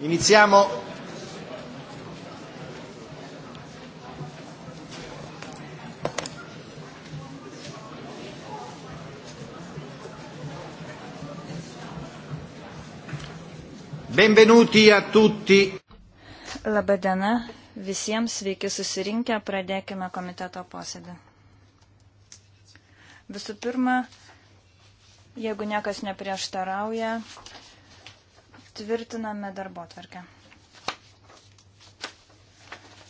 Iniziamo. Benvenuti a tutti. Labadiena, visiems sveiki susirinkę, pradėkime komiteto posėdį. Visų pirma, jeigu niekas neprieštarauja, Tvirtiname darbo tvarkę.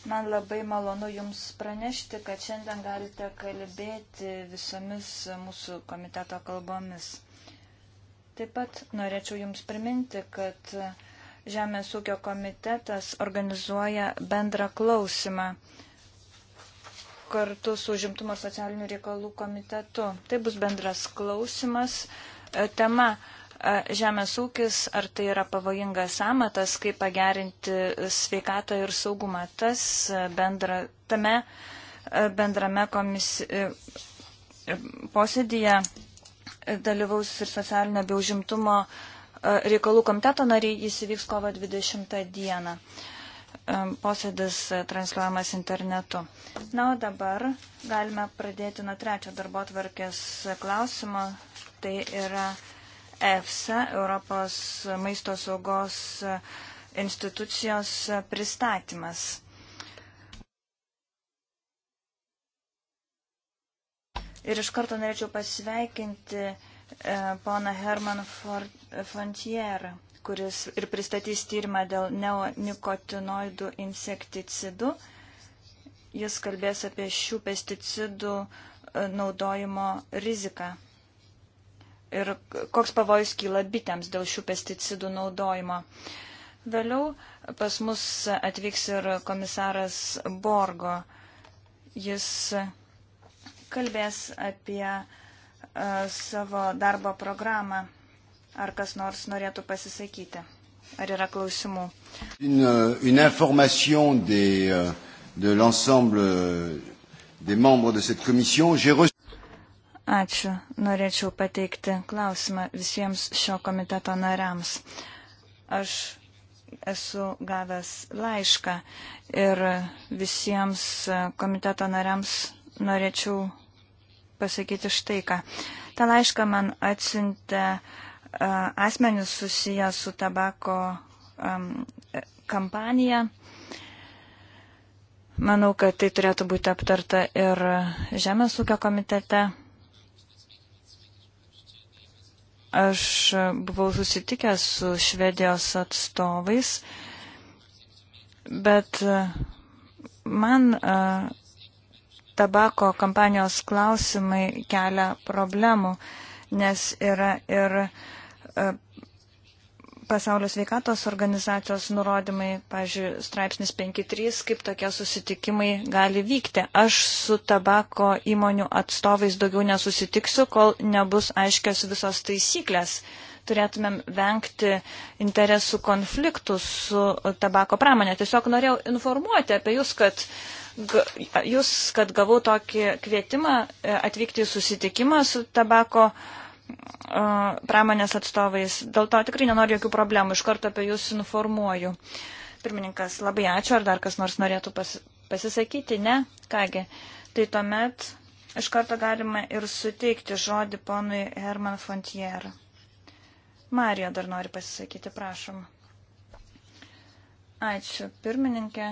Man labai malonu Jums pranešti, kad šiandien galite kalbėti visomis mūsų komiteto kalbomis. Taip pat norėčiau Jums priminti, kad Žemės ūkio komitetas organizuoja bendrą klausimą kartu su Užimtumo socialinių reikalų komitetu. Tai bus bendras klausimas. Tema žemės ūkis, ar tai yra pavojingas amatas, kaip pagerinti sveikatą ir saugumą. Tas bendra, tame bendrame komisi, e, e, posėdėje e, dalyvaus ir socialinio bei užimtumo reikalų komiteto nariai, jis įvyks kovo 20 dieną. Posėdis transliuojamas internetu. Na, o dabar galime pradėti nuo trečio darbo tvarkės klausimo. Tai yra EFSA, Europos maisto saugos institucijos pristatymas. Ir iš karto norėčiau pasveikinti e, poną Herman Fontier, kuris ir pristatys tyrimą dėl neonikotinoidų insekticidų. Jis kalbės apie šių pesticidų e, naudojimo riziką ir koks pavojus kyla bitėms dėl šių pesticidų naudojimo. Vėliau pas mus atvyks ir komisaras Borgo. Jis kalbės apie e, savo darbo programą. Ar kas nors norėtų pasisakyti? Ar yra klausimų? Une, une information des, euh, de l'ensemble euh, des membres de cette commission. J'ai reçu. Ačiū. Norėčiau pateikti klausimą visiems šio komiteto nariams. Aš esu gavęs laišką ir visiems komiteto nariams norėčiau pasakyti štai ką. Ta laišką man atsintė asmenis susiję su tabako um, kampanija. Manau, kad tai turėtų būti aptarta ir Žemės ūkio komitete. Aš buvau susitikęs su Švedijos atstovais, bet e, man e, tabako kampanijos klausimai kelia problemų, nes yra ir e, Pasaulio sveikatos organizacijos nurodymai, pažiūrėjau, straipsnis 5.3, kaip tokie susitikimai gali vykti. Aš su tabako įmonių atstovais daugiau nesusitiksiu, kol nebus aiškios visos taisyklės. Turėtumėm vengti interesų konfliktų su tabako pramonė. Tiesiog norėjau informuoti apie jūs, kad jūs, kad gavau tokį kvietimą e, atvykti į susitikimą su tabako įmonė pramonės atstovais. Dėl to tikrai nenoriu jokių problemų, iš karto apie jūs informuoju. Pirmininkas, labai ačiū, ar dar kas nors norėtų pas, pasisakyti, ne? Kągi, tai tuomet iš karto galima ir suteikti žodį ponui Herman Fontier. Marija dar nori pasisakyti, prašom. Ačiū, pirmininkė.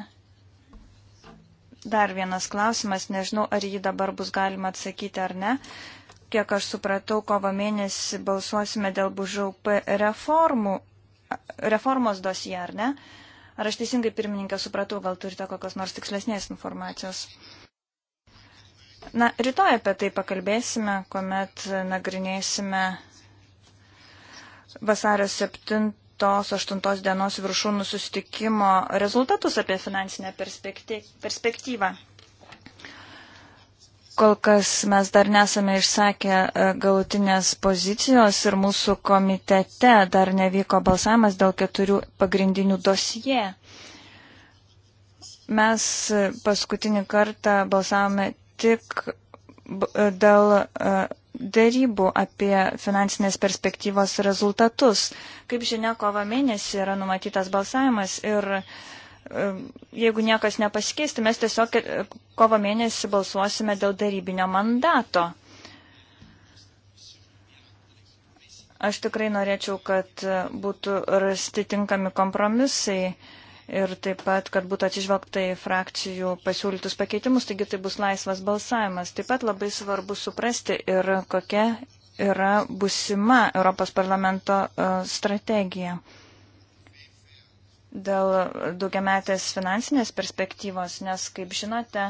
Dar vienas klausimas, nežinau, ar jį dabar bus galima atsakyti ar ne. Uh, kiek aš supratau, kovo mėnesį balsuosime dėl BŽUP reformų, reformos dosiją, ar ne? Ar aš teisingai pirmininkę supratau, gal turite kokios nors tikslesnės informacijos? Na, rytoj apie tai pakalbėsime, kuomet nagrinėsime vasario 7-8 dienos viršūnų susitikimo rezultatus apie finansinę perspektyvą. Kol kas mes dar nesame išsakę e, galutinės pozicijos ir mūsų komitete dar nevyko balsavimas dėl keturių pagrindinių dosijė. Mes e, paskutinį kartą balsavome tik e, dėl dėrybų apie finansinės perspektyvos rezultatus. Kaip žinia, kovo mėnesį yra numatytas balsavimas ir uh, jeigu niekas nepasikeisti, mes tiesiog e, kovo mėnesį balsuosime dėl darybinio mandato. Aš tikrai norėčiau, kad e, būtų rasti tinkami kompromisai ir taip pat, kad būtų atsižvelgta į frakcijų pasiūlytus pakeitimus, taigi tai bus laisvas balsavimas. Taip pat labai svarbu suprasti ir kokia yra busima Europos parlamento e, strategija dėl daugiametės finansinės perspektyvos, nes, kaip žinote,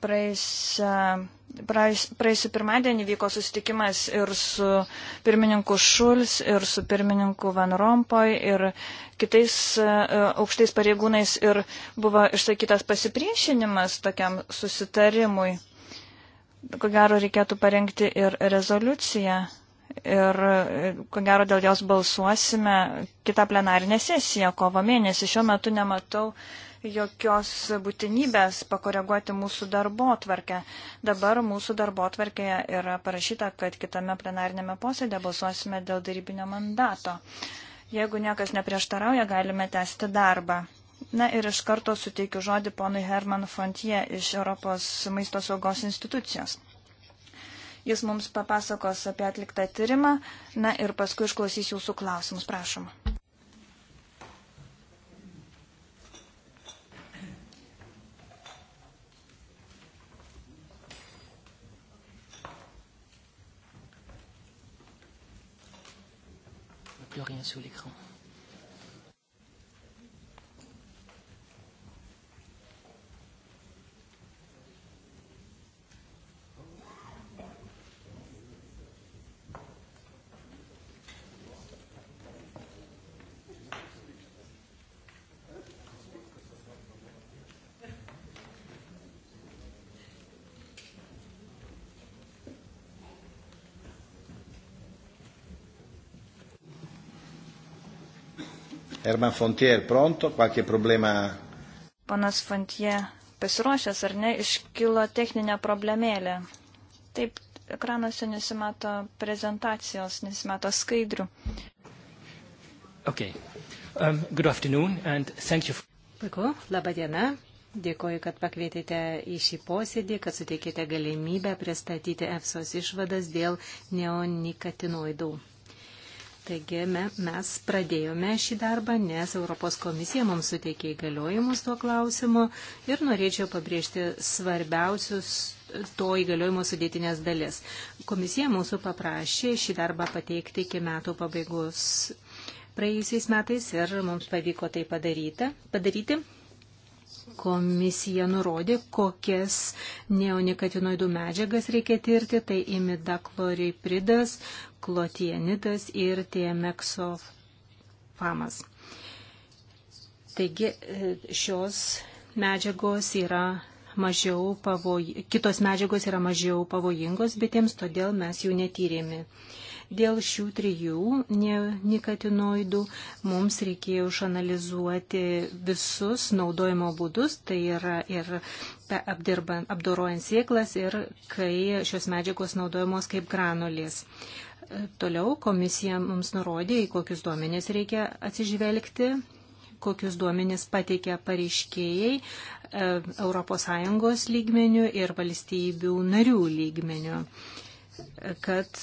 praėjusiu pirmadienį vyko susitikimas ir su pirmininku Šuls, ir su pirmininku Van Rompoj, ir kitais e, aukštais pareigūnais, ir buvo išsakytas pasipriešinimas tokiam susitarimui. Ko gero reikėtų parengti ir rezoliuciją ir e, ko gero dėl jos balsuosime kitą plenarinę sesiją kovo mėnesį. Šiuo metu nematau jokios būtinybės pakoreguoti mūsų darbo tvarkę. Dabar mūsų darbo tvarkėje yra parašyta, kad kitame plenarinėme posėdė balsuosime dėl darybinio mandato. Jeigu niekas neprieštarauja, galime tęsti darbą. Na ir iš karto suteikiu žodį ponui Herman Fontie iš Europos maisto saugos institucijos. Jis mums papasakos apie atliktą tyrimą. Na ir paskui išklausys jūsų klausimus. Prašom. Plus rien sur l'écran. Herman Fontier, pronto? Qualche problema? Panas Fontier, pasiruošęs ar ne, iškilo techninė problemėlė. Taip, ekranuose nesimato prezentacijos, nesimato skaidrių. Okay. Um, good afternoon and thank you. For... Puiku, laba diena. Dėkoju, kad pakvietėte į šį posėdį, kad suteikėte galimybę pristatyti EFSOS išvadas dėl neonikatinoidų. Taigi mes pradėjome šį darbą, nes Europos komisija mums suteikė įgaliojimus tuo klausimu ir norėčiau pabrėžti svarbiausius to įgaliojimo sudėtinės dalis. Komisija mūsų paprašė šį darbą pateikti iki metų pabaigos praėjusiais metais ir mums pavyko tai padaryti. padaryti komisija nurodė, kokias neonikatinoidų medžiagas reikia tirti, tai imidakloripridas, klotienidas ir tiemeksofamas. Taigi e, šios medžiagos yra mažiau pavoj... kitos medžiagos yra mažiau pavojingos bitėms, todėl mes jų netyrėme. Dėl šių trijų nikotinoidų mums reikėjo išanalizuoti visus naudojimo būdus, tai yra ir apdorojant sieklas ir kai šios medžiagos naudojamos kaip granulės. Toliau komisija mums nurodė, į kokius duomenės reikia atsižvelgti kokius duomenis pateikia pareiškėjai ES lygmenių ir valstybių narių lygmenių, kad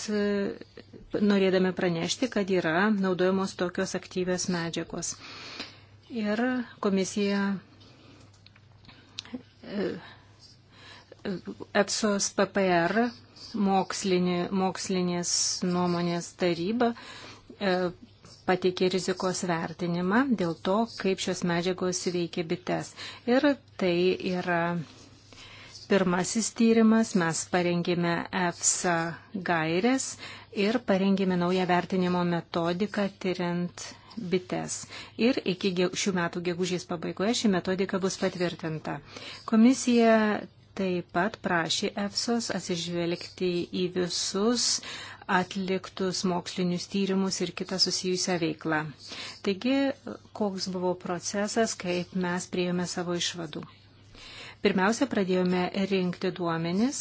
norėdami pranešti, kad yra naudojamos tokios aktyvios medžiagos. Ir komisija e, e, EPSOS PPR mokslinė, mokslinės nuomonės taryba e, pateikė rizikos vertinimą dėl to, kaip šios medžiagos veikia bites. Ir tai yra Pirmasis tyrimas mes parengėme EFSA gairės ir parengėme naują vertinimo metodiką tyriant bites. Ir iki šių metų gegužės pabaigoje ši metodika bus patvirtinta. Komisija taip pat prašė EFSOS atsižvelgti į visus atliktus mokslinius tyrimus ir kitą susijusią veiklą. Taigi, koks buvo procesas, kaip mes prieėmė savo išvadų. Pirmiausia, pradėjome rinkti duomenis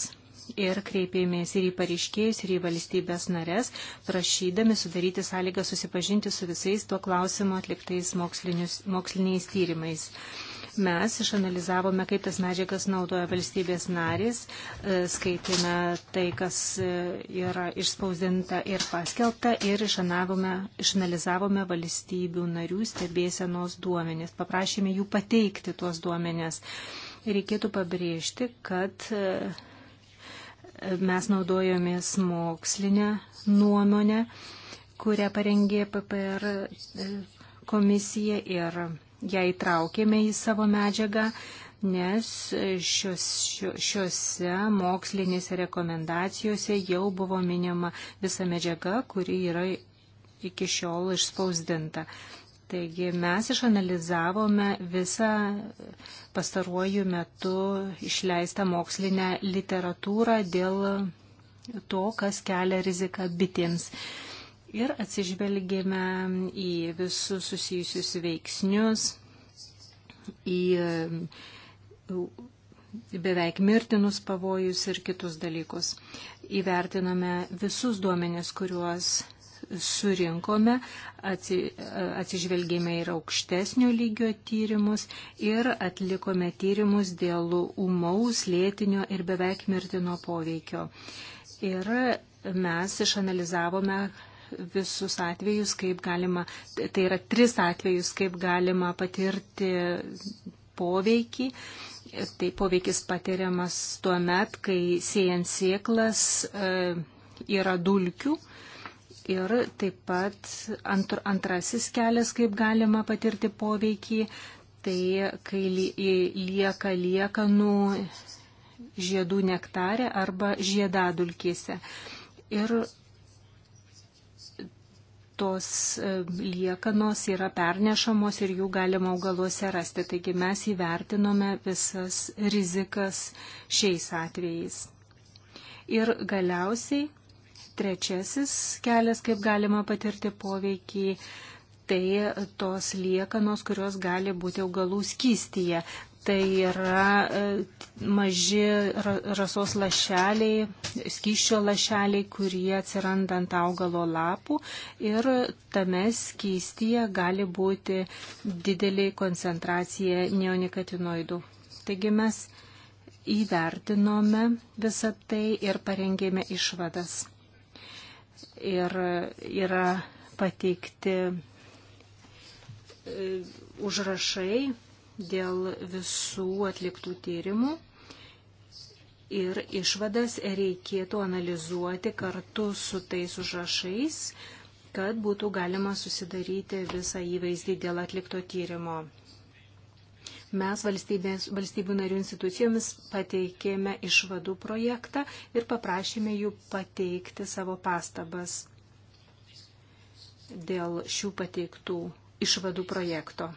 ir kreipėmės ir į pareiškėjus, ir į valstybės narės, prašydami sudaryti sąlygą susipažinti su visais tuo klausimu atliktais moksliniais tyrimais. Mes išanalizavome, kaip tas medžiagas naudoja valstybės narys, e, skaitėme tai, kas e, yra išspausdinta ir paskelbta ir išanalizavome valstybių narių stebėsenos duomenis. Paprašėme jų pateikti tuos duomenis reikėtų pabrėžti, kad e, mes naudojomės mokslinę nuomonę, kurią parengė PPR e, komisija ir ją įtraukėme į savo medžiagą, nes šios, šiose mokslinėse rekomendacijose jau buvo minima visa medžiaga, kuri yra iki šiol išspausdinta. Taigi mes išanalizavome visą pastaruoju metu išleistą mokslinę literatūrą dėl to, kas kelia riziką bitėms. Ir atsižvelgėme į visus susijusius veiksnius, į beveik mirtinus pavojus ir kitus dalykus. Įvertiname visus duomenis, kuriuos surinkome, atsi, atsižvelgėme ir aukštesnio lygio tyrimus ir atlikome tyrimus dėl umaus, lėtinio ir beveik mirtino poveikio. Ir mes išanalizavome visus atvejus, kaip galima, tai yra tris atvejus, kaip galima patirti poveikį. Tai poveikis patiriamas tuo met, kai siejant sieklas e, yra dulkių. E, ir taip pat antr, antrasis kelias, kaip galima patirti poveikį, tai kai lieka liekanų žiedų nektarė arba žiedadulkėse. Ir tos e, liekanos yra pernešamos ir jų galima augaluose rasti. Taigi mes įvertinome visas rizikas šiais atvejais. Ir galiausiai Trečiasis kelias, kaip galima patirti poveikį, tai tos liekanos, kurios gali būti augalų skystyje. Tai yra e, maži rasos lašeliai, skyščio lašeliai, kurie atsiranda ant augalo lapų ir tame skystyje gali būti didelė koncentracija neonikotinoidų. Taigi mes įvertinome visą tai ir parengėme išvadas ir yra pateikti e, užrašai dėl visų atliktų tyrimų ir išvadas reikėtų analizuoti kartu su tais užrašais, kad būtų galima susidaryti visą įvaizdį dėl atlikto tyrimo. Mes valstybių narių institucijomis pateikėme išvadų projektą ir paprašėme jų pateikti savo pastabas dėl šių pateiktų išvadų projekto.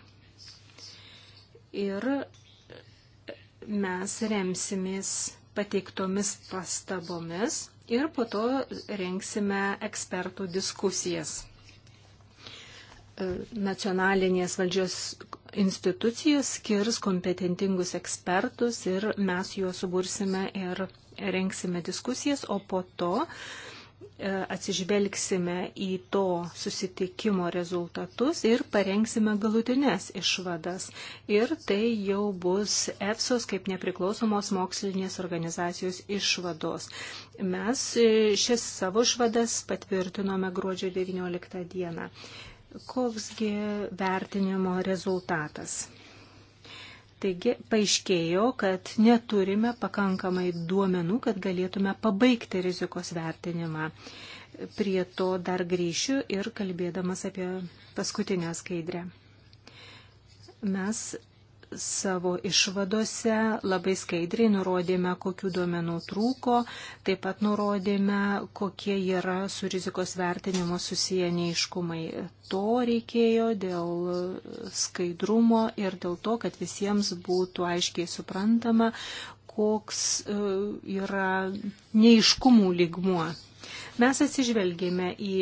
Ir mes remsimės pateiktomis pastabomis ir po to rengsime ekspertų diskusijas nacionalinės valdžios institucijos skirs kompetentingus ekspertus ir mes juos subursime ir rengsime diskusijas, o po to e, atsižvelgsime į to susitikimo rezultatus ir parengsime galutinės išvadas. Ir tai jau bus EFSOS kaip nepriklausomos mokslinės organizacijos išvados. Mes e, šias savo išvadas patvirtinome gruodžio 19 dieną. Koksgi vertinimo rezultatas? Taigi paaiškėjo, kad neturime pakankamai duomenų, kad galėtume pabaigti rizikos vertinimą. Prie to dar grįšiu ir kalbėdamas apie paskutinę skaidrę. Mes savo išvadose labai skaidriai nurodėme, kokiu duomenų trūko, taip pat nurodėme, kokie yra su rizikos vertinimo susiję neiškumai. To reikėjo dėl skaidrumo ir dėl to, kad visiems būtų aiškiai suprantama, koks e, yra neiškumų ligmuo. Mes atsižvelgėme į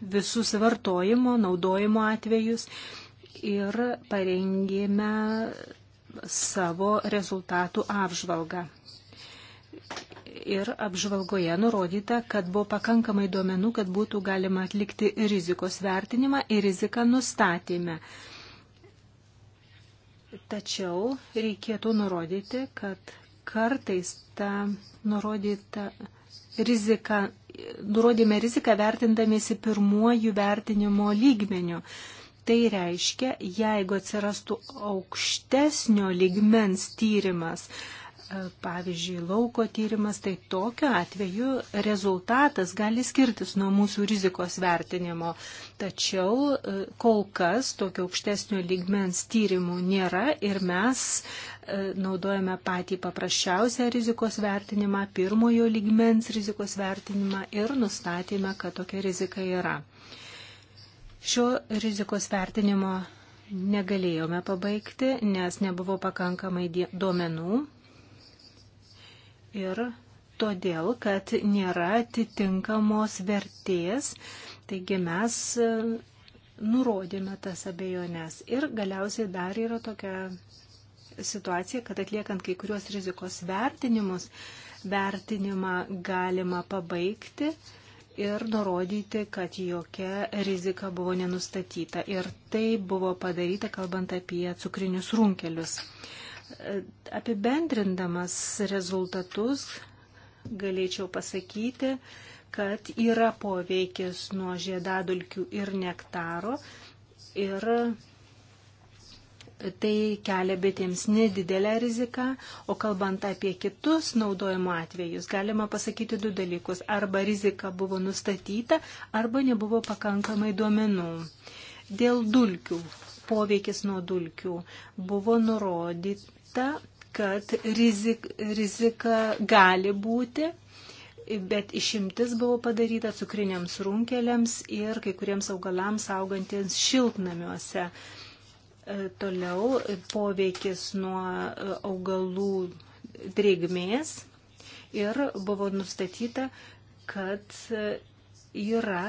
visus vartojimo, naudojimo atvejus ir parengėme savo rezultatų apžvalgą. Ir apžvalgoje nurodyta, kad buvo pakankamai duomenų, kad būtų galima atlikti rizikos vertinimą ir riziką nustatėme. Tačiau reikėtų nurodyti, kad kartais ta nurodyta rizika, nurodėme riziką vertindamėsi pirmuoju vertinimo lygmeniu. Tai reiškia, jeigu atsirastų aukštesnio ligmens tyrimas, e, pavyzdžiui, lauko tyrimas, tai tokiu atveju rezultatas gali skirtis nuo mūsų rizikos vertinimo. Tačiau e, kol kas tokio aukštesnio lygmens tyrimų nėra ir mes e, naudojame patį paprasčiausią rizikos vertinimą, pirmojo lygmens rizikos vertinimą ir nustatėme, kad tokia rizika yra. Šio rizikos vertinimo negalėjome pabaigti, nes nebuvo pakankamai duomenų ir todėl, kad nėra atitinkamos vertės, taigi mes e, nurodėme tas abejonės. Ir galiausiai dar yra tokia situacija, kad atliekant kai kuriuos rizikos vertinimus, vertinimą galima pabaigti ir nurodyti, kad jokia rizika buvo nenustatyta. Ir tai buvo padaryta, kalbant apie cukrinius runkelius. Apibendrindamas rezultatus, galėčiau pasakyti, kad yra poveikis nuo žiedadulkių ir nektaro ir tai kelia bitėms nedidelę riziką, o kalbant apie kitus naudojimo atvejus, galima pasakyti du dalykus. Arba rizika buvo nustatyta, arba nebuvo pakankamai duomenų. Dėl dulkių, poveikis nuo dulkių, buvo nurodyta, kad rizik, rizika gali būti, bet išimtis buvo padaryta cukriniams runkeliams ir kai kuriems augalams augantiems šiltnamiuose. Uh, E, toliau poveikis nuo e, augalų drėgmės ir buvo nustatyta, kad e, yra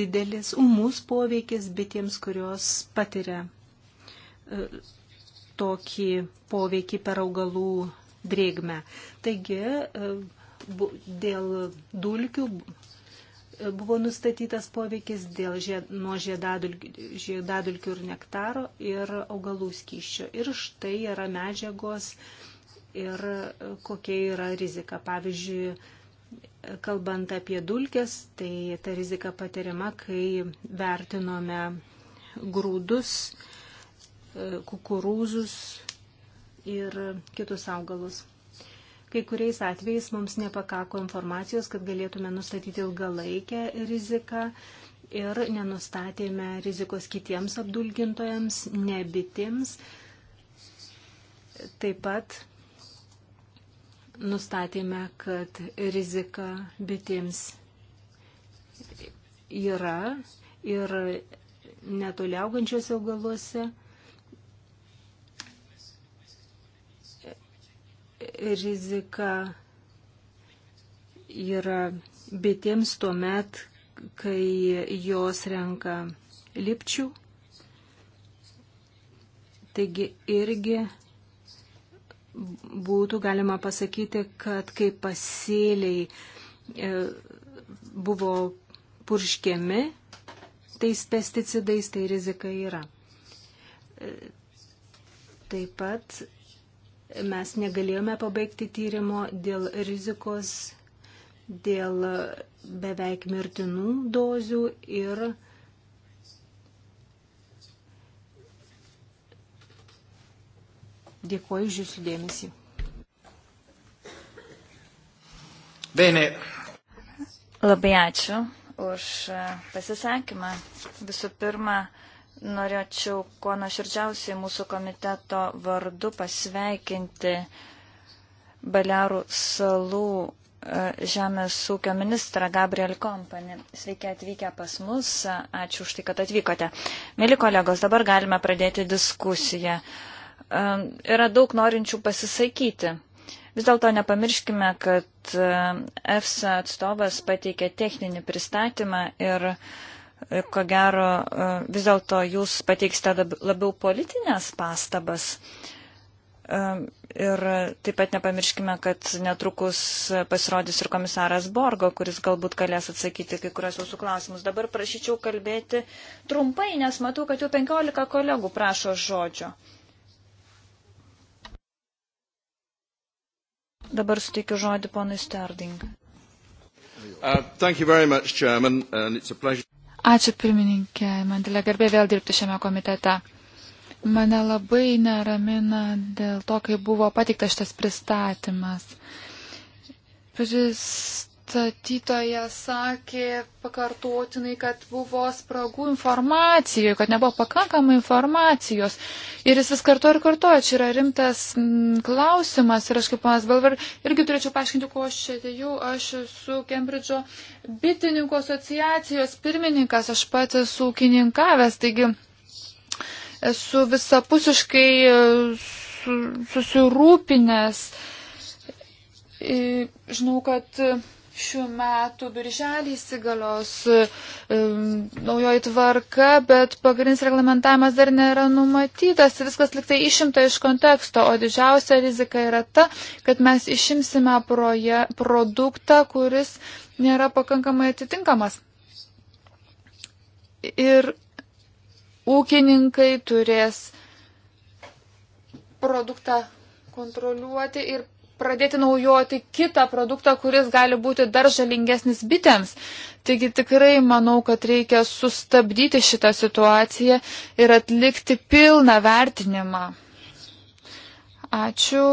didelis umus poveikis bitėms, kurios patiria tokį poveikį per augalų drėgmę. Taigi dėl dulkių buvo nustatytas poveikis dėl žied, nuo žiedadulkių, žiedadulkių ir nektaro ir augalų skyščio. Ir štai yra medžiagos ir kokia yra rizika. Pavyzdžiui, kalbant apie dulkes, tai ta rizika patiriama, kai vertinome grūdus, kukurūzus ir kitus augalus. Kai kuriais atvejais mums nepakako informacijos, kad galėtume nustatyti ilgalaikę riziką ir nenustatėme rizikos kitiems apdulgintojams, nebitims. Taip pat nustatėme, kad rizika bitėms yra ir netoli augančiuose augaluose rizika yra bitėms tuo met, kai jos renka lipčių. Taigi irgi būtų galima pasakyti, kad kai pasėliai e, buvo purškiami tais pesticidais, tai rizika yra. E, taip pat mes negalėjome pabaigti tyrimo dėl rizikos, dėl beveik mirtinų dozių ir dėkoju už jūsų dėmesį. Bene. Labai ačiū už pasisakymą. Visų pirma, norėčiau kuo nuoširdžiausiai mūsų komiteto vardu pasveikinti Balearų salų e, žemės ūkio ministrą Gabriel Kompani. Sveiki atvykę pas mus, ačiū už tai, kad atvykote. Mėly kolegos, dabar galime pradėti diskusiją. E, yra daug norinčių pasisakyti. Vis dėlto nepamirškime, kad e, EFSA atstovas pateikė techninį pristatymą ir uh, ko gero, e, vis dėlto jūs pateiksite labiau politinės pastabas. E, ir taip pat nepamirškime, kad netrukus pasirodys ir komisaras Borgo, kuris galbūt galės atsakyti kai kurias jūsų klausimus. Dabar prašyčiau kalbėti trumpai, nes matau, kad jau 15 kolegų prašo žodžio. Dabar suteikiu žodį ponui Sterding. Uh, much, Chairman, Ačiū pirmininkė, man didelė garbė vėl dirbti šiame komitete. Mane labai neramina dėl to, kai buvo pateiktas šitas pristatymas. Prist pristatytoja sakė pakartotinai, kad buvo spragų informacijoje, kad nebuvo pakankamai informacijos. Ir jis vis kartu ir kartuoja, čia yra rimtas m, mm, klausimas. Ir aš kaip panas Belver irgi turėčiau paaiškinti, ko aš čia atėjau. Aš esu Kembridžo bitininkų asociacijos pirmininkas, aš pats esu ūkininkavęs, taigi esu visapusiškai e, susirūpinęs žinau, kad šių metų birželį įsigalios um, naujoji tvarka, bet pagrindinis reglamentavimas dar nėra numatytas, viskas liktai išimta iš konteksto, o didžiausia rizika yra ta, kad mes išimsime proje, produktą, kuris nėra pakankamai atitinkamas. Ir ūkininkai turės produktą kontroliuoti ir pradėti naujoti kitą produktą, kuris gali būti dar žalingesnis bitėms. Taigi tikrai manau, kad reikia sustabdyti šitą situaciją ir atlikti pilną vertinimą. Ačiū,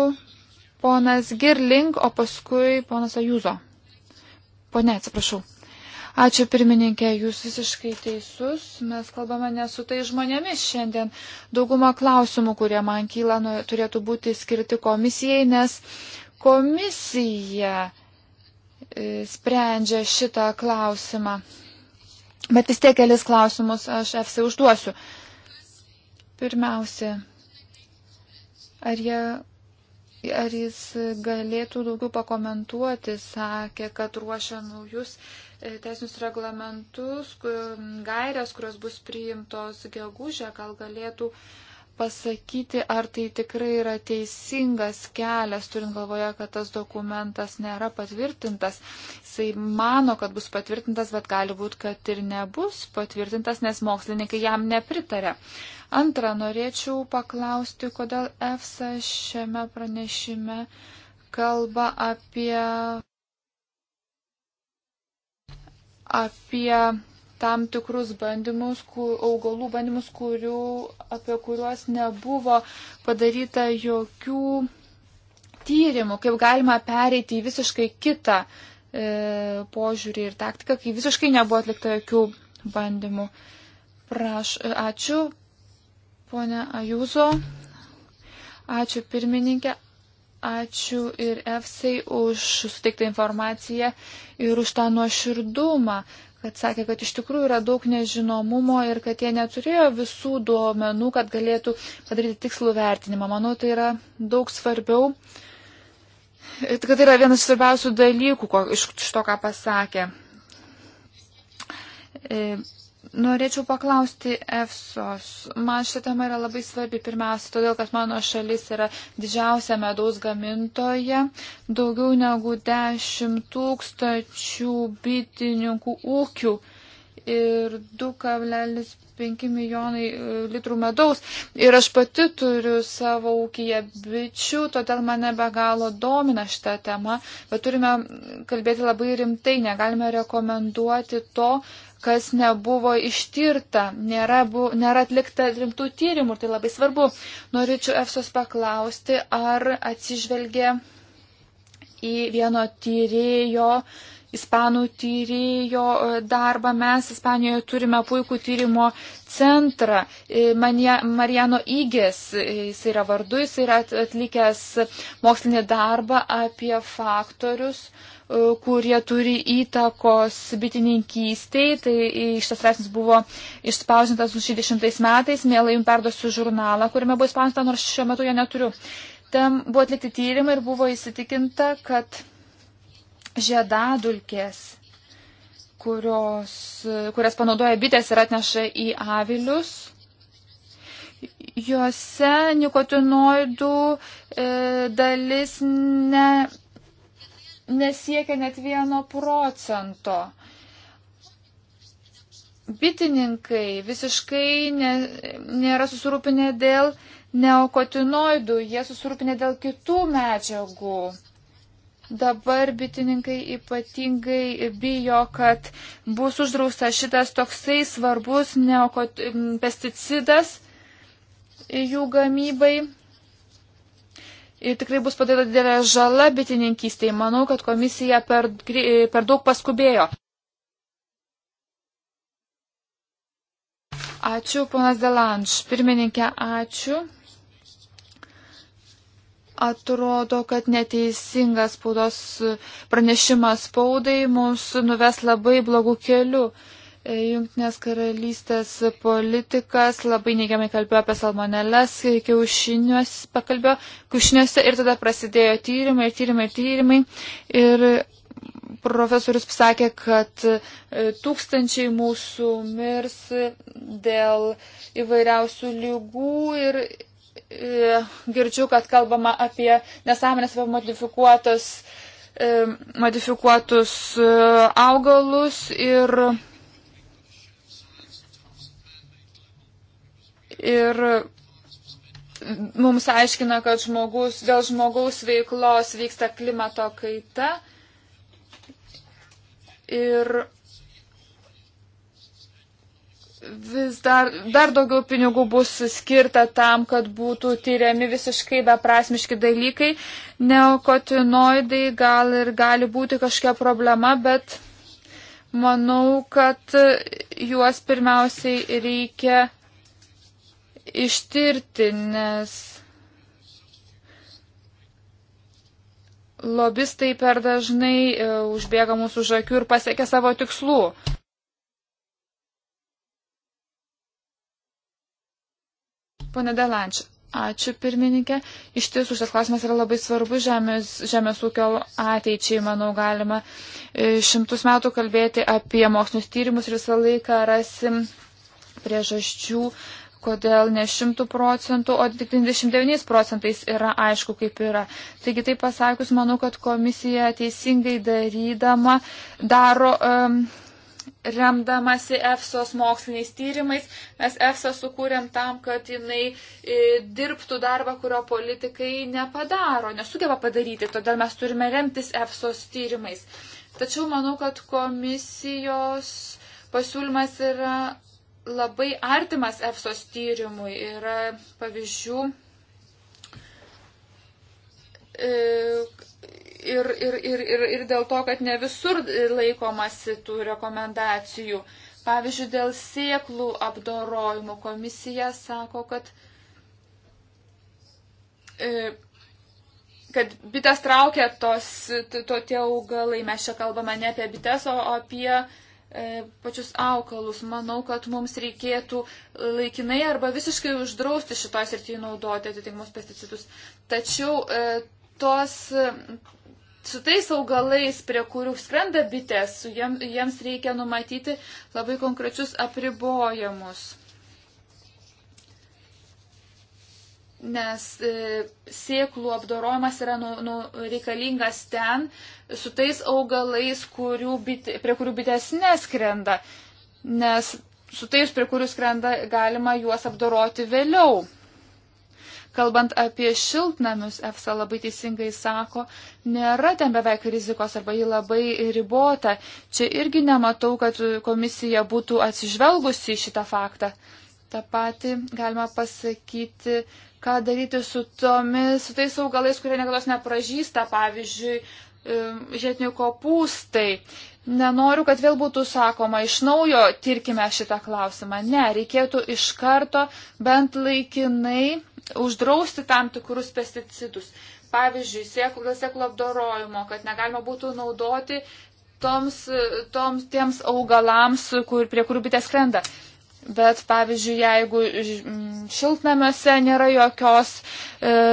ponas Girling, o paskui ponas Ajuzo. Pone, atsiprašau. Ačiū pirmininkė, jūs visiškai teisus. Mes kalbame ne su tai žmonėmis šiandien. Dauguma klausimų, kurie man kyla, nu, turėtų būti skirti komisijai, nes komisija e, sprendžia šitą klausimą. Bet vis tiek kelis klausimus aš FC užduosiu. Pirmiausia, ar, jie, ar jis galėtų daugiau pakomentuoti, sakė, kad ruošia naujus E, teisinius reglamentus, gairias, kurios bus priimtos gegužę, gal galėtų pasakyti, ar tai tikrai yra teisingas kelias, turint galvoje, kad tas dokumentas nėra patvirtintas. Jisai mano, kad bus patvirtintas, bet gali būti, kad ir nebus patvirtintas, nes mokslininkai jam nepritarė. Antra, norėčiau paklausti, kodėl EFSA šiame pranešime kalba apie apie tam tikrus bandymus, augalų bandymus, kurių, apie kuriuos nebuvo padaryta jokių tyrimų, kaip galima pereiti į visiškai kitą e, požiūrį ir taktiką, kai visiškai nebuvo atlikta jokių bandymų. Praš, e, ačiū, ponia Ajuzo. Ačiū pirmininkė, Ačiū ir EFSAI už suteiktą informaciją ir už tą nuoširdumą, kad sakė, kad iš tikrųjų yra daug nežinomumo ir kad jie neturėjo visų duomenų, kad galėtų padaryti tikslų vertinimą. Manau, tai yra daug svarbiau, kad tai yra vienas svarbiausių dalykų ko, iš to, ką pasakė. E, Norėčiau paklausti EFSOS. Man ši tema yra labai svarbi pirmiausia, todėl kad mano šalis yra didžiausia medaus gamintoja. Daugiau negu 10 tūkstančių bitininkų ūkių ir 2,5 milijonai e, litrų medaus. Ir aš pati turiu savo ūkiją bičių, todėl mane be galo domina šitą temą, bet turime kalbėti labai rimtai, negalime rekomenduoti to, kas nebuvo ištirta, nėra, bu, nėra atlikta rimtų tyrimų ir tai labai svarbu. Norėčiau EFSOS paklausti, ar atsižvelgia į vieno tyrėjo uh, ispanų tyrėjo e, darbą. Mes Ispanijoje turime puikų tyrimo centrą. E, Mania, Mariano Įgės, e, jis yra vardu, jis yra atlikęs mokslinį darbą apie faktorius kurie turi įtakos bitininkystiai. Tai šitas straipsnis buvo išspausintas 2010 metais. Mielai jums perduosiu žurnalą, kuriame buvo išspausinta, nors šiuo metu jo neturiu. Ten buvo atlikti tyrimai ir buvo įsitikinta, kad žiedadulkės, kurios, kurias panaudoja bitės ir atneša į avilius. Juose nikotinoidų e, dalis ne, nesiekia net vieno procento bitininkai visiškai ne, nėra susirūpinę dėl neokotinoidų, jie susirūpinę dėl kitų medžiagų. Dabar bitininkai ypatingai bijo, kad bus uždrausta šitas toksai svarbus neokot, pesticidas jų gamybai. Ir tikrai bus padaryta didelė žala bitininkystėje. Manau, kad komisija per, per daug paskubėjo. Ačiū, ponas Delanš. Pirmininkė, ačiū. Atrodo, kad neteisingas spaudos pranešimas spaudai mus nuves labai blogų kelių. E, Junktinės karalystės politikas labai neigiamai kalbėjo apie salmoneles, e, kiaušiniuose pakalbėjo, kiaušiniuose ir tada prasidėjo tyrimai, tyrimai, tyrimai. Ir profesorius pasakė, kad e, tūkstančiai mūsų mirs dėl įvairiausių lygų ir E, girdžiu, kad kalbama apie nesąmonės apie e, modifikuotus, modifikuotus e, augalus ir, ir mums aiškina, kad žmogus, dėl žmogaus veiklos vyksta klimato kaita. Ir vis dar, dar daugiau pinigų bus skirta tam, kad būtų tyriami visiškai beprasmiški dalykai. Neokotinoidai gal ir gali būti kažkokia problema, bet manau, kad juos pirmiausiai reikia ištirti, nes lobistai per dažnai e, užbėga mūsų žakių ir pasiekia savo tikslų. Pone Delančia, ačiū pirmininkė. Iš tiesų, šis klausimas yra labai svarbus žemės, žemės ūkio ateičiai. Manau, galima e, šimtus metų kalbėti apie mokslinius tyrimus ir visą laiką rasim priežasčių, kodėl ne 100 procentų, o tik 99 procentais yra aišku, kaip yra. Taigi tai pasakius, manau, kad komisija teisingai darydama daro. Um, remdamasi EFSOS moksliniais tyrimais, mes EFSA sukūrėm tam, kad jinai e, dirbtų darbą, kurio politikai nepadaro, nesugeba padaryti, todėl mes turime remtis EFSOS tyrimais. Tačiau manau, kad komisijos pasiūlymas yra labai artimas EFSOS tyrimui. Yra pavyzdžių, e, ir, ir, ir, ir, ir dėl to, kad ne visur laikomasi tų rekomendacijų. Pavyzdžiui, dėl sieklų apdorojimo komisija sako, kad, e, kad bites traukia tos, to tie augalai. Mes čia kalbame ne apie bites, o apie e, pačius aukalus. Manau, kad mums reikėtų laikinai arba visiškai uždrausti šitoj srityje naudoti atitinkamus pesticidus. Tačiau e, tos su tais augalais, prie kurių skrenda bitės, jiem, jiems reikia numatyti labai konkrečius apribojimus. Nes e, sėklų apdorojimas yra nu, nu, reikalingas ten su tais augalais, kurių bitė, prie kurių bitės neskrenda. Nes su tais, prie kurių skrenda, galima juos apdoroti vėliau. Kalbant apie šiltnamius, EFSA labai teisingai sako, nėra ten beveik rizikos arba jį labai ribota. Čia irgi nematau, kad komisija būtų atsižvelgusi į šitą faktą. Ta pati galima pasakyti, ką daryti su tomis, su tais augalais, kurie niekada nepražįsta, pavyzdžiui, žiedinių kopūstai. Nenoriu, kad vėl būtų sakoma, iš naujo tirkime šitą klausimą. Ne, reikėtų iš karto bent laikinai uždrausti tam tikrus pesticidus. Pavyzdžiui, sėklų, dėl sėklų apdorojimo, kad negalima būtų naudoti toms, toms tiems augalams, kur, prie kurių bitės skrenda. Bet, pavyzdžiui, jeigu šiltnamiuose nėra jokios e,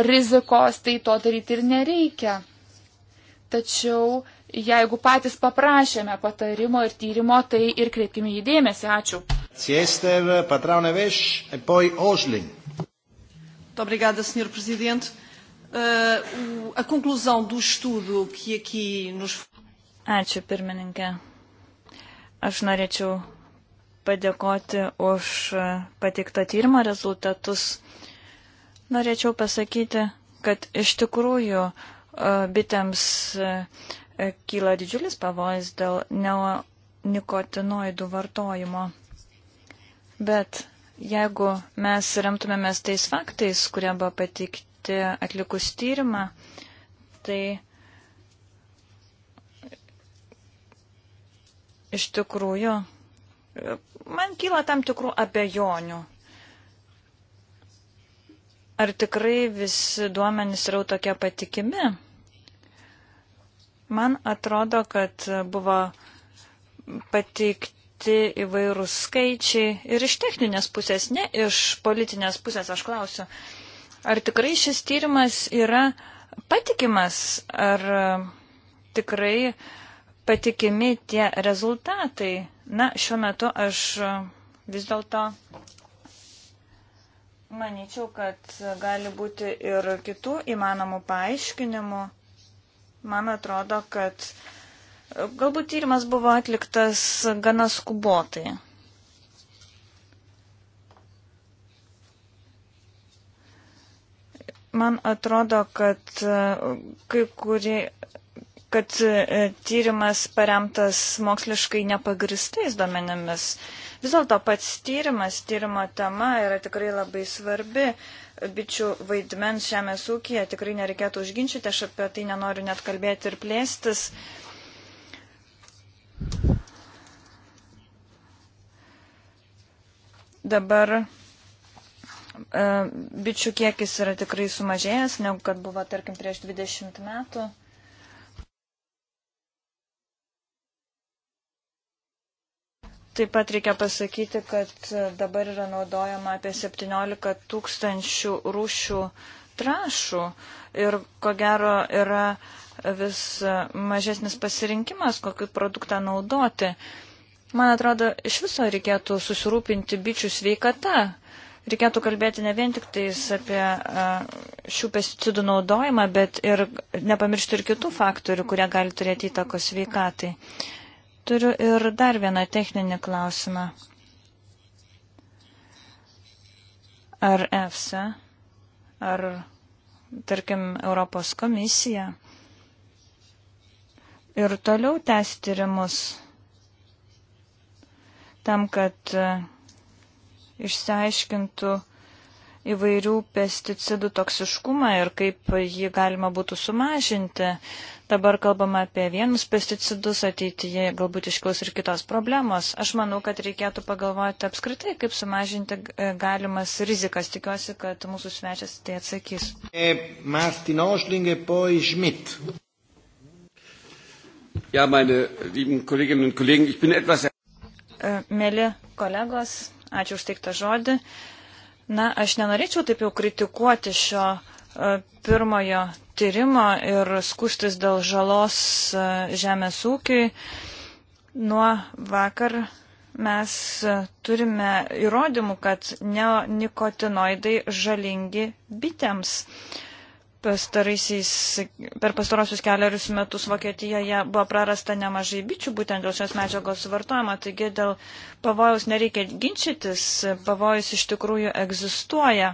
rizikos, tai to daryti ir nereikia. Tačiau, jeigu patys paprašėme patarimo ir tyrimo, tai ir kreipkime į dėmesį. Ačiū. Siester, Patrauneveš, e poi Osling. Muito obrigada, Sr. Presidente. Uh, a conclusão do estudo que aqui nos. Ačiū, pirmininkė. Aš norėčiau padėkoti už uh, patiktą tyrimo rezultatus. Norėčiau pasakyti, kad iš tikrųjų uh, bitėms uh, kyla didžiulis pavojus dėl neonikotinoidų vartojimo. Bet Jeigu mes remtumėmės tais faktais, kurie buvo patikti atlikus tyrimą, tai iš tikrųjų man kyla tam tikrų abejonių. Ar tikrai visi duomenys yra tokie patikimi? Man atrodo, kad buvo pateikti pateikti įvairūs skaičiai ir iš techninės pusės, ne iš politinės pusės aš klausiu. Ar tikrai šis tyrimas yra patikimas, ar tikrai patikimi tie rezultatai? Na, šiuo metu aš vis dėlto manyčiau, kad gali būti ir kitų įmanomų paaiškinimų. Man atrodo, kad uh, Galbūt tyrimas buvo atliktas gana skubotai. Man atrodo, kad e, kai kuri, kad e, tyrimas paremtas moksliškai nepagristais duomenimis. Vis dėlto pats tyrimas, tyrimo tema yra tikrai labai svarbi. Bičių vaidmens žemės ūkija tikrai nereikėtų užginčyti, aš apie tai nenoriu net kalbėti ir plėstis. Uh, Dabar e, bičių kiekis yra tikrai sumažėjęs, negu kad buvo, tarkim, prieš 20 metų. Taip pat reikia pasakyti, kad dabar yra naudojama apie 17 tūkstančių rūšių trašų ir ko gero yra vis mažesnis pasirinkimas, kokį produktą naudoti. Man atrodo, iš viso reikėtų susirūpinti bičių sveikata. Reikėtų kalbėti ne vien tik tais apie šių pesticidų naudojimą, bet ir nepamiršti ir kitų faktorių, kurie gali turėti įtakos sveikatai. Turiu ir dar vieną techninį klausimą. Ar EFSA, ar, tarkim, Europos komisija ir toliau tęsti tyrimus tam, kad e, išsiaiškintų įvairių pesticidų toksiškumą ir kaip jį galima būtų sumažinti. Dabar kalbama apie vienus pesticidus, ateityje galbūt iškils ir kitos problemos. Aš manau, kad reikėtų pagalvoti apskritai, kaip sumažinti e, galimas rizikas. Tikiuosi, kad mūsų svečias tai atsakys. E, Martin Ošling, poi Schmidt. Ja, meine lieben Kolleginnen und Kollegen, ich bin etwas. Er- e, mėly kolegos, ačiū už teiktą žodį. Na, aš nenorėčiau taip jau kritikuoti šio e, pirmojo tyrimo ir skuštis dėl žalos e, žemės ūkiui. Nuo vakar mes turime įrodymų, kad neonikotinoidai žalingi bitėms. Uh, per pastarosius keliarius metus Vokietijoje buvo prarasta nemažai bičių būtent dėl šios medžiagos vartojimo, taigi dėl pavojaus nereikia ginčytis, pavojus iš tikrųjų egzistuoja.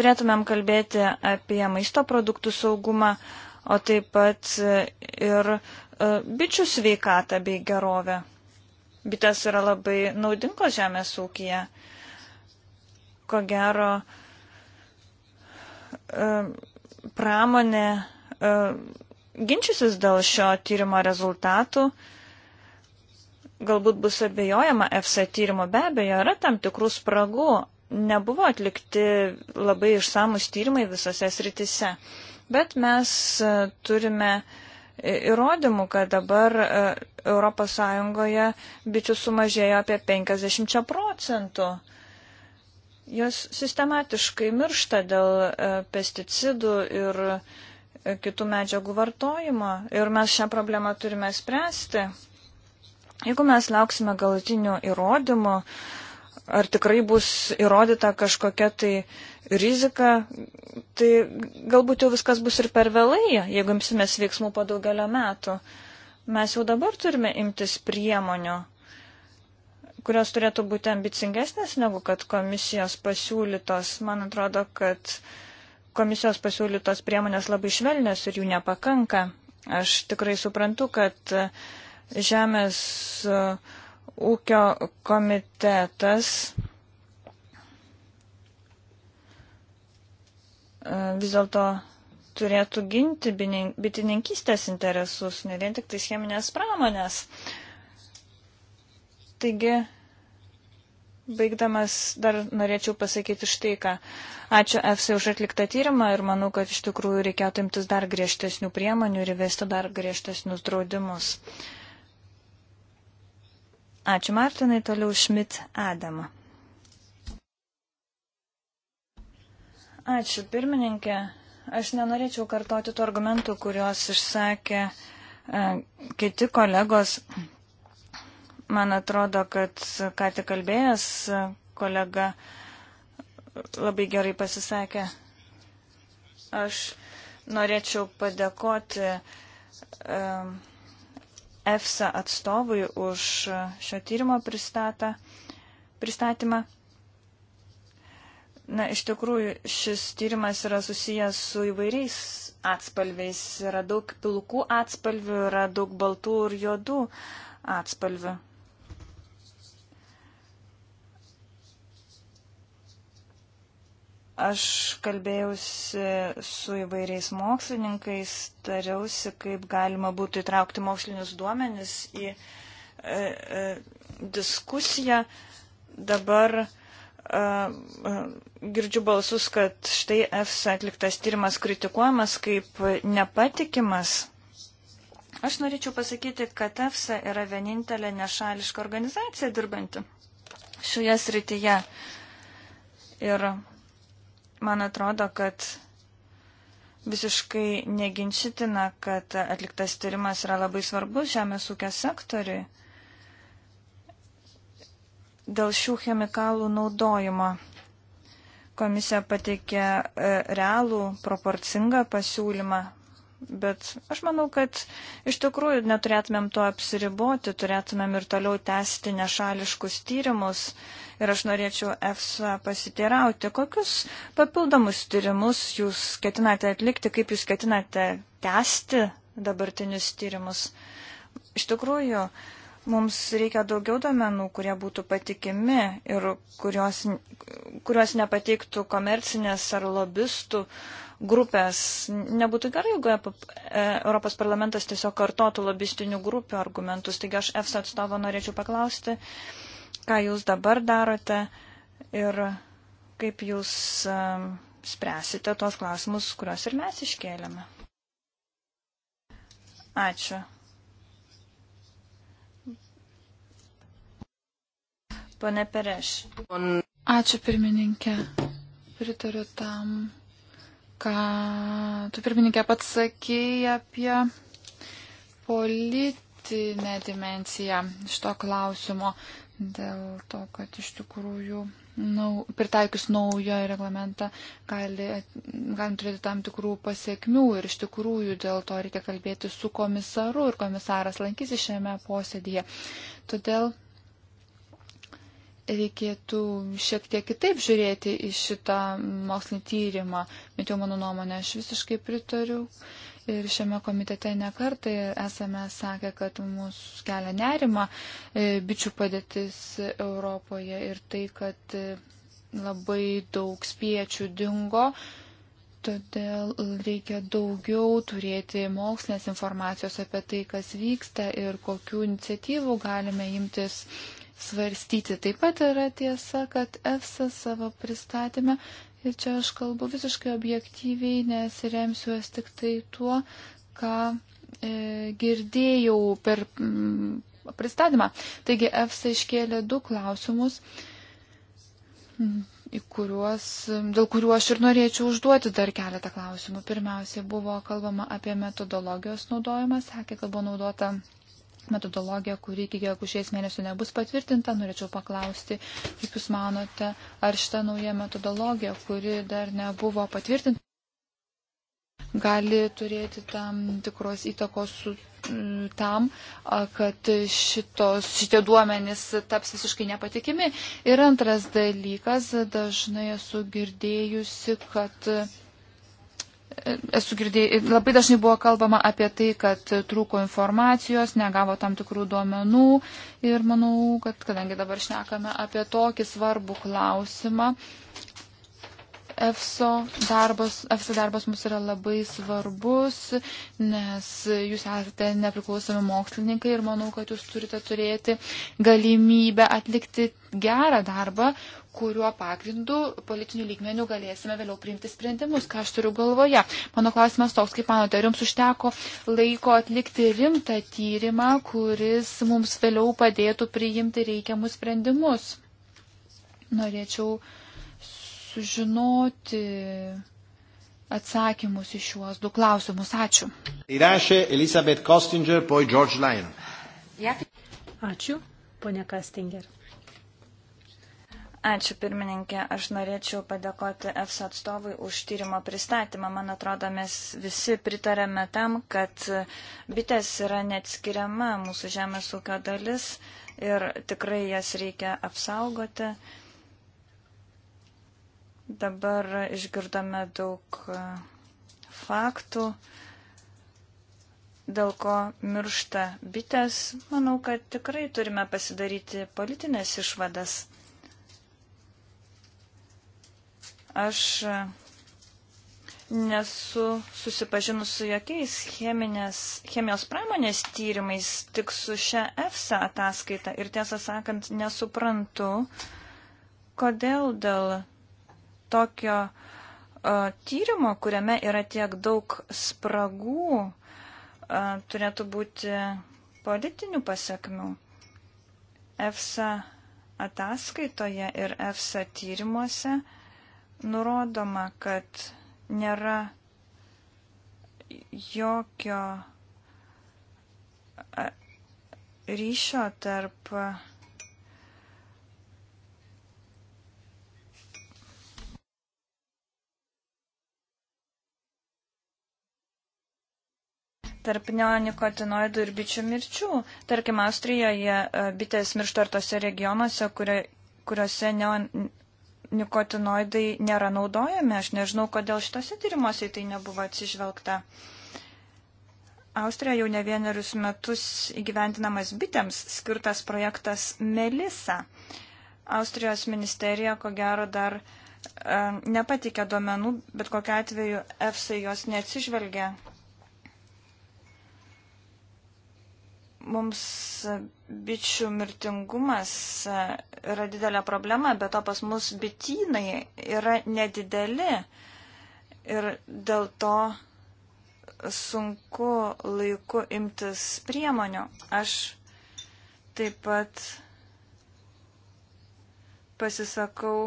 Turėtumėm kalbėti apie maisto produktų saugumą, o taip pat ir e, bičių sveikatą bei gerovę. Bitės yra labai naudingos žemės ūkija. Ko gero, uh, E, pramonė e, ginčiusis dėl šio tyrimo rezultatų. Galbūt bus abejojama FC tyrimo, be abejo, yra tam tikrų spragų. Nebuvo atlikti labai išsamus tyrimai visose sritise. Bet mes e, turime įrodymų, kad dabar ES bičių sumažėjo apie 50 procentų. Jos sistematiškai miršta dėl e, pesticidų ir e, kitų medžiagų vartojimo ir mes šią problemą turime spręsti. Jeigu mes lauksime galutinių įrodymų, ar tikrai bus įrodyta kažkokia tai rizika, tai galbūt jau viskas bus ir per vėlai, jeigu imsimės veiksmų po daugelio metų. Mes jau dabar turime imtis priemonių kurios turėtų būti ambicingesnės negu kad komisijos pasiūlytos. Man atrodo, kad komisijos pasiūlytos priemonės labai švelnės ir jų nepakanka. Aš tikrai suprantu, kad Žemės ūkio komitetas e, vis dėlto turėtų ginti bitininkystės interesus, ne vien tik tai cheminės pramonės. Uh, Taigi, baigdamas dar norėčiau pasakyti štai ką. Ačiū EFSA už atliktą tyrimą ir manau, kad iš tikrųjų reikėtų imtis dar griežtesnių priemonių ir įvesti dar griežtesnius draudimus. Ačiū Martinai, toliau Šmit Adama. Ačiū pirmininkė. Aš nenorėčiau kartoti tų argumentų, kuriuos išsakė e, kiti kolegos. Man atrodo, kad ką tik kalbėjęs kolega labai gerai pasisakė. Aš norėčiau padėkoti EFSA atstovui už šio tyrimo pristatą, pristatymą. Na, iš tikrųjų, šis tyrimas yra susijęs su įvairiais atspalviais. Yra daug pilkų atspalvių, yra daug baltų ir juodų atspalvių. Aš kalbėjausi su įvairiais mokslininkais, tariausi, kaip galima būtų įtraukti mokslinius duomenis į e, e, diskusiją. Dabar e, e, girdžiu balsus, kad štai EFSA atliktas tyrimas kritikuojamas kaip nepatikimas. Aš norėčiau pasakyti, kad EFSA yra vienintelė nešališka organizacija dirbanti šioje srityje. Ir Man atrodo, kad visiškai neginčitina, kad atliktas tyrimas yra labai svarbus žemės ūkio sektoriui dėl šių chemikalų naudojimo. Komisija pateikė e, realų, proporcingą pasiūlymą, Bet aš manau, kad iš tikrųjų neturėtumėm tuo apsiriboti, turėtumėm ir toliau tęsti nešališkus tyrimus. Ir aš norėčiau EFSA pasitėrauti, kokius papildomus tyrimus jūs ketinate atlikti, kaip jūs ketinate tęsti dabartinius tyrimus. Iš tikrųjų, mums reikia daugiau domenų, kurie būtų patikimi ir kuriuos, kuriuos nepateiktų komercinės ar lobistų grupės. Nebūtų gerai, jeigu e, Europos parlamentas tiesiog kartotų lobistinių grupių argumentus. Taigi aš EFSA atstovo norėčiau paklausti, ką jūs dabar darote ir kaip jūs e, spręsite tos klausimus, kuriuos ir mes iškėlėme. Ačiū. Pone Pereš. Ačiū pirmininkė. Pritariu tam, ką tu pirmininkė pats sakėjai apie politinę dimenciją šito klausimo. Dėl to, kad iš tikrųjų nau, pritaikius naują reglamentą gali, galim turėti tam tikrų pasiekmių ir iš tikrųjų dėl to reikia kalbėti su komisaru ir komisaras lankysi šiame posėdėje. Todėl reikėtų šiek tiek kitaip žiūrėti į šitą mokslinį tyrimą, bet jau mano nuomonė aš visiškai pritariu. Ir šiame komitete nekartai esame sakę, kad mūsų kelia nerima e, bičių padėtis Europoje ir tai, kad e, labai daug spiečių dingo. Todėl reikia daugiau turėti mokslinės informacijos apie tai, kas vyksta ir kokių iniciatyvų galime imtis svarstyti. Taip pat yra tiesa, kad EFSA savo pristatymę, ir čia aš kalbu visiškai objektyviai, nes remsiuos tik tai tuo, ką e, girdėjau per m, mm, pristatymą. Taigi EFSA iškėlė du klausimus, mm, kuriuos, dėl kurių aš ir norėčiau užduoti dar keletą klausimų. Pirmiausia, buvo kalbama apie metodologijos naudojimą, sakė, kad buvo naudota metodologija, kuri iki gegužės mėnesio nebus patvirtinta. Norėčiau paklausti, kaip Jūs manote, ar šita nauja metodologija, kuri dar nebuvo patvirtinta, gali turėti tam tikros įtakos su tam, kad šitos, šitie duomenys taps visiškai nepatikimi. Ir antras dalykas, dažnai esu girdėjusi, kad esu girdėjai, labai dažnai buvo kalbama apie tai, kad trūko informacijos, negavo tam tikrų duomenų ir manau, kad kadangi dabar šnekame apie tokį svarbų klausimą, EFSO darbas, EFSO darbas mums yra labai svarbus, nes jūs esate nepriklausomi mokslininkai ir manau, kad jūs turite turėti galimybę atlikti gerą darbą, kuriuo pagrindu politiniu lygmeniu galėsime vėliau priimti sprendimus, ką aš turiu galvoje. Mano klausimas toks, kaip manote, ar jums užteko laiko atlikti rimtą tyrimą, kuris mums vėliau padėtų priimti reikiamus sprendimus? Norėčiau sužinoti atsakymus į šiuos du klausimus. Ačiū. Įrašė Elizabeth Kostinger, poi George Lyon. Ačiū, ponia Kostinger. Ačiū pirmininkė, aš norėčiau padėkoti EFSA atstovui už tyrimo pristatymą. Man atrodo, mes visi pritarėme tam, kad bitės yra neatskiriama mūsų žemės ūkio dalis ir tikrai jas reikia apsaugoti. Dabar išgirdome daug e, faktų, dėl ko miršta bitės. Manau, kad tikrai turime pasidaryti politinės išvadas. Aš nesu susipažinus su jokiais cheminės, chemijos pramonės tyrimais, tik su šia EFSA ataskaita. Ir tiesą sakant, nesuprantu, kodėl dėl tokio uh, tyrimo, kuriame yra tiek daug spragų, uh, turėtų būti politinių pasiekmių. EFSA ataskaitoje ir EFSA tyrimuose uh, nurodoma, kad nėra jokio ryšio tarp tarp neonikotinoidų ir bičių mirčių. Tarkim, Austrijoje bitės miršta ar tose regionuose, kurio, kuriuose neon, nikotinoidai nėra naudojami. Aš nežinau, kodėl šitose tyrimuose tai nebuvo atsižvelgta. Austrija jau ne vienerius metus įgyventinamas bitėms skirtas projektas Melisa. Austrijos ministerija, ko gero, dar e, nepatikė duomenų, bet kokiu atveju EFSA jos neatsižvelgia. Mums bičių mirtingumas e, yra didelė problema, bet to pas mus bitynai yra nedideli ir dėl to sunku laiku imtis priemonių. Aš taip pat pasisakau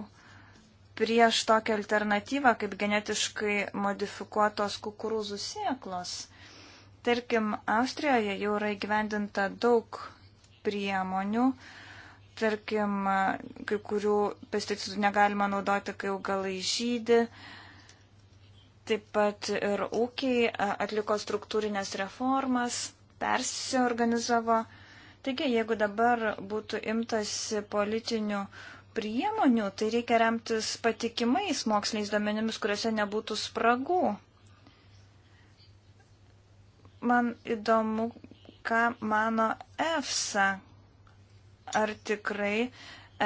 prieš tokią alternatyvą kaip genetiškai modifikuotos kukurūzų sėklos. Tarkim, Austrijoje jau yra įgyvendinta daug priemonių, tarkim, kai kurių pesticidų negalima naudoti, kai augalai žydi. Taip pat ir ūkiai atliko struktūrinės reformas, persiorganizavo. Taigi, jeigu dabar būtų imtasi politinių priemonių, tai reikia remtis patikimais moksliniais duomenimis, kuriuose nebūtų spragų. Man įdomu ką mano EFSA. Ar tikrai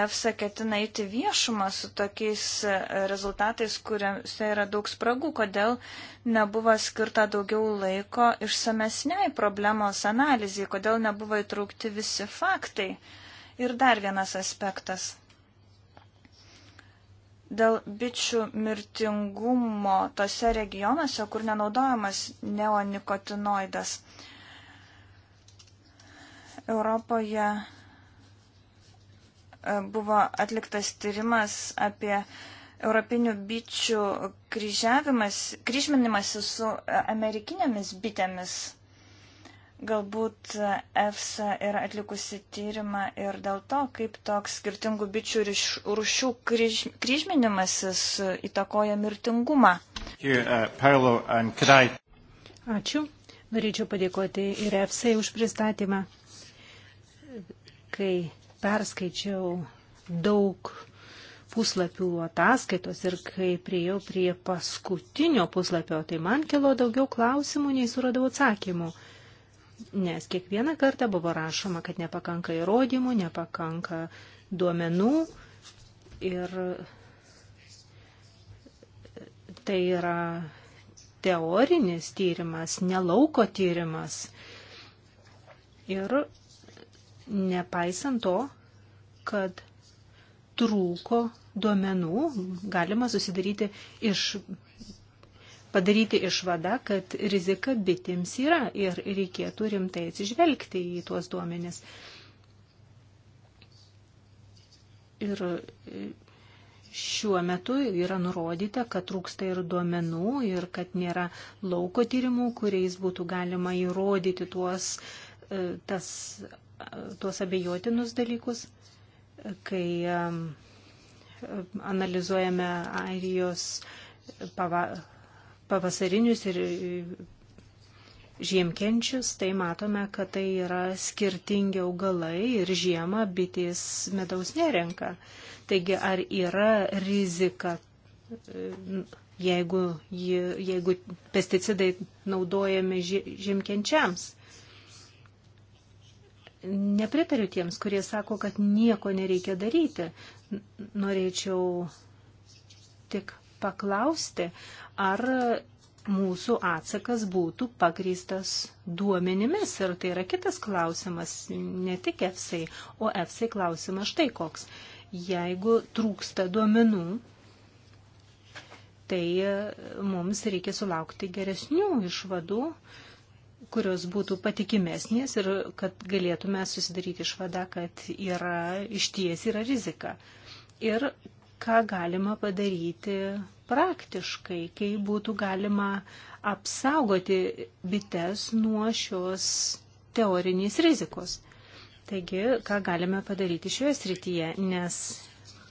EFSA ketina eiti viešumą su tokiais e, rezultatais, kuriuose yra daug spragų, kodėl nebuvo skirta daugiau laiko išsamesniai problemos analizai, kodėl nebuvo įtraukti visi faktai. Ir dar vienas aspektas. Dėl bičių mirtingumo tose regionuose, kur nenaudojamas neonikotinoidas. Uh, Europoje e, buvo atliktas tyrimas apie europinių bičių kryžminimąsi su e, amerikinėmis bitėmis. Galbūt e, EFSA yra atlikusi tyrimą ir dėl to, kaip toks skirtingų bičių rūšių kryž, kryžminimasis įtakoja mirtingumą. Uh, Ačiū. Norėčiau padėkoti ir EFSA už pristatymą kai perskaičiau daug puslapių ataskaitos ir kai priejau prie paskutinio puslapio, tai man kilo daugiau klausimų nei suradau atsakymų. Nes kiekvieną kartą buvo rašoma, kad nepakanka įrodymų, nepakanka duomenų ir tai yra teorinis tyrimas, nelauko tyrimas. Ir Nepaisant to, kad trūko duomenų, galima susidaryti iš, padaryti išvadą, kad rizika bitims yra ir reikėtų rimtai atsižvelgti į tuos duomenis. Ir šiuo metu yra nurodyta, kad trūksta ir duomenų ir kad nėra lauko tyrimų, kuriais būtų galima įrodyti tuos e, tas tuos abejotinus dalykus, kai um, analizuojame Airijos pava, pavasarinius ir žiemkenčius, tai matome, kad tai yra skirtingi augalai ir žiemą bitės medaus nerenka. Taigi, ar yra rizika, jeigu, jeigu pesticidai naudojami žiemkenčiams? nepritariu tiems, kurie sako, kad nieko nereikia daryti. Norėčiau tik paklausti, ar mūsų atsakas būtų pagrįstas duomenimis. Ir tai yra kitas klausimas, ne tik EFSAI, o EFSAI klausimas štai koks. Jeigu trūksta duomenų, tai mums reikia sulaukti geresnių išvadų, uh, kurios būtų patikimesnės ir kad galėtume susidaryti išvadą, kad yra išties yra rizika. Ir ką galima padaryti praktiškai, kai būtų galima apsaugoti bites nuo šios teorinės rizikos. Taigi, ką galime padaryti šioje srityje, nes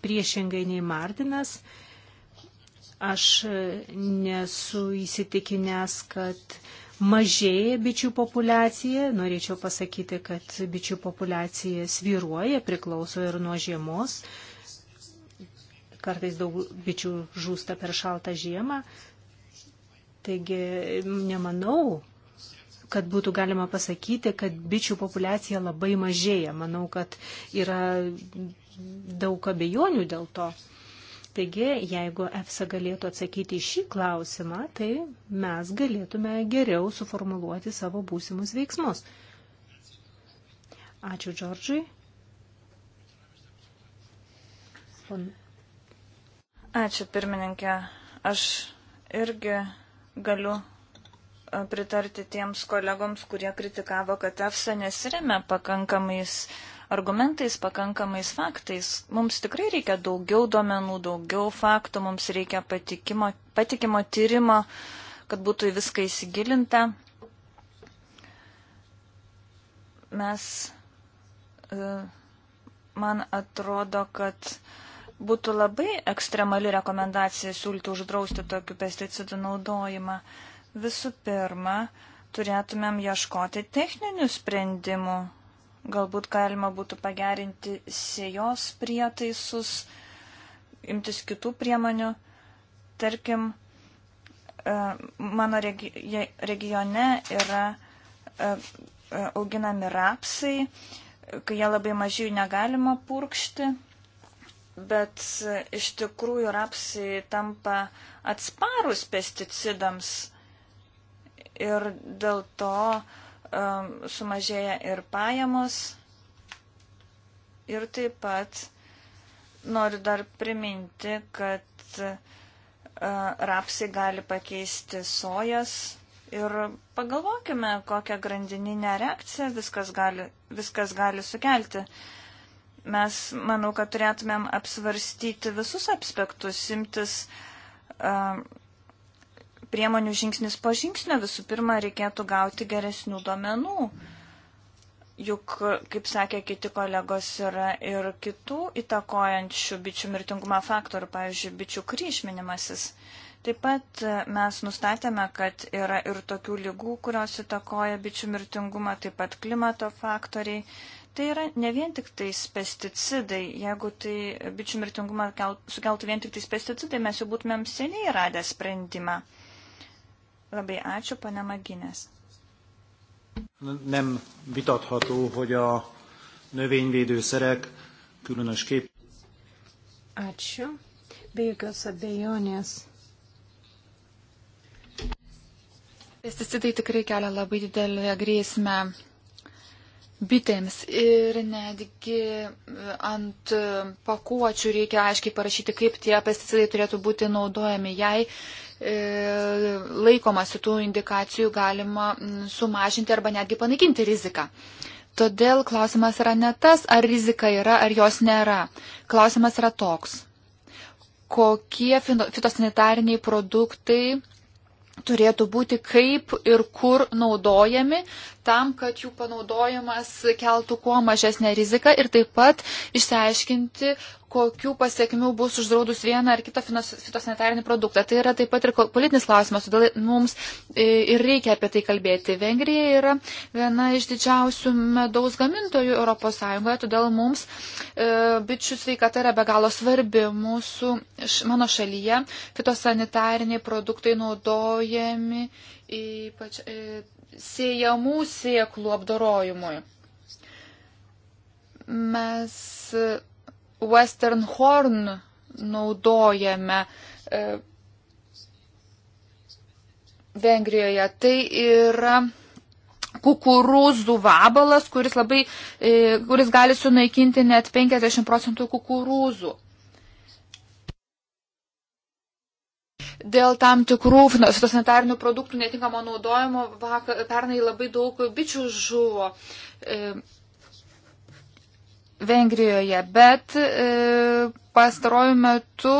priešingai nei Martinas, aš nesu įsitikinęs, kad mažėja bičių populiacija. Norėčiau pasakyti, kad bičių populiacija sviruoja, priklauso ir nuo žiemos. Kartais daug bičių žūsta per šaltą žiemą. Taigi nemanau, kad būtų galima pasakyti, kad bičių populiacija labai mažėja. Manau, kad yra daug abejonių dėl to. Taigi, jeigu EFSA galėtų atsakyti šį klausimą, tai mes galėtume geriau suformuluoti savo būsimus veiksmus. Ačiū, Džordžai. On. Ačiū, pirmininkė. Aš irgi galiu e, pritarti tiems kolegoms, kurie kritikavo, kad EFSA nesiremia pakankamais argumentais, pakankamais faktais. Mums tikrai reikia daugiau duomenų, daugiau faktų, mums reikia patikimo, patikimo tyrimo, kad būtų į viską įsigilinta. Mes, e, man atrodo, kad būtų labai ekstremali rekomendacija siūlyti uždrausti tokių pesticidų naudojimą. Visų pirma, turėtumėm ieškoti techninių sprendimų, Galbūt galima būtų pagerinti sėjos prietaisus, imtis kitų priemonių. Tarkim, e, mano regione yra e, e, auginami rapsai, kai jie labai maži jų negalima purkšti, bet iš tikrųjų rapsai tampa atsparus pesticidams ir dėl to uh, um, sumažėja ir pajamos. Ir taip pat noriu dar priminti, kad uh, rapsai gali pakeisti sojas. Ir pagalvokime, kokią grandininę reakciją viskas gali, viskas gali sukelti. Mes, manau, kad turėtumėm apsvarstyti visus aspektus, imtis uh, priemonių žingsnis po žingsnio. Visų pirma, reikėtų gauti geresnių duomenų. Juk, kaip sakė kiti kolegos, yra ir kitų įtakojančių bičių mirtingumą faktorių, pavyzdžiui, bičių kryžminimasis. Taip pat e, mes nustatėme, kad yra ir tokių lygų, kurios įtakoja bičių mirtingumą, taip pat klimato faktoriai tai yra ne vien tik tais pesticidai. Jeigu tai bičių mirtingumą sukeltų vien tik tais pesticidai, mes jau būtumėm seniai radę sprendimą. Labai ačiū, pane Maginės. Nu, nem vitatható, hogy a növényvédőszerek különösképp. Ačiū. Be jokios abejonės. Pesticidai tikrai kelia labai didelę grėsmę bitėms ir netgi e, ant pakuočių reikia aiškiai parašyti, kaip tie pesticidai turėtų būti naudojami. Jei E, laikomasi tų indikacijų galima sumažinti arba netgi panaikinti riziką. Todėl klausimas yra ne tas, ar rizika yra, ar jos nėra. Klausimas yra toks. Kokie fitosanitariniai produktai turėtų būti kaip ir kur naudojami tam, kad jų panaudojimas keltų kuo mažesnę riziką ir taip pat išsiaiškinti, kokių pasiekmių bus uždraudus vieną ar kitą fitosanitarinį produktą. Tai yra taip pat ir politinis klausimas, todėl mums e, ir reikia apie tai kalbėti. Vengrija yra viena iš didžiausių medaus gamintojų ES, todėl mums e, bičių sveikata yra be galo svarbi. Mūsų, mano šalyje fitosanitariniai produktai naudojami ypač e, siejamų sieklų apdorojimui. Mes e, Western Horn naudojame e, Vengrijoje. Tai yra kukurūzų vabalas, kuris, labai, e, kuris gali sunaikinti net 50 procentų kukurūzų. dėl tam tikrų fitosanitarinių produktų netinkamo naudojimo vakar, pernai labai daug bičių žuvo. E, Vengrijoje, bet e, pastarojų metų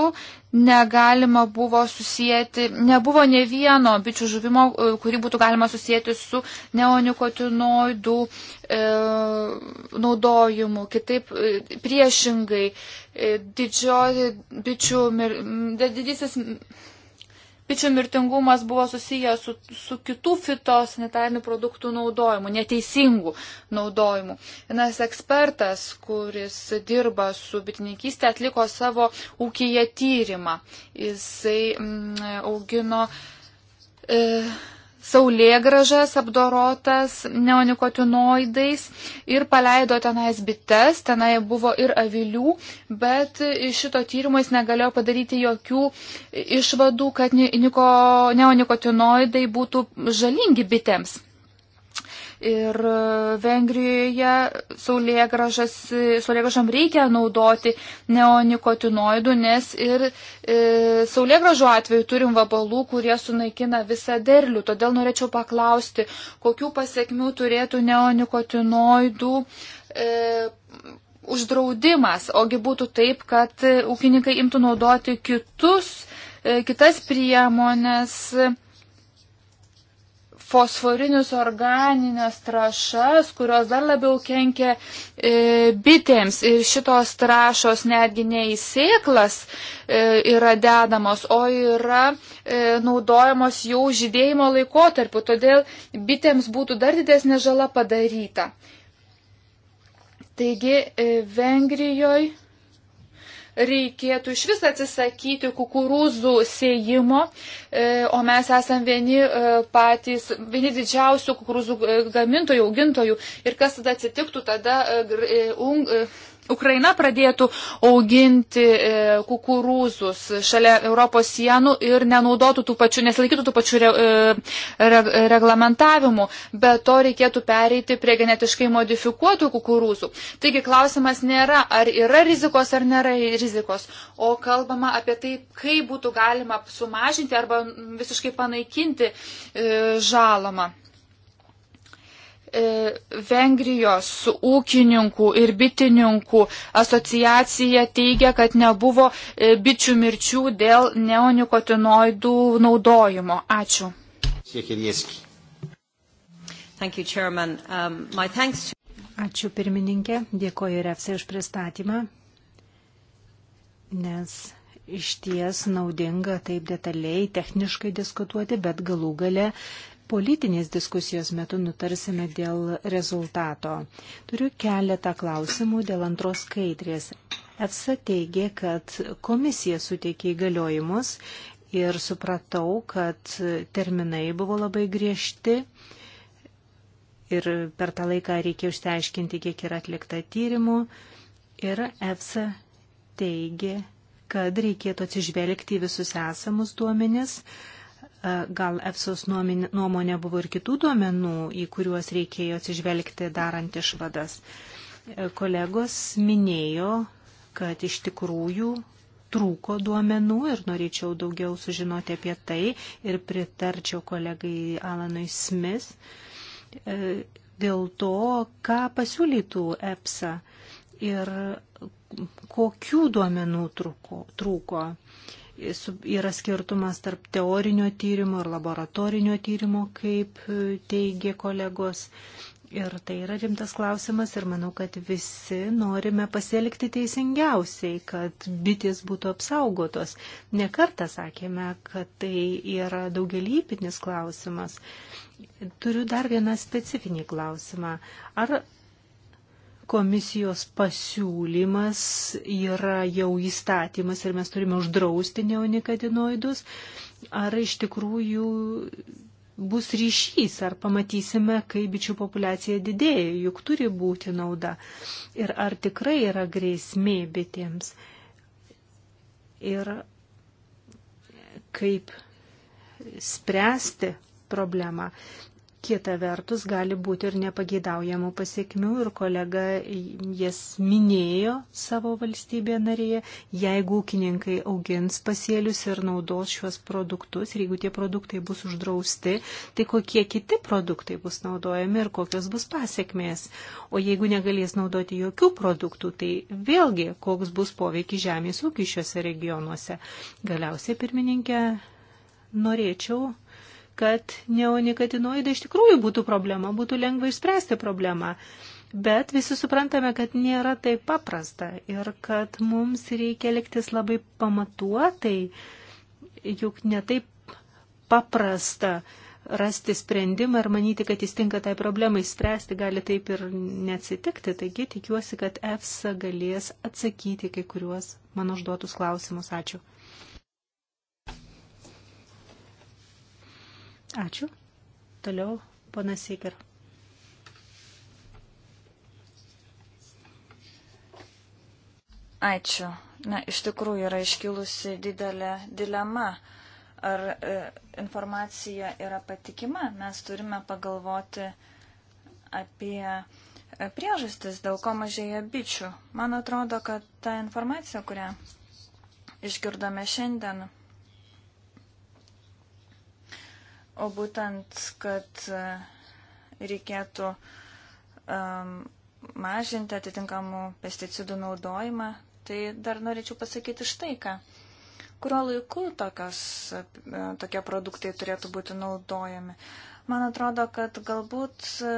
negalima buvo susijęti, nebuvo ne vieno bičių žuvimo, e, kurį būtų galima susijęti su neonikotinoidų e, naudojimu. Kitaip e, priešingai, e, didžioji bičių, didysis bičių mirtingumas buvo susijęs su, su kitų fitosanitarinių produktų naudojimu, neteisingų naudojimu. Vienas ekspertas, kuris dirba su bitininkystė, atliko savo ūkyje tyrimą. Jisai mm, augino. E, saulėgražas apdorotas neonikotinoidais ir paleido tenais bites, tenai buvo ir avilių, bet iš šito tyrimo jis negalėjo padaryti jokių išvadų, kad neonikotinoidai būtų žalingi bitėms. Ir e, Vengrijoje saulėgražam reikia naudoti neonikotinoidų, nes ir e, saulėgražų atveju turim vabalų, kurie sunaikina visą derlių. Todėl norėčiau paklausti, kokių pasiekmių turėtų neonikotinoidų. E, Uždraudimas, ogi būtų taip, kad ūkininkai imtų naudoti kitus, e, kitas priemonės, e, fosforinius organinės trašas, kurios dar labiau kenkia e, bitėms. Ir šitos trašos netgi ne į sėklas e, yra dedamos, o yra e, naudojamos jau žydėjimo laikotarpiu. Todėl bitėms būtų dar didesnė žala padaryta. Taigi, e, Vengrijoje reikėtų iš vis atsisakyti kukurūzų sėjimo, e, o mes esame vieni e, patys, vieni didžiausių kukurūzų e, gamintojų, augintojų. Ir kas tada atsitiktų, tada Ukraina pradėtų auginti e, kukurūzus šalia Europos sienų ir nenaudotų tų pačių, nesilaikytų tų pačių re, e, re, reglamentavimų, bet to reikėtų pereiti prie genetiškai modifikuotų kukurūzų. Taigi klausimas nėra, ar yra rizikos ar nėra rizikos, o kalbama apie tai, kaip būtų galima sumažinti arba visiškai panaikinti e, žalomą. E, Vengrijos ūkininkų ir bitininkų asociacija teigia, kad nebuvo e, bičių mirčių dėl neonikotinoidų naudojimo. Ačiū. Um, Ačiū pirmininkė, dėkoju Refsai už pristatymą, nes iš ties naudinga taip detaliai, techniškai diskutuoti, bet galų gale politinės diskusijos metu nutarsime dėl rezultato. Turiu keletą klausimų dėl antros skaidrės. EFSA teigė, kad komisija suteikė įgaliojimus ir supratau, kad terminai buvo labai griežti ir per tą laiką reikėjo išsiaiškinti, kiek yra atlikta tyrimų. Ir EFSA teigė, kad reikėtų atsižvelgti į visus esamus duomenis, E, gal EFSOS nuomonė buvo ir kitų duomenų, į kuriuos reikėjo atsižvelgti darant išvadas. E, kolegos minėjo, kad iš tikrųjų trūko duomenų ir norėčiau daugiau sužinoti apie tai ir pritarčiau kolegai Alanui Smith e, dėl to, ką pasiūlytų EPSA ir kokių duomenų trūko. trūko yra skirtumas tarp teorinio tyrimo ir laboratorinio tyrimo, kaip e, teigia kolegos. Ir tai yra rimtas klausimas ir manau, kad visi norime pasielgti teisingiausiai, kad bitės būtų apsaugotos. Nekartą sakėme, kad tai yra daugelypinis klausimas. Turiu dar vieną specifinį klausimą. Ar komisijos pasiūlymas yra jau įstatymas ir mes turime uždrausti neonikotinoidus, ar iš tikrųjų bus ryšys, ar pamatysime, kaip bičių populiacija didėja, juk turi būti nauda. Ir ar tikrai yra grėsmė bitėms. Ir kaip spręsti problemą kita vertus gali būti ir nepageidaujamų pasiekmių ir kolega jas minėjo savo valstybėje narėje, jeigu ūkininkai augins pasėlius ir naudos šiuos produktus ir jeigu tie produktai bus uždrausti, tai kokie kiti produktai bus naudojami ir kokios bus pasiekmės. O jeigu negalės naudoti jokių produktų, tai vėlgi koks bus poveikis žemės ūkiui šiuose regionuose. Galiausiai, pirmininkė, norėčiau kad neonikotinoidai iš tikrųjų būtų problema, būtų lengva išspręsti problemą. Bet visi suprantame, kad nėra taip paprasta ir kad mums reikia liktis labai pamatuotai, juk netaip paprasta rasti sprendimą ir manyti, kad jis tinka tai problemai spręsti, gali taip ir neatsitikti. Taigi tikiuosi, kad EFSA galės atsakyti kai kuriuos mano užduotus klausimus. Ačiū. Ačiū. Toliau panas Seiker. Ačiū. Na, iš tikrųjų yra iškilusi didelė dilema. Ar e, informacija yra patikima? Mes turime pagalvoti apie e, priežastis, dėl ko mažėja bičių. Man atrodo, kad ta informacija, kurią išgirdome šiandien, o būtent, kad e, reikėtų um, mažinti atitinkamų pesticidų naudojimą, tai dar norėčiau pasakyti štai ką. Kurio laiku tokios, e, tokie produktai turėtų būti naudojami? Man atrodo, kad galbūt e,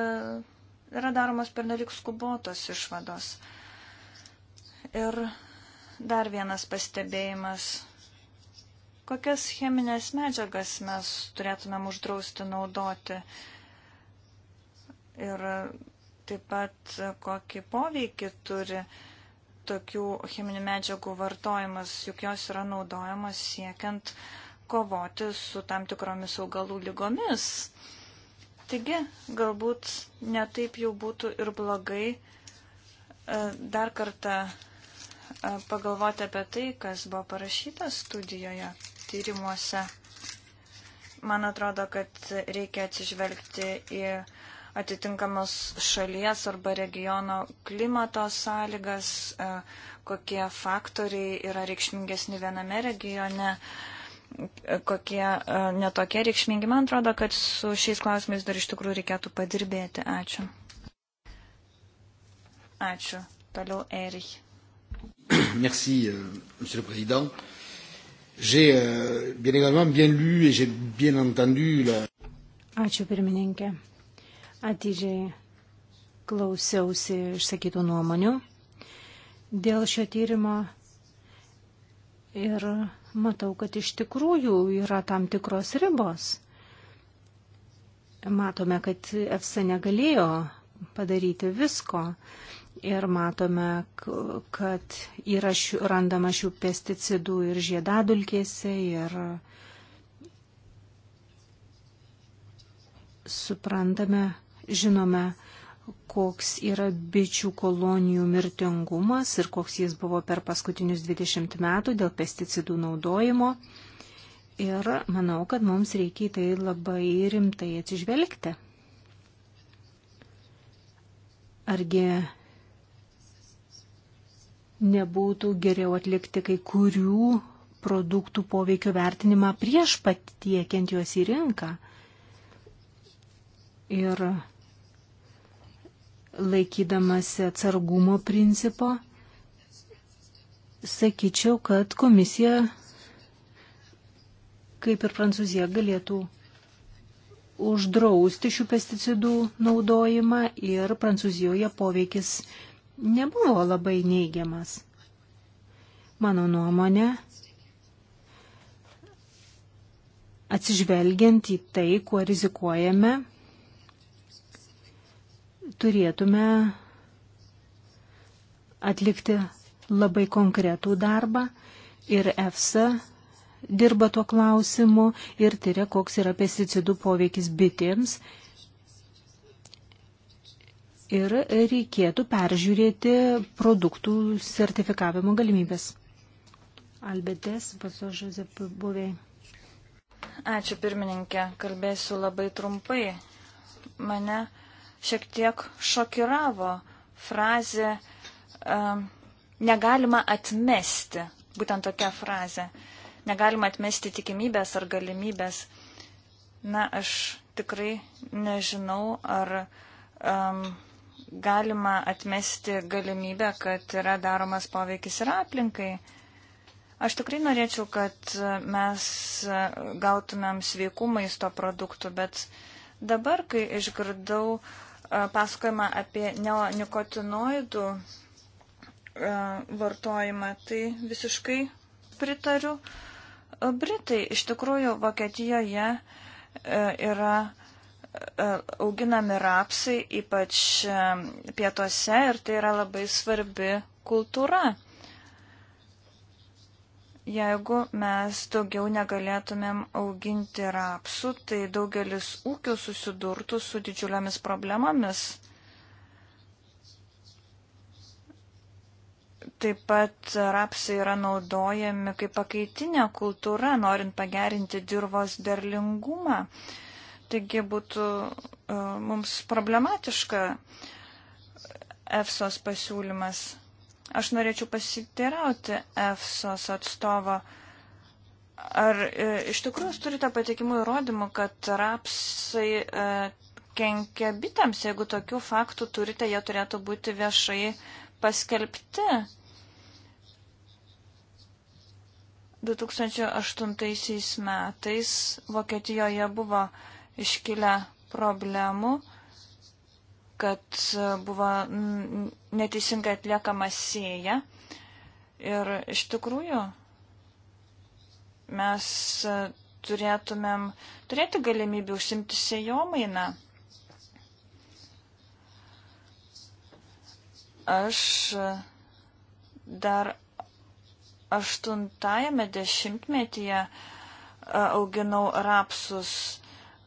yra daromos pernelik skubotos išvados. Ir dar vienas pastebėjimas Kokias cheminės medžiagas mes turėtumėm uždrausti naudoti? Ir taip pat kokį poveikį turi tokių cheminių medžiagų vartojimas, juk jos yra naudojamos siekiant kovoti su tam tikromis augalų lygomis. Taigi, galbūt netaip jau būtų ir blogai e, dar kartą e, pagalvoti apie tai, kas buvo parašyta studijoje tyrimuose. Man atrodo, kad reikia atsižvelgti į atitinkamas šalies arba regiono klimato sąlygas, e, kokie faktoriai yra reikšmingesni viename regione, e, kokie e, netokie reikšmingi. Man atrodo, kad su šiais klausimais dar iš tikrųjų reikėtų padirbėti. Ačiū. Ačiū. Toliau Erich. Merci, euh, Monsieur le Président. J'ai euh, bien également bien lu et j'ai bien entendu la. Ačiū pirmininkė. Atidžiai klausiausi išsakytų nuomonių dėl šio tyrimo ir matau, kad iš tikrųjų yra tam tikros ribos. Matome, kad EFSA negalėjo padaryti visko ir matome, kad yra šių, randama šių pesticidų ir žiedadulkėse ir suprantame, žinome, koks yra bičių kolonijų mirtingumas ir koks jis buvo per paskutinius 20 metų dėl pesticidų naudojimo. Ir manau, kad mums reikia į tai labai rimtai atsižvelgti. Argi nebūtų geriau atlikti kai kurių produktų poveikio vertinimą prieš pat tiekiant juos į rinką. Ir laikydamasi atsargumo principo, sakyčiau, kad komisija, kaip ir Prancūzija, galėtų uždrausti šių pesticidų naudojimą ir Prancūzijoje poveikis nebuvo labai neigiamas. Mano nuomonė, atsižvelgiant į tai, kuo rizikuojame, turėtume atlikti labai konkretų darbą ir EFSA dirba tuo klausimu ir tyria, koks yra pesticidų poveikis bitėms ir reikėtų peržiūrėti produktų sertifikavimo galimybės. Albedės, paso Žozep Buvei. Ačiū pirmininkė, kalbėsiu labai trumpai. Mane šiek tiek šokiravo frazė um, negalima atmesti, būtent tokia frazė. Negalima atmesti tikimybės ar galimybės. Na, aš tikrai nežinau, ar um, galima atmesti galimybę, kad yra daromas poveikis ir aplinkai. Aš tikrai norėčiau, kad mes gautumėm sveikų maisto produktų, bet dabar, kai išgirdau e, pasakojimą apie neonikotinoidų e, vartojimą, tai visiškai pritariu. E, Britai iš tikrųjų Vokietijoje yra E, auginami rapsai, ypač e, pietuose, ir tai yra labai svarbi kultūra. Jeigu mes daugiau negalėtumėm auginti rapsų, tai daugelis ūkių susidurtų su didžiuliamis problemomis. Taip pat rapsai yra naudojami kaip pakaitinė kultūra, norint pagerinti dirvos derlingumą. Uh, Taigi būtų e, mums problematiška EFSOS pasiūlymas. Aš norėčiau pasiteirauti EFSOS atstovo. Ar e, iš tikrųjų turite patikimų įrodymų, kad rapsai e, kenkia bitams? Jeigu tokių faktų turite, jie turėtų būti viešai paskelbti. 2008 metais Vokietijoje buvo iškilę problemų, kad buvo neteisingai atliekama sėja. Ir iš tikrųjų mes turėtumėm turėti galimybę užsimti sėjomainą. Aš dar aštuntajame dešimtmetyje e, auginau rapsus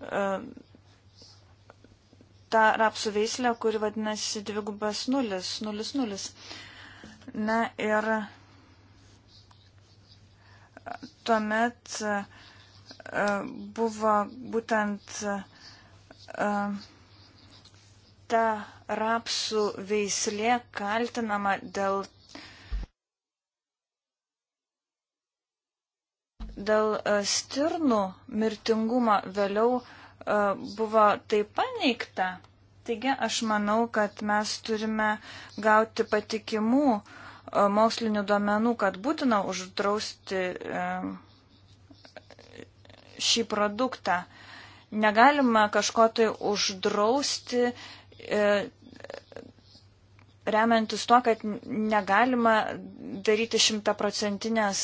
E, tą rapsų veislę, kuri vadinasi dvigubas nulis, nulis nulis. Na ir tuomet e, buvo būtent e, ta rapsų veislė kaltinama dėl dėl e, stirnų mirtingumo vėliau e, buvo tai paneigta. Taigi aš manau, kad mes turime gauti patikimų e, mokslinių duomenų, kad būtina uždrausti šį produktą. Negalima kažko tai uždrausti remiantis tuo, kad negalima daryti šimtaprocentinės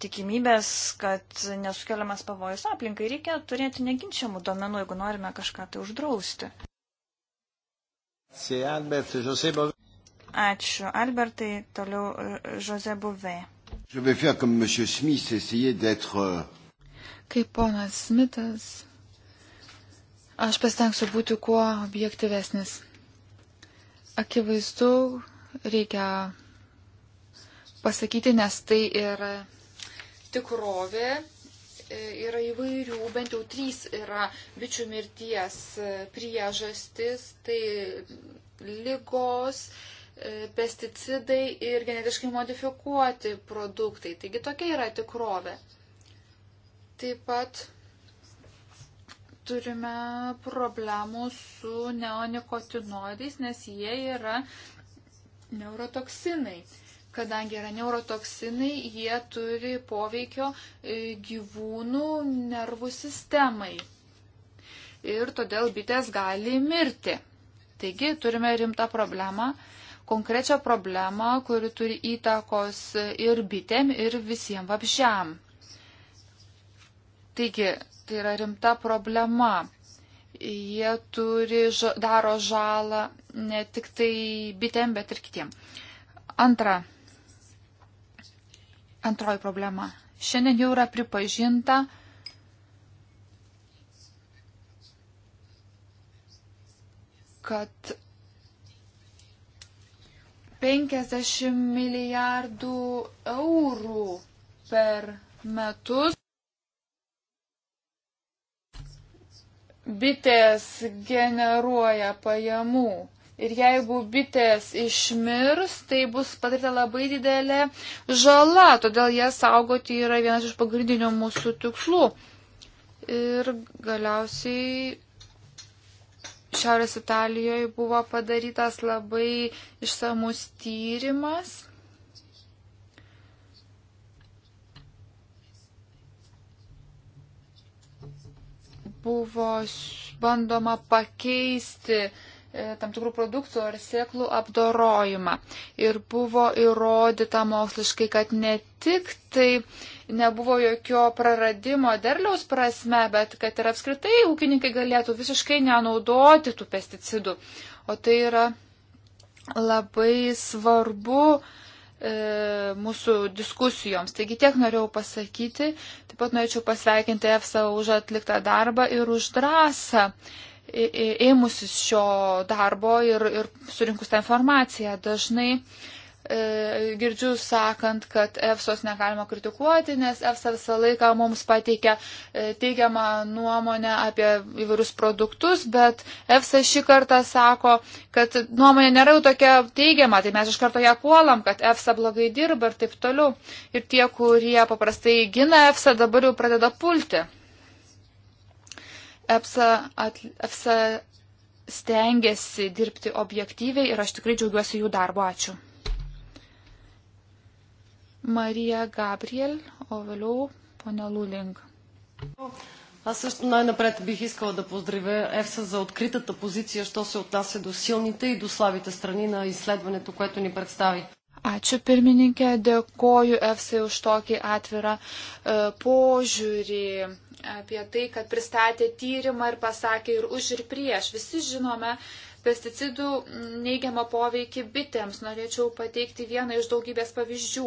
tikimybės, kad nesukeliamas pavojus aplinkai, reikia turėti neginčiamų duomenų, jeigu norime kažką tai uždrausti. Ačiū, Albertai, toliau e, Jose Buvė. Euh, Kaip ponas Smithas, aš pasitengsiu būti kuo objektyvesnis akivaizdu reikia pasakyti, nes tai yra tikrovė. E, yra įvairių, bent jau trys yra bičių mirties e, priežastis, tai lygos, e, pesticidai ir genetiškai modifikuoti produktai. Taigi tokia yra tikrovė. Taip pat turime problemų su neonikotinoidais, nes jie yra neurotoksinai. Kadangi yra neurotoksinai, jie turi poveikio e, gyvūnų nervų sistemai. Ir todėl bitės gali mirti. Taigi turime rimtą problemą, konkrečią problemą, kuri turi įtakos ir bitėm, ir visiems vabžiam. Taigi, Tai yra rimta problema. Jie turi, daro žalą ne tik tai bitėm, bet ir kitiem. Antra, antroji problema. Šiandien jau yra pripažinta, kad 50 milijardų eurų per metus bitės generuoja pajamų. Ir jeigu bitės išmirs, tai bus padaryta labai didelė žala, todėl jas saugoti yra vienas iš pagrindinių mūsų tikslų. Ir galiausiai Šiaurės Italijoje buvo padarytas labai išsamus tyrimas buvo bandoma pakeisti e, tam tikrų produktų ar sėklų apdorojimą. Ir buvo įrodyta moksliškai, kad ne tik tai nebuvo jokio praradimo derliaus prasme, bet kad ir apskritai ūkininkai galėtų visiškai nenaudoti tų pesticidų. O tai yra labai svarbu E, mūsų diskusijoms. Taigi tiek norėjau pasakyti. Taip pat norėčiau pasveikinti EFSA už atliktą darbą ir už drąsą ėmusis šio darbo ir, ir surinkus tą informaciją. Dažnai E, girdžiu sakant, kad EFSOS negalima kritikuoti, nes EFSA visą laiką mums pateikia e, teigiamą nuomonę apie įvairius produktus, bet EFSA šį kartą sako, kad nuomonė nėra jau tokia teigiama, tai mes iš karto ją puolam, kad EFSA blogai dirba ir taip toliau. Ir tie, kurie paprastai gina EFSA, dabar jau pradeda pulti. EFSA, at, EFSA stengiasi dirbti objektyviai ir aš tikrai džiaugiuosi jų darbu. Ačiū. Marija Gabriel, o vėliau ponia Lulink. Аз също най-напред бих искала да поздравя ЕФСА за откритата позиция, що се отнася до силните и до слабите страни на изследването, което ни представи. Ačiū pirmininkė, dėkoju EFSA už tokį atvirą e, požiūrį apie tai, kad pristatė tyrimą ir pasakė ir už ir prieš. Visi žinome, e, pesticidų neigiamą poveikį bitėms. Norėčiau pateikti vieną iš daugybės pavyzdžių.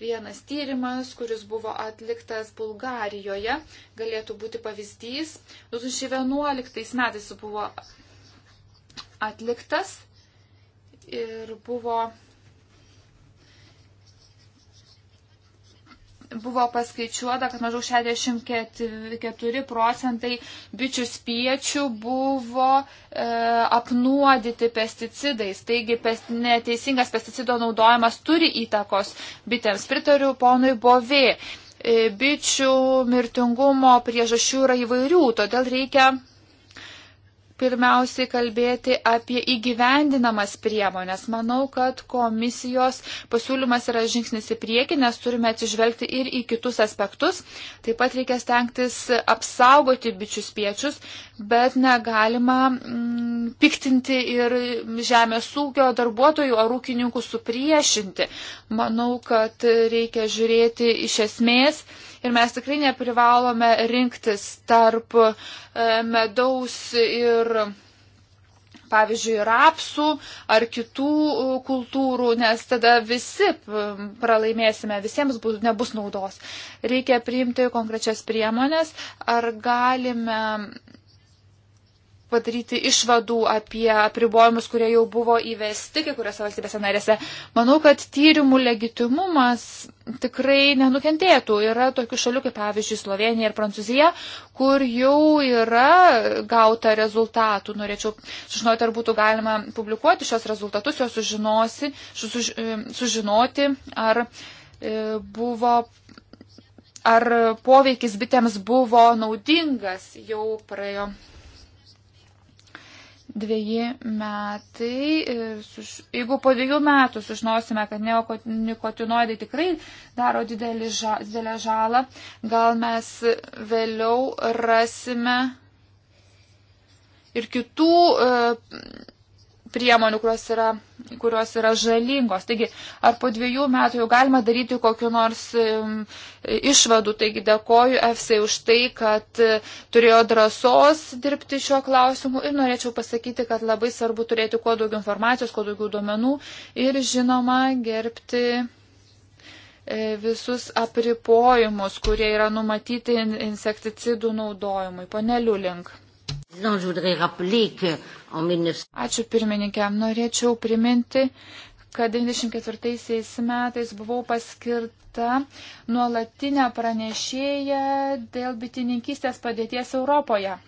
Vienas tyrimas, kuris buvo atliktas Bulgarijoje, galėtų būti pavyzdys. 2011 metais buvo atliktas ir buvo buvo paskaičiuota, kad maždaug 64 procentai bičių spiečių buvo e, apnuodyti pesticidais. Taigi pes, neteisingas pesticido naudojimas turi įtakos bitėms. Pritariu ponui Bovė. E, bičių mirtingumo priežasčių yra įvairių, todėl reikia pirmiausiai kalbėti apie įgyvendinamas priemonės. Manau, kad komisijos pasiūlymas yra žingsnis į priekį, nes turime atsižvelgti ir į kitus aspektus. Taip pat reikia stengtis apsaugoti bičius piečius, bet negalima mm, piktinti ir žemės ūkio darbuotojų ar ūkininkų supriešinti. Manau, kad reikia žiūrėti iš esmės Ir mes tikrai neprivalome rinktis tarp e, medaus ir, pavyzdžiui, rapsų ar kitų e, kultūrų, nes tada visi e, pralaimėsime, visiems bus, nebus naudos. Reikia priimti konkrečias priemonės, ar galime padaryti išvadų apie apribojimus, kurie jau buvo įvesti kai kuriuose valstybėse narėse. Manau, kad tyrimų legitimumas tikrai nenukentėtų. Yra tokių šalių kaip pavyzdžiui Slovenija ir Prancūzija, kur jau yra gauta rezultatų. Norėčiau sužinoti, ar būtų galima publikuoti šios rezultatus, juos sužinosi, suž, sužinoti, ar e, buvo ar poveikis bitėms buvo naudingas, jau praėjo dviejai metai, e, jeigu po dviejų metų sužinosime, kad neonikotinoidai tikrai daro didelį, didelę žalą, gal mes vėliau rasime ir kitų e, priemonių, kurios yra, kurios yra žalingos. Taigi, ar po dviejų metų jau galima daryti kokiu nors um, išvadų. Taigi, dėkoju EFSA už tai, kad e, turėjo drąsos dirbti šiuo klausimu ir norėčiau pasakyti, kad labai svarbu turėti kuo daugiau informacijos, kuo daugiau duomenų ir, žinoma, gerbti e, visus apripojimus, kurie yra numatyti insekticidų naudojimui. Pane Liulink. Ačiū pirmininkė. Norėčiau priminti, kad 94 metais buvau paskirta nuolatinę pranešėją dėl bitininkystės padėties Europoje.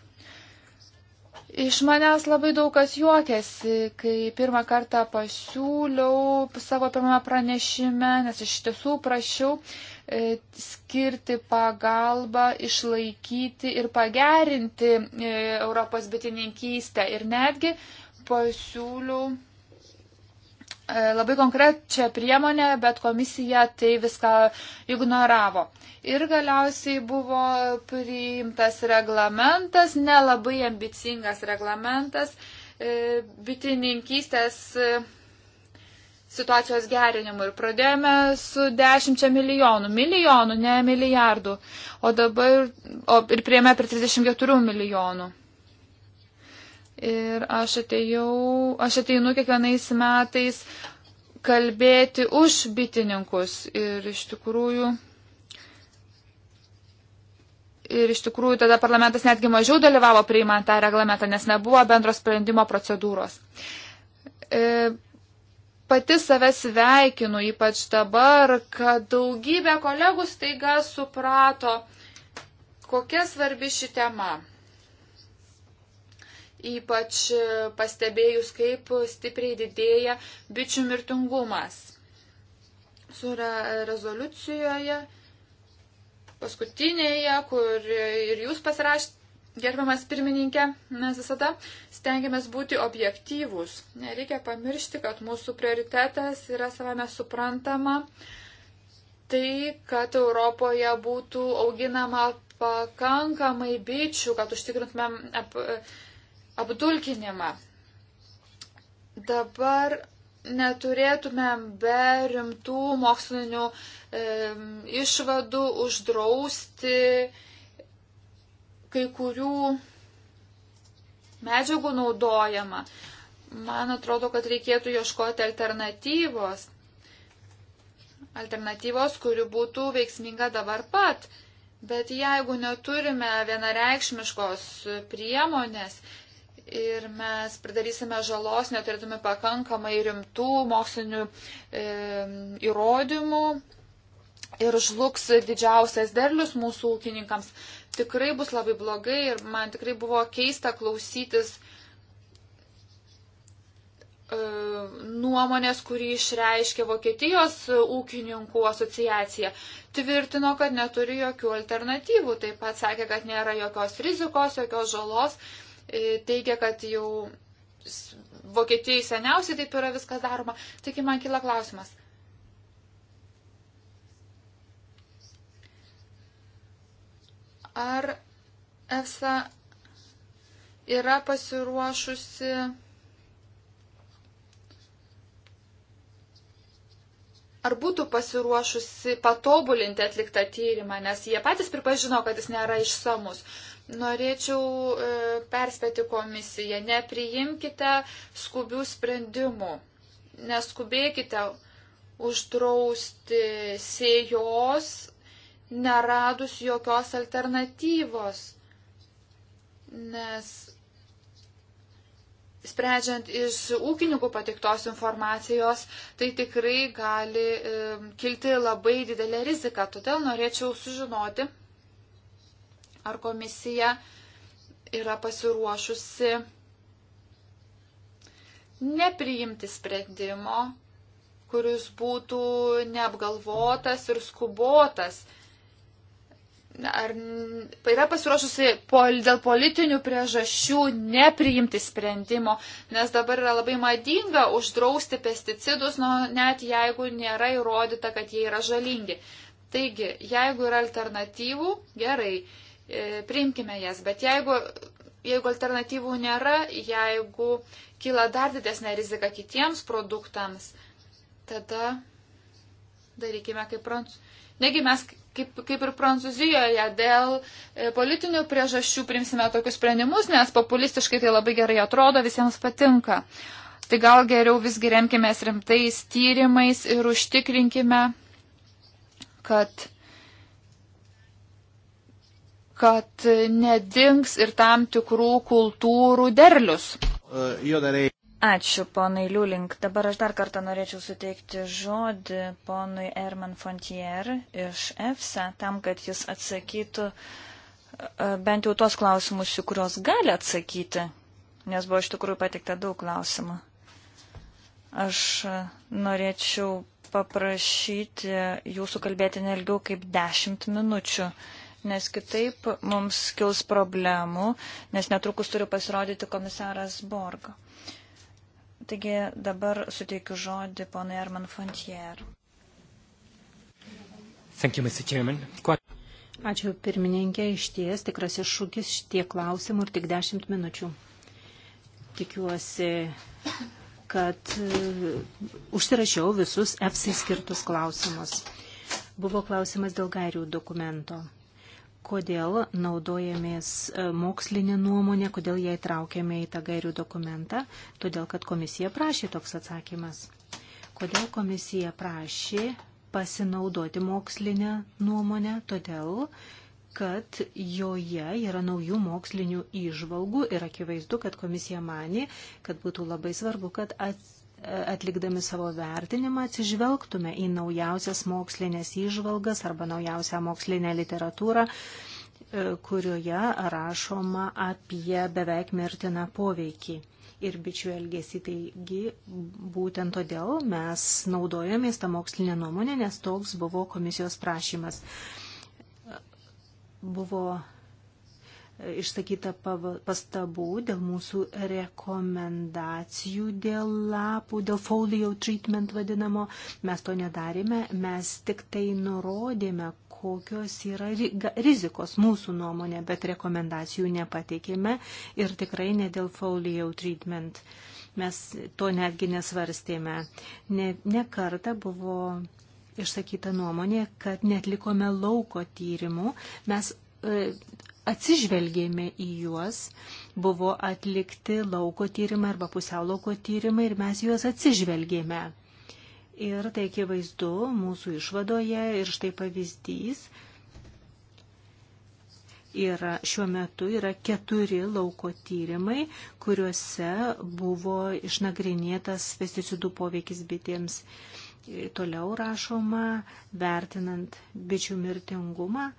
Iš manęs labai daug kas juokėsi, kai pirmą kartą pasiūliau savo pirmame pranešime, nes iš tiesų prašiau e, skirti pagalbą, išlaikyti ir pagerinti e, Europos bitininkystę. Ir netgi pasiūliau E, labai konkrečią priemonę, bet komisija tai viską ignoravo. Ir galiausiai buvo priimtas reglamentas, nelabai ambicingas reglamentas e, bitininkystės e, situacijos gerinimu ir pradėjome su dešimčia milijonų, milijonų, ne milijardų, o dabar o ir prieėmė per 34 milijonų. Ir aš atėjau, aš ateinu kiekvienais metais kalbėti už bitininkus. Ir iš tikrųjų. Ir iš tikrųjų tada parlamentas netgi mažiau dalyvavo priimant tą reglamentą, nes nebuvo bendros sprendimo procedūros. E, pati save sveikinu, ypač dabar, kad daugybė kolegų staiga suprato, kokia svarbi ši tema ypač pastebėjus, kaip stipriai didėja bičių mirtingumas. Su re rezoliucijoje, paskutinėje, kur ir jūs pasirašėte, gerbiamas pirmininkė, mes visada stengiamės būti objektyvūs. Nereikia pamiršti, kad mūsų prioritetas yra savame suprantama. Tai, kad Europoje būtų auginama pakankamai bičių, kad užtikrintumėm ap, ap, apdulkinimą. Dabar neturėtumėm be rimtų mokslinių e, išvadų uždrausti kai kurių medžiagų naudojama. Man atrodo, kad reikėtų ieškoti alternatyvos. Alternatyvos, kuri būtų veiksminga dabar pat. Bet jeigu neturime vienareikšmiškos priemonės, ir mes pridarysime žalos, neturėtume pakankamai rimtų mokslinių e, įrodymų ir žlugs didžiausias derlius mūsų ūkininkams. Tikrai bus labai blogai ir man tikrai buvo keista klausytis e, nuomonės, kurį išreiškė Vokietijos ūkininkų asociacija. Tvirtino, kad neturi jokių alternatyvų. Taip pat sakė, kad nėra jokios rizikos, jokios žalos. E, E, teigia, kad jau Vokietijai seniausiai taip yra viskas daroma. Taigi man kila klausimas. Ar EFSA yra pasiruošusi ar būtų pasiruošusi patobulinti atliktą tyrimą, nes jie patys pripažino, kad jis nėra išsamus. Uh, Norėčiau e, perspėti komisiją, nepriimkite skubių sprendimų, neskubėkite uždrausti sėjos, neradus jokios alternatyvos, nes sprendžiant iš ūkininkų patiktos informacijos, tai tikrai gali e, kilti labai didelė rizika. Todėl norėčiau sužinoti, Ar komisija yra pasiruošusi nepriimti sprendimo, kuris būtų neapgalvotas ir skubotas? Ar yra pasiruošusi pol, dėl politinių priežasčių nepriimti sprendimo, nes dabar yra labai madinga uždrausti pesticidus, nu, net jeigu nėra įrodyta, kad jie yra žalingi. Taigi, jeigu yra alternatyvų, gerai. E, priimkime jas. Bet jeigu, jeigu alternatyvų nėra, jeigu kyla dar didesnė rizika kitiems produktams, tada darykime kaip prancūzų. Negi mes kaip, kaip ir Prancūzijoje dėl e, politinių priežasčių primsime tokius sprendimus, nes populistiškai tai labai gerai atrodo, visiems patinka. Tai gal geriau visgi remkime rimtais tyrimais ir užtikrinkime, kad kad nedings ir tam tikrų kultūrų derlius. Ačiū, ponai Liulink. Dabar aš dar kartą norėčiau suteikti žodį ponui Erman Fontier iš EFSA, tam, kad jis atsakytų e, bent jau tuos klausimus, į kuriuos gali atsakyti, nes buvo iš tikrųjų patikta daug klausimų. Aš e, norėčiau paprašyti jūsų kalbėti nelgiau kaip 10 minučių nes kitaip mums kils problemų, nes netrukus turi pasirodyti komisaras Borga. Taigi dabar suteikiu žodį ponai Arman Fontier. Thank you, Mr. Chairman. Ačiū pirmininkė, iš ties tikras iššūkis šitie klausimų ir tik dešimt minučių. Tikiuosi, kad e, užsirašiau visus EFSI skirtus klausimus. Buvo klausimas dėl gairių dokumento kodėl naudojamės e, mokslinė nuomonė, kodėl ją įtraukėme į tą gairių dokumentą, todėl kad komisija prašė toks atsakymas. Kodėl komisija prašė pasinaudoti mokslinę nuomonę, todėl kad joje yra naujų mokslinių įžvalgų ir akivaizdu, kad komisija mani, kad būtų labai svarbu, kad atsitiktų atlikdami savo vertinimą atsižvelgtume į naujausias mokslinės įžvalgas arba naujausią mokslinę literatūrą, e, kurioje rašoma apie beveik mirtiną poveikį ir bičių elgesį. Taigi būtent todėl mes naudojomės tą mokslinę nuomonę, nes toks buvo komisijos prašymas. Buvo išsakyta pastabų dėl mūsų rekomendacijų dėl lapų, dėl folio treatment vadinamo. Mes to nedarėme, mes tik tai nurodėme, kokios yra rizikos mūsų nuomonė, bet rekomendacijų nepateikėme ir tikrai ne dėl folio treatment. Mes to netgi nesvarstėme. Ne, ne kartą buvo išsakyta nuomonė, kad netlikome lauko tyrimų. Mes e, atsižvelgėme į juos, buvo atlikti lauko tyrimai arba pusiau lauko tyrimai ir mes juos atsižvelgėme. Ir tai akivaizdu mūsų išvadoje ir štai pavyzdys. Yra, šiuo metu yra keturi lauko tyrimai, kuriuose buvo išnagrinėtas pesticidų poveikis bitėms. Toliau rašoma, vertinant bičių mirtingumą,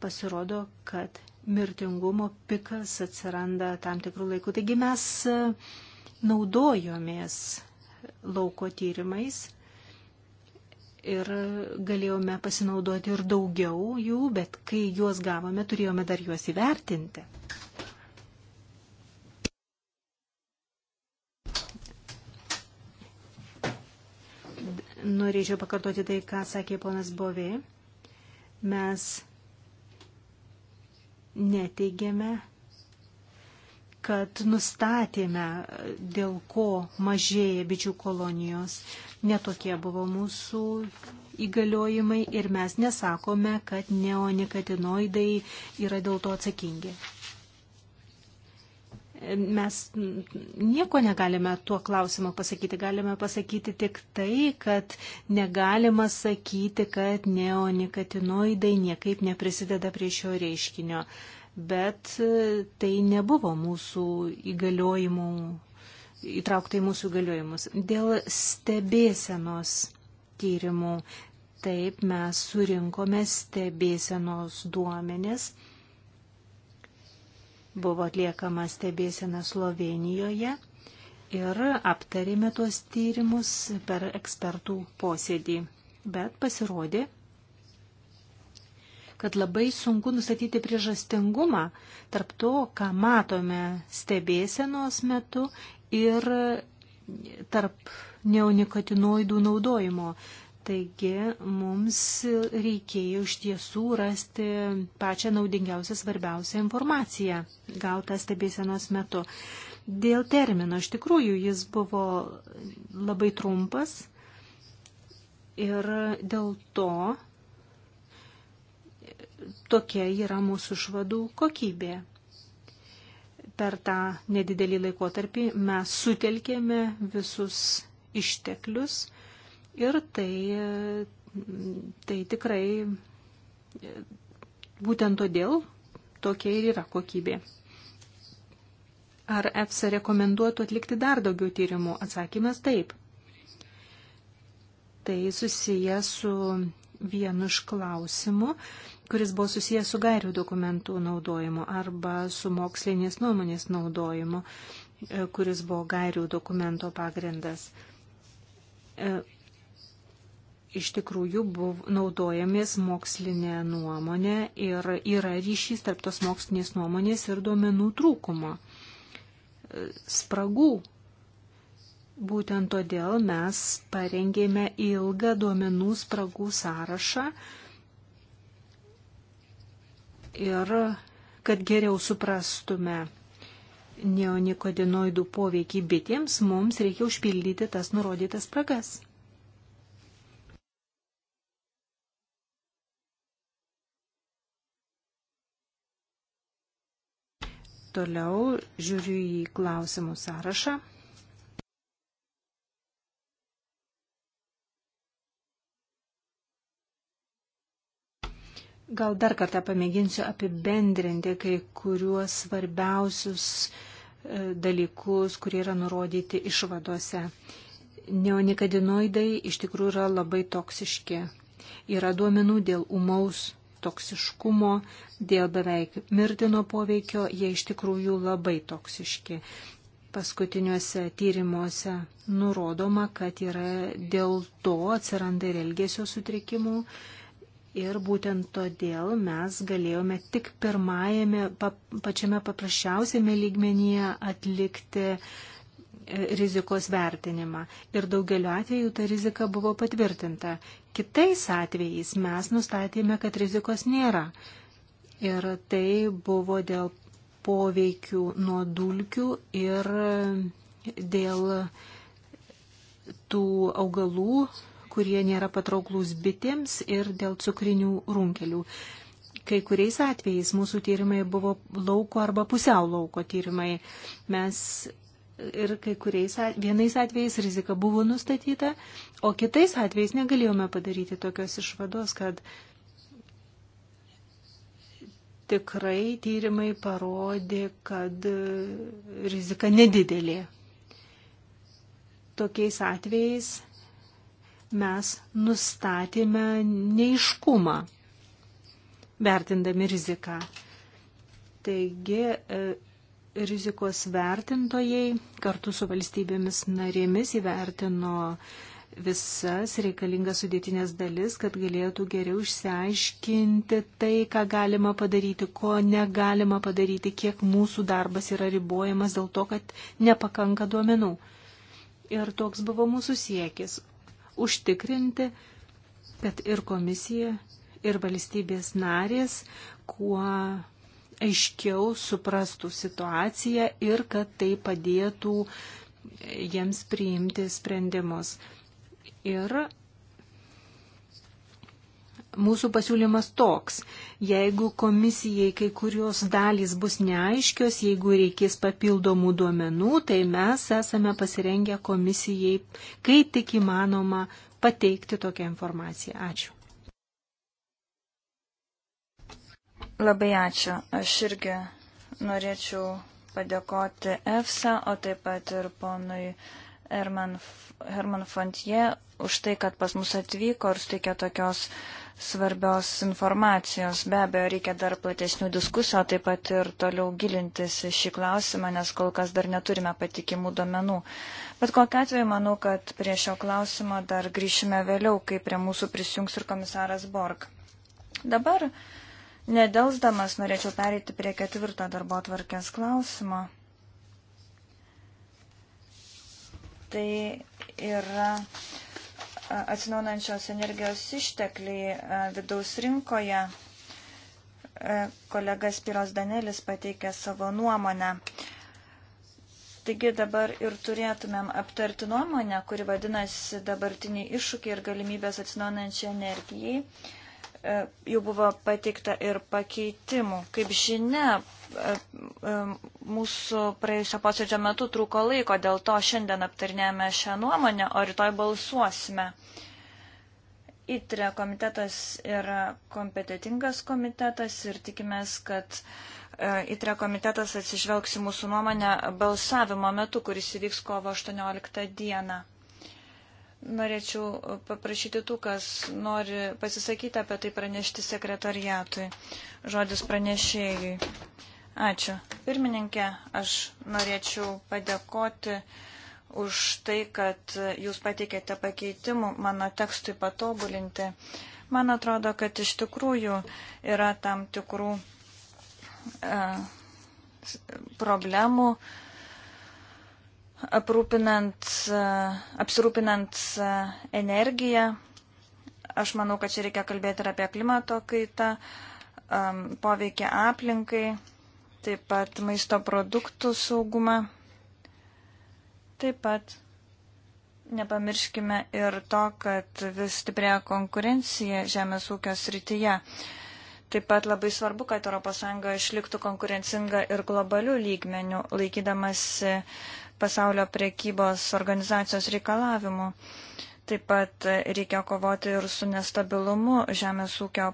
pasirodo, kad mirtingumo pikas atsiranda tam tikrų laikų. Taigi mes e, naudojomės lauko tyrimais ir galėjome pasinaudoti ir daugiau jų, bet kai juos gavome, turėjome dar juos įvertinti. Norėčiau pakartoti tai, ką sakė ponas Bovė. Mes neteigiame, kad nustatėme, dėl ko mažėja bičių kolonijos. Netokie buvo mūsų įgaliojimai ir mes nesakome, kad neonikatinoidai yra dėl to atsakingi mes nieko negalime tuo klausimu pasakyti. Galime pasakyti tik tai, kad negalima sakyti, kad neonikatinoidai niekaip neprisideda prie šio reiškinio. Bet e, tai nebuvo mūsų įgaliojimų, įtraukta į mūsų įgaliojimus. Dėl stebėsenos tyrimų. Taip mes surinkome stebėsenos duomenis Buvo atliekama stebėsena Slovenijoje ir aptarėme tuos tyrimus per ekspertų posėdį. Bet pasirodė, kad labai sunku nustatyti priežastingumą tarp to, ką matome stebėsenos metu ir tarp neonikotinoidų naudojimo. Taigi mums reikėjo iš tiesų rasti pačią naudingiausią, svarbiausią informaciją gautą stebėsenos metu. Dėl termino, iš tikrųjų, jis buvo labai trumpas ir dėl to tokia yra mūsų švadų kokybė per tą nedidelį laikotarpį mes sutelkėme visus išteklius Ir tai, tai tikrai būtent todėl tokia ir yra kokybė. Ar EFSA rekomenduotų atlikti dar daugiau tyrimų? Atsakymas taip. Tai susiję su vienu iš klausimų, kuris buvo susijęs su gairių dokumentų naudojimu arba su mokslinės nuomonės naudojimu, e, kuris buvo gairių dokumento pagrindas. E, iš tikrųjų buv, naudojamės mokslinė nuomonė ir yra ryšys tarp tos mokslinės nuomonės ir duomenų trūkumo, e, spragų. Būtent todėl mes parengėme ilgą duomenų spragų sąrašą ir kad geriau suprastume neonikotinoidų poveikį bitėms, mums reikia užpildyti tas nurodytas spragas. Toliau žiūriu į klausimų sąrašą. Gal dar kartą pamėginsiu apibendrinti kai kuriuos svarbiausius e, dalykus, kurie yra nurodyti išvadose. Neonikadinoidai iš tikrųjų yra labai toksiški. Yra duomenų dėl umaus toksiškumo, dėl beveik mirtino poveikio, jie iš tikrųjų labai toksiški. Paskutiniuose tyrimuose nurodoma, kad yra dėl to atsiranda ir elgesio sutrikimų. Ir būtent todėl mes galėjome tik pirmajame, pa, pačiame paprasčiausiame lygmenyje atlikti uh, E, rizikos vertinimą ir daugeliu atveju ta rizika buvo patvirtinta. Kitais atvejais mes nustatėme, kad rizikos nėra. Ir tai buvo dėl poveikių nuo dulkių ir dėl tų augalų, kurie nėra patrauklus bitėms ir dėl cukrinių runkelių. Kai kuriais atvejais mūsų tyrimai buvo lauko arba pusiau lauko tyrimai. Mes ir kai kuriais vienais atvejais rizika buvo nustatyta, o kitais atvejais negalėjome padaryti tokios išvados, kad tikrai tyrimai parodė, kad e, rizika nedidelė. Tokiais atvejais mes nustatėme neiškumą, vertindami riziką. Taigi e, rizikos vertintojai kartu su valstybėmis narėmis įvertino visas reikalingas sudėtinės dalis, kad galėtų geriau išsiaiškinti tai, ką galima padaryti, ko negalima padaryti, kiek mūsų darbas yra ribojamas dėl to, kad nepakanka duomenų. Ir toks buvo mūsų siekis - užtikrinti, kad ir komisija, ir valstybės narės kuo aiškiau suprastų situaciją ir kad tai padėtų jiems priimti sprendimus. Ir mūsų pasiūlymas toks, jeigu komisijai kai kurios dalys bus neaiškios, jeigu reikės papildomų duomenų, tai mes esame pasirengę komisijai, kai tik įmanoma, pateikti tokią informaciją. Ačiū. Labai ačiū. Aš irgi norėčiau padėkoti EFSA, o taip pat ir ponui Herman, Herman Fontie už tai, kad pas mus atvyko ir suteikė tokios svarbios informacijos. Be abejo, reikia dar platesnių diskusijų, o taip pat ir toliau gilintis į šį klausimą, nes kol kas dar neturime patikimų duomenų. Bet kokia atveju, manau, kad prie šio klausimo dar grįšime vėliau, kai prie mūsų prisijungs ir komisaras Borg. Dabar uh, Nedelsdamas norėčiau pereiti prie ketvirto darbo tvarkės klausimo. Tai yra atsinaunančios energijos ištekliai vidaus rinkoje. Kolegas Piros Danelis pateikė savo nuomonę. Taigi dabar ir turėtumėm aptarti nuomonę, kuri vadinasi dabartiniai iššūkiai ir galimybės atsinaunančiai energijai E, jau buvo pateikta ir pakeitimų. Kaip žinia, e, e, mūsų praėjusio posėdžio metu trūko laiko, dėl to šiandien aptarnėme šią nuomonę, o rytoj balsuosime. ITRE komitetas yra kompetitingas komitetas ir tikimės, kad ITRE komitetas atsižvelgs į mūsų nuomonę balsavimo metu, kuris įvyks kovo 18 dieną norėčiau paprašyti tų, kas nori pasisakyti apie tai pranešti sekretariatui. Žodis pranešėjui. Ačiū. Pirmininkė, aš norėčiau padėkoti už tai, kad jūs pateikėte pakeitimų mano tekstui patobulinti. Man atrodo, kad iš tikrųjų yra tam tikrų e, problemų, e, aprūpinant, e, apsirūpinant e, energiją. Aš manau, kad čia reikia kalbėti ir apie klimato kaitą, poveikia aplinkai, taip pat maisto produktų saugumą. Taip pat nepamirškime ir to, kad vis stiprėja konkurencija žemės ūkio srityje. Taip pat labai svarbu, kad ES išliktų konkurencinga ir globalių lygmenių, laikydamasi uh, pasaulio prekybos organizacijos reikalavimų. Taip pat reikia kovoti ir su nestabilumu žemės ūkio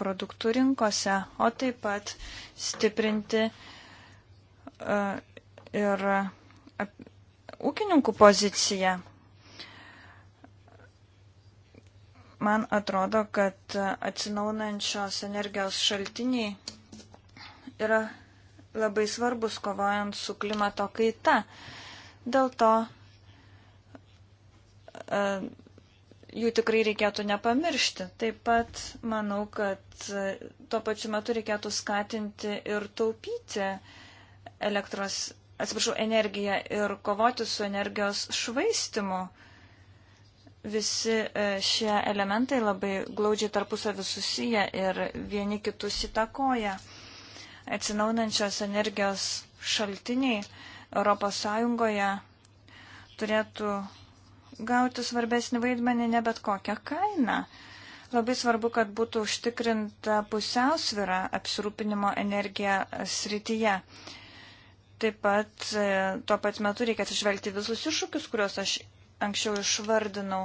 produktų rinkose, o taip pat stiprinti e, ir e, ūkininkų poziciją. Man atrodo, kad atsinaunančios energijos šaltiniai yra labai svarbus kovojant su klimato kaita. Uh, Dėl to e, jų tikrai reikėtų nepamiršti. Taip pat manau, kad e, tuo pačiu metu reikėtų skatinti ir taupyti elektros, atsiprašau, energiją ir kovoti su energijos švaistimu. Visi e, šie elementai labai glaudžiai tarpusavį susiję ir vieni kitus įtakoja. Atsinaunančios energijos šaltiniai Europos Sąjungoje turėtų gauti svarbesnį vaidmenį ne bet kokią kainą. Labai svarbu, kad būtų užtikrinta pusiausvira apsirūpinimo energija srityje. Taip pat e, tuo pat metu reikia atsižvelgti visus iššūkius, kuriuos aš anksčiau išvardinau.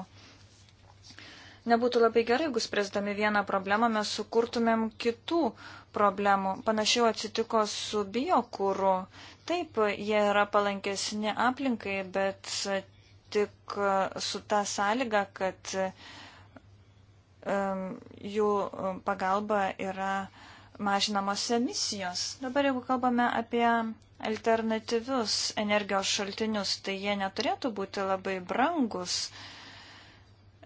Nebūtų labai gerai, jeigu spręsdami vieną problemą mes sukurtumėm kitų problemų. Panašiau atsitiko su biokūru. Taip, jie yra palankesni aplinkai, bet tik su ta sąlyga, kad um, jų pagalba yra mažinamos emisijos. Dabar jeigu kalbame apie alternatyvius energijos šaltinius, tai jie neturėtų būti labai brangus. Uh,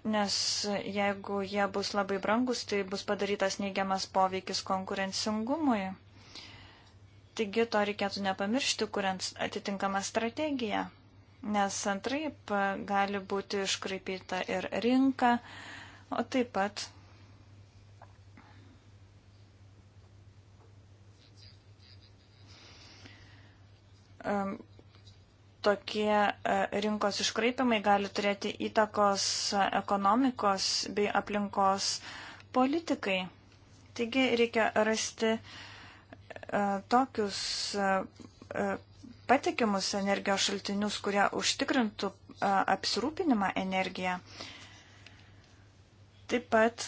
nes jeigu jie bus labai brangus, tai bus padarytas neigiamas poveikis konkurencingumui. Taigi to reikėtų nepamiršti, kuriant atitinkamą strategiją, nes antraip gali būti iškraipyta ir rinka, o taip pat tokie e, rinkos iškraipimai gali turėti įtakos ekonomikos bei aplinkos politikai. Taigi reikia rasti e, tokius e, patikimus energijos šaltinius, kurie užtikrintų apsirūpinimą energiją. Taip pat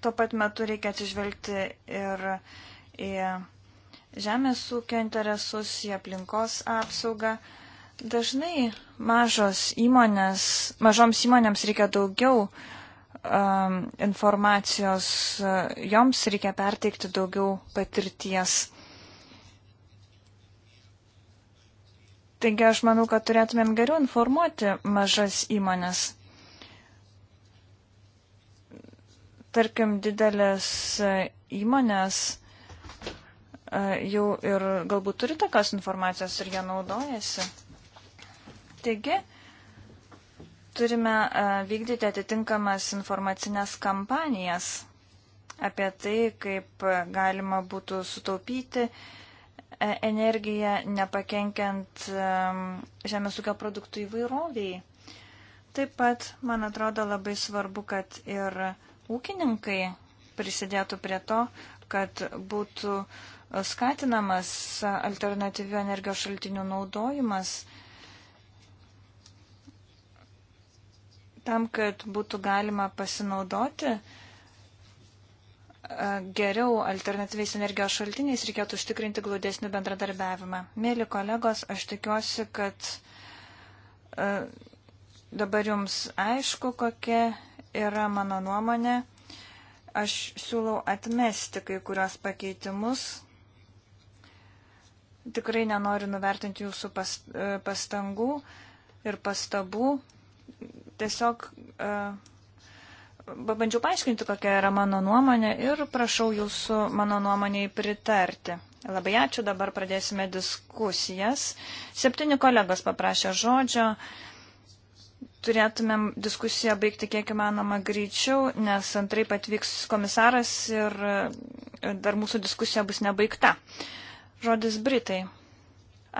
tuo pat metu reikia atsižvelgti ir į žemės ūkio interesus, į aplinkos apsaugą. Dažnai mažos įmonės, mažoms įmonėms reikia daugiau um, informacijos, joms reikia perteikti daugiau patirties. Taigi aš manau, kad turėtumėm geriau informuoti mažas įmonės. Tarkim, didelės įmonės jau ir galbūt turi tokios informacijos ir ją naudojasi. Taigi, turime vykdyti atitinkamas informacinės kampanijas apie tai, kaip galima būtų sutaupyti e, energiją, nepakenkiant žemės ūkio produktų įvairoviai. Taip pat, man atrodo, labai svarbu, kad ir ūkininkai prisidėtų prie to, kad būtų uh, skatinamas alternatyvių energijos šaltinių naudojimas tam, kad būtų galima pasinaudoti e, geriau alternatyviais energijos šaltiniais, reikėtų užtikrinti glaudesnių bendradarbiavimą. Mėly kolegos, aš tikiuosi, kad e, dabar jums aišku, kokia yra mano nuomonė. Aš siūlau atmesti kai kurios pakeitimus, Tikrai nenoriu nuvertinti jūsų pas, e, pastangų ir pastabų. Tiesiog pabandžiau e, paaiškinti, kokia yra mano nuomonė ir prašau jūsų mano nuomonėje pritarti. Labai ačiū, dabar pradėsime diskusijas. Septyni kolegos paprašė žodžio. Turėtumėm diskusiją baigti kiek įmanoma greičiau, nes antrai patvyks komisaras ir e, dar mūsų diskusija bus nebaigta. Uh, Žodis Britai.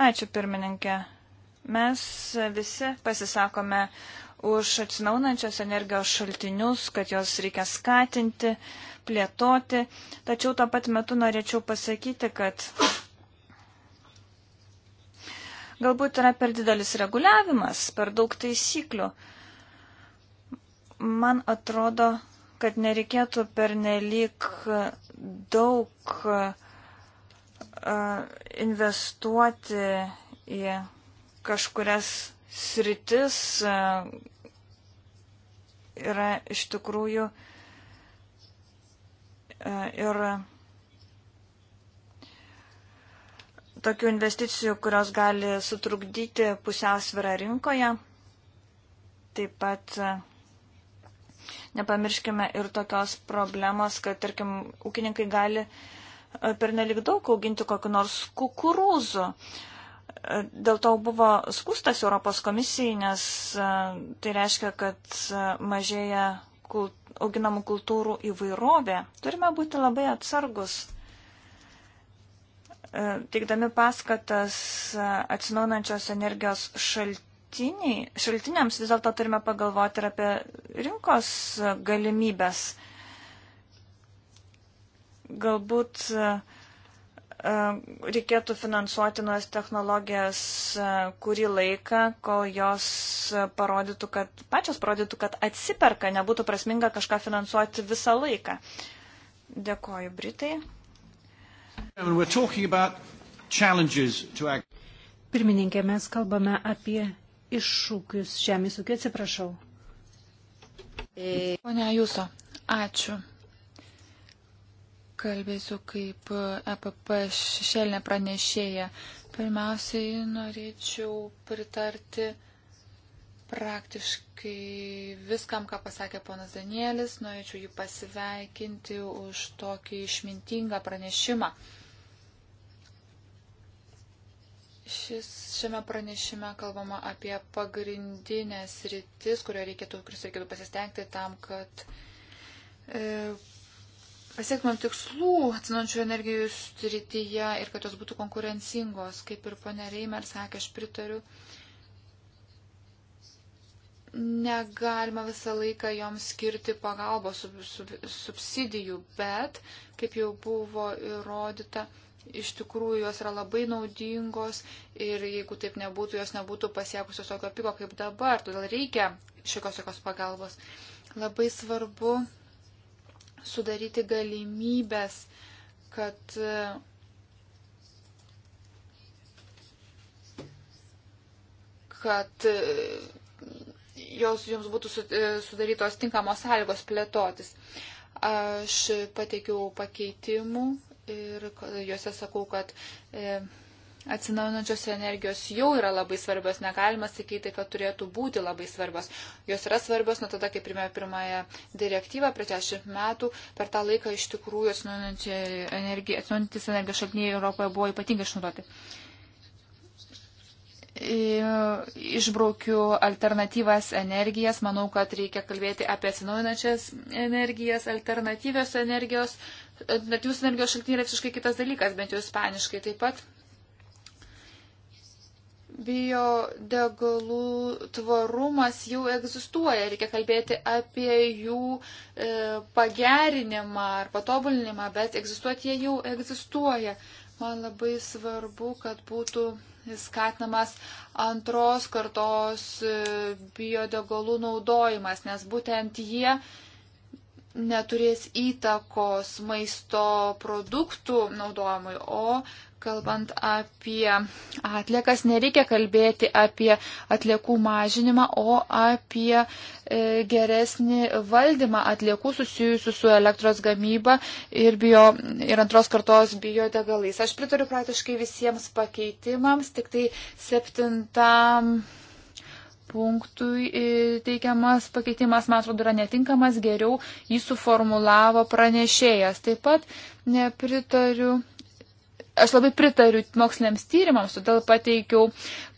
Ačiū pirmininkė. Mes visi pasisakome už atsinaunančios energijos šaltinius, kad jos reikia skatinti, plėtoti. Tačiau tuo pat metu norėčiau pasakyti, kad galbūt yra per didelis reguliavimas, per daug taisyklių. Man atrodo, kad nereikėtų per nelik daug investuoti į kažkurias sritis yra iš tikrųjų ir tokių investicijų, kurios gali sutrukdyti pusiausvyrą rinkoje. Taip pat nepamirškime ir tokios problemos, kad, tarkim, ūkininkai gali uh, per nelik daug auginti kokiu nors kukurūzu. E, dėl to buvo skustas Europos komisijai, nes e, tai reiškia, kad e, mažėja kult, auginamų kultūrų įvairovė. Turime būti labai atsargus, teikdami paskatas atsinaunančios energijos šaltinių šaltiniai, šaltiniams vis dėlto turime pagalvoti ir apie rinkos galimybės. Galbūt e, e, reikėtų finansuoti nuos technologijas e, kurį laiką, kol jos parodytų, kad pačios parodytų, kad atsiperka, nebūtų prasminga kažką finansuoti visą laiką. Dėkoju, Britai. Pirmininkė, mes kalbame apie iššūkius žemės ūkio, atsiprašau. Pone Jūso, ačiū kalbėsiu kaip EPP šešėlinė pranešėja. Pirmiausiai norėčiau pritarti praktiškai viskam, ką pasakė ponas Danielis, norėčiau jį pasveikinti už tokį išmintingą pranešimą. Šis, šiame pranešime kalbama apie pagrindinės rytis, kurio reikėtų, kuris reikėtų pasistengti tam, kad e, pasiektumėm tikslų atsinaujančių energijų srityje ir kad jos būtų konkurencingos, kaip ir ponė Reimer sakė, aš pritariu. Negalima visą laiką joms skirti pagalbos sub, sub, subsidijų, bet, kaip jau buvo įrodyta, iš tikrųjų jos yra labai naudingos ir jeigu taip nebūtų, jos nebūtų pasiekusios tokio piko kaip dabar, todėl reikia šiokios tokios pagalbos. Labai svarbu sudaryti galimybės, kad kad jos jums būtų sudarytos tinkamos sąlygos plėtotis. Aš pateikiau pakeitimų ir juose sakau, kad e, Atsinaujinančios energijos jau yra labai svarbios, negalima sakyti, kad turėtų būti labai svarbios. Jos yra svarbios nuo tada, kai primė pirmąją direktyvą, prieš 10 metų, per tą laiką iš tikrųjų atsinaujinantis energijos šaltiniai Europoje buvo ypatingai išnaudoti. Išbraukiu alternatyvas energijas, manau, kad reikia kalbėti apie atsinaujinančias energijas, alternatyvios energijos. Alternatyvus energijos šaltiniai yra visiškai kitas dalykas, bent jau ispaniškai taip pat biodegalų tvarumas jau egzistuoja. Reikia kalbėti apie jų e, pagerinimą ar patobulinimą, bet egzistuoti jie jau egzistuoja. Man labai svarbu, kad būtų skatinamas antros kartos e, biodegalų naudojimas, nes būtent jie neturės įtakos maisto produktų naudojimui, o kalbant apie atliekas, nereikia kalbėti apie atliekų mažinimą, o apie e, geresnį valdymą atliekų susijusių su elektros gamyba ir, bio, ir antros kartos biodegalais. Aš pritariu praktiškai visiems pakeitimams, tik tai septintam. Punktui e, teikiamas pakeitimas, man atrodo, yra netinkamas, geriau jį suformulavo pranešėjas. Taip pat nepritariu aš labai pritariu moksliniams tyrimams, todėl pateikiau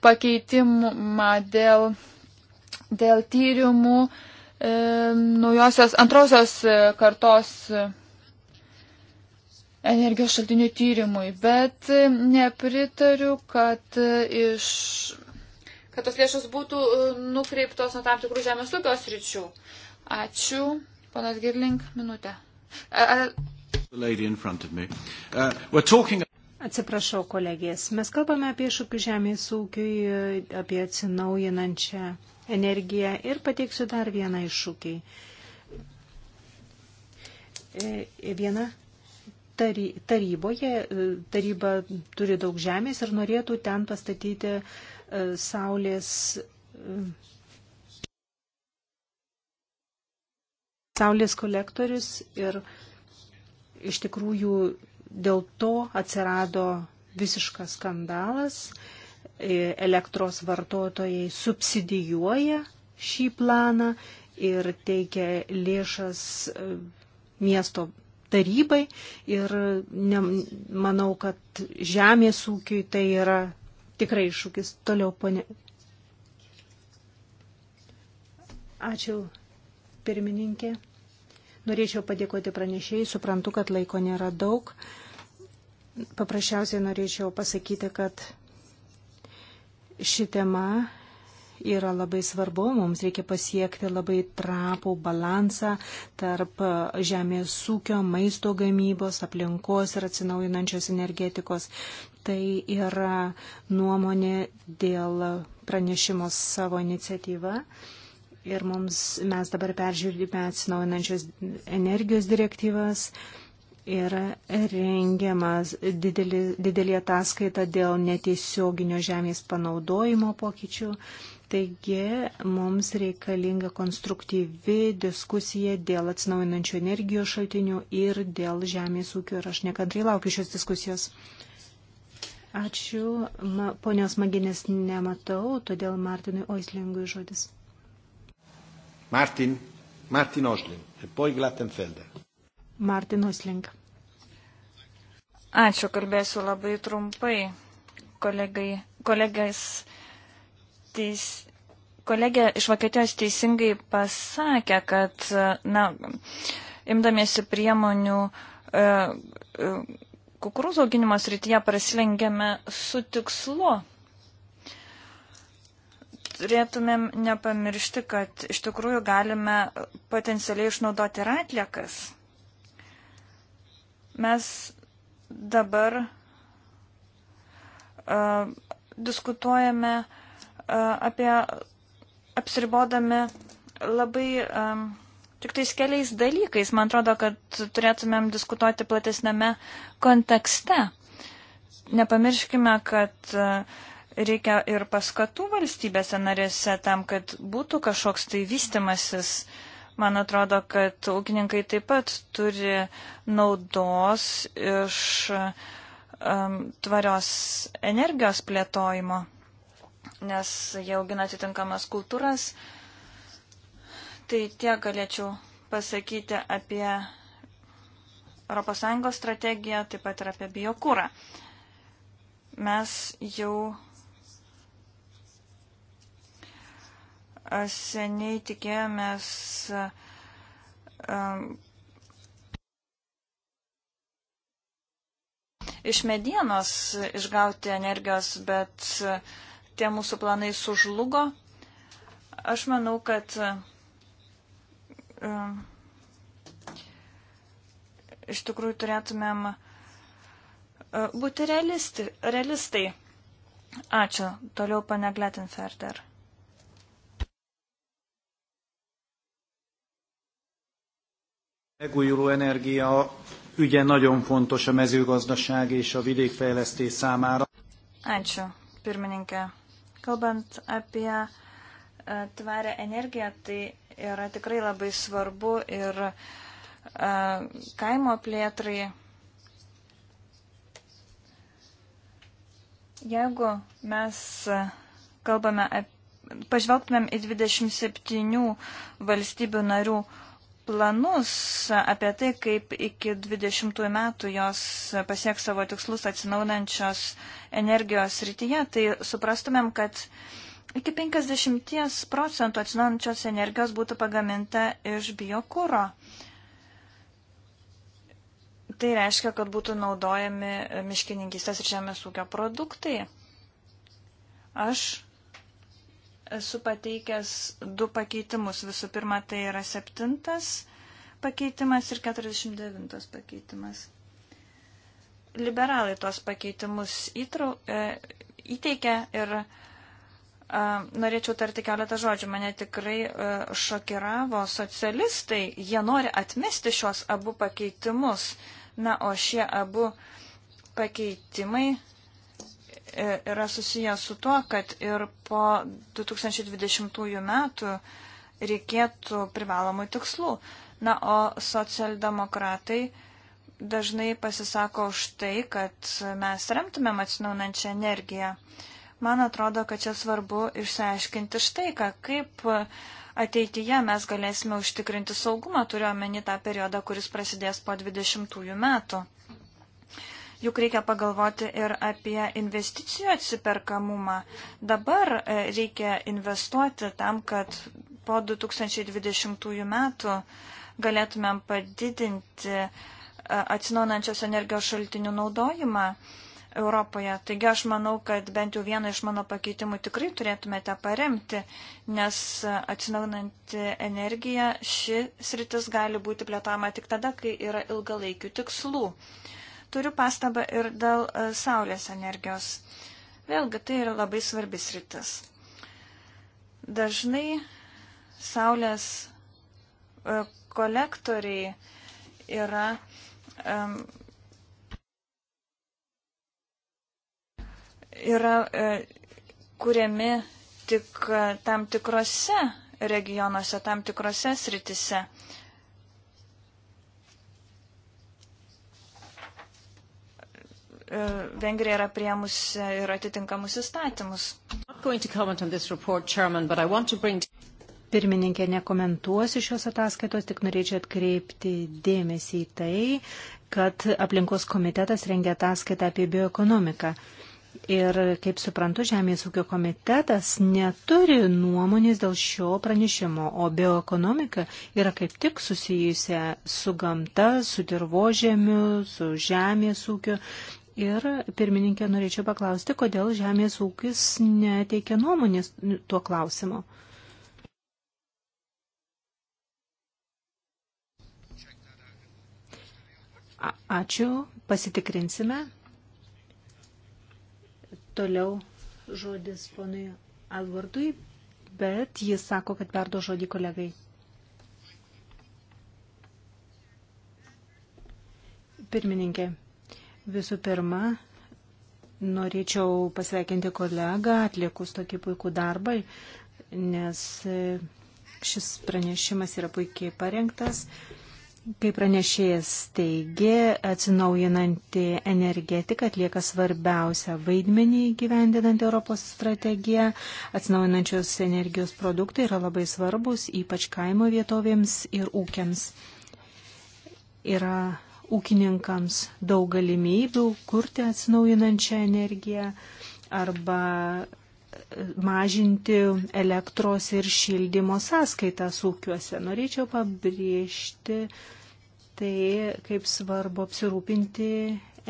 pakeitimą dėl, dėl tyrimų e, naujosios, antrosios e, kartos e, energijos šaltinių tyrimui, bet e, nepritariu, kad iš kad tos lėšos būtų nukreiptos nuo tam tikrų žemės ūkio sričių. Ačiū, ponas Girling, minutę. A, a, the lady in front of me. Uh, we're talking Atsiprašau, kolegės, mes kalbame apie šūkių žemės ūkiui, apie atsinaujinančią energiją ir pateiksiu dar vieną iššūkį. E, viena taryboje, e, taryba turi daug žemės ir norėtų ten pastatyti e, saulės. Saulės kolektorius ir iš tikrųjų Dėl to atsirado visiškas skandalas. E, elektros vartotojai subsidijuoja šį planą ir teikia lėšas e, miesto tarybai ir ne, manau, kad žemės ūkiui tai yra tikrai iššūkis. Toliau, ponė. Ačiū, pirmininkė. Norėčiau padėkoti pranešėjai, suprantu, kad laiko nėra daug. Paprasčiausiai norėčiau pasakyti, kad ši tema yra labai svarbu, mums reikia pasiekti labai trapų balansą tarp žemės ūkio, maisto gamybos, aplinkos ir atsinaujinančios energetikos. Tai yra nuomonė dėl pranešimo savo iniciatyva ir mums, mes dabar peržiūrime atsinaujinančios energijos direktyvas ir rengiamas didelį, didelį ataskaitą dėl netiesioginio žemės panaudojimo pokyčių. Taigi mums reikalinga konstruktyvi diskusija dėl atsinaujinančių energijos šaltinių ir dėl žemės ūkio ir aš nekantrai laukiu šios diskusijos. Ačiū. Ma, ponios maginės nematau, todėl Martinui Oislingui žodis. Martin, Martin Osling ir poi Glattenfelder. Martin Osling. Ačiū, kalbėsiu labai trumpai. Kolegai, kolegas teis, kolegė iš Vokietijos teisingai pasakė, kad, na, imdamiesi priemonių e, e, kukurūzų auginimo srityje prasilengiame su tikslu turėtumėm nepamiršti, kad iš tikrųjų galime potencialiai išnaudoti ir atliekas. Mes dabar uh, diskutuojame uh, apie apsiribodami labai um, tik tais keliais dalykais. Man atrodo, kad turėtumėm diskutuoti platesnėme kontekste. Nepamirškime, kad uh, reikia ir paskatų valstybėse narėse tam, kad būtų kažkoks tai vystimasis. Man atrodo, kad ūkininkai taip pat turi naudos iš um, tvarios energijos plėtojimo, nes jie augina atitinkamas kultūras. Tai tiek galėčiau pasakyti apie ES strategiją, taip pat ir apie biokūrą. Mes jau seniai tikėjomės um, iš medienos išgauti energijos, bet tie mūsų planai sužlugo. Aš manau, kad um, iš tikrųjų turėtumėm uh, būti realisti, realistai. Ačiū. Toliau pane Gletinferder. Megújuló energia ügye nagyon fontos a mezőgazdaság és a vidékfejlesztés számára. Ačiū, pirmininkė. Kalbant apie tvarę energiją, tai yra tikrai labai svarbu ir e, kaimo plėtrai. Jeigu mes e, kalbame, pažvelgtumėm į 27 valstybių narių planus apie tai, kaip iki 20 metų jos pasieks savo tikslus atsinaudančios energijos rytyje, tai suprastumėm, kad iki 50 procentų atsinaudančios energijos būtų pagaminta iš biokūro. Tai reiškia, kad būtų naudojami miškininkystės ir žemės ūkio produktai. Aš esu pateikęs du pakeitimus. Visų pirma, tai yra septintas pakeitimas ir 49 pakeitimas. Liberalai tos pakeitimus įtrau, e, įteikia ir e, norėčiau tarti keletą žodžių. Mane tikrai e, šokiravo socialistai. Jie nori atmesti šios abu pakeitimus. Na, o šie abu pakeitimai E, yra susijęs su tuo, kad ir po 2020 metų reikėtų privalomų tikslų. Na, o socialdemokratai dažnai pasisako už tai, kad mes remtumėm atsinaunančią energiją. Man atrodo, kad čia svarbu išsiaiškinti štai ką, kaip ateityje mes galėsime užtikrinti saugumą, turiuomenį tą periodą, kuris prasidės po 20 metų. Juk reikia pagalvoti ir apie investicijų atsiperkamumą. Dabar e, reikia investuoti tam, kad po 2020 metų galėtumėm padidinti e, atsinaunančios energijos šaltinių naudojimą Europoje. Taigi aš manau, kad bent jau vieną iš mano pakeitimų tikrai turėtumėte paremti, nes atsinaunanti energija ši sritis gali būti plėtojama tik tada, kai yra ilgalaikių tikslų. Uh, Turiu pastabą ir dėl e, saulės energijos. Vėlgi, tai yra labai svarbis rytis. Dažnai saulės e, kolektoriai yra um, yra e, kuriami tik tam tikrose regionuose, tam tikrose sritise. Uh, E, Vengrija yra priemusi ir atitinkamus įstatymus. Report, Chairman, bring... Pirmininkė nekomentuosiu šios ataskaitos, tik norėčiau atkreipti dėmesį į tai, kad aplinkos komitetas rengia ataskaitą apie bioekonomiką. Ir, kaip suprantu, Žemės ūkio komitetas neturi nuomonės dėl šio pranešimo, o bioekonomika yra kaip tik susijusia su gamta, su dirbožėmiu, su Žemės ūkiu. Ir pirmininkė norėčiau paklausti, kodėl žemės ūkis neteikia nuomonės tuo klausimu. A ačiū, pasitikrinsime. Toliau žodis ponui Alvardui, bet jis sako, kad perdo žodį kolegai. Pirmininkė, Visų pirma, norėčiau pasveikinti kolegą atliekus tokį puikų darbą, nes šis pranešimas yra puikiai parengtas. Kaip pranešėjas teigė, atsinaujinanti energetika atlieka svarbiausią vaidmenį gyvendinant Europos strategiją. Atsinaujinančios energijos produktai yra labai svarbus, ypač kaimo vietovėms ir ūkiams. Yra ūkininkams daug galimybių kurti atsinaujinančią energiją arba e, mažinti elektros ir šildymo sąskaitas ūkiuose. Norėčiau pabrėžti tai, kaip svarbu apsirūpinti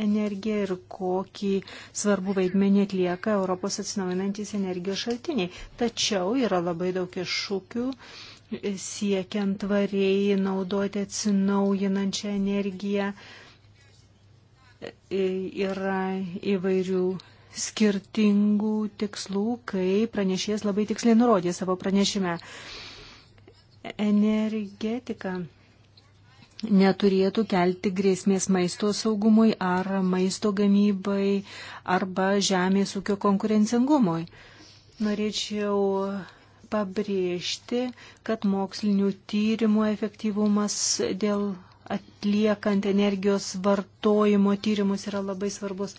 energiją ir kokį svarbų vaidmenį atlieka Europos atsinaujinantis energijos šaltiniai. Tačiau yra labai daug iššūkių, siekiant tvariai naudoti atsinaujinančią energiją. E, yra įvairių skirtingų tikslų, kai pranešėjas labai tiksliai nurodė savo pranešime. Energetika neturėtų kelti grėsmės maisto saugumui ar maisto gamybai arba žemės ūkio konkurencingumui. Norėčiau pabrėžti, kad mokslinių tyrimų efektyvumas dėl atliekant energijos vartojimo tyrimus yra labai svarbus.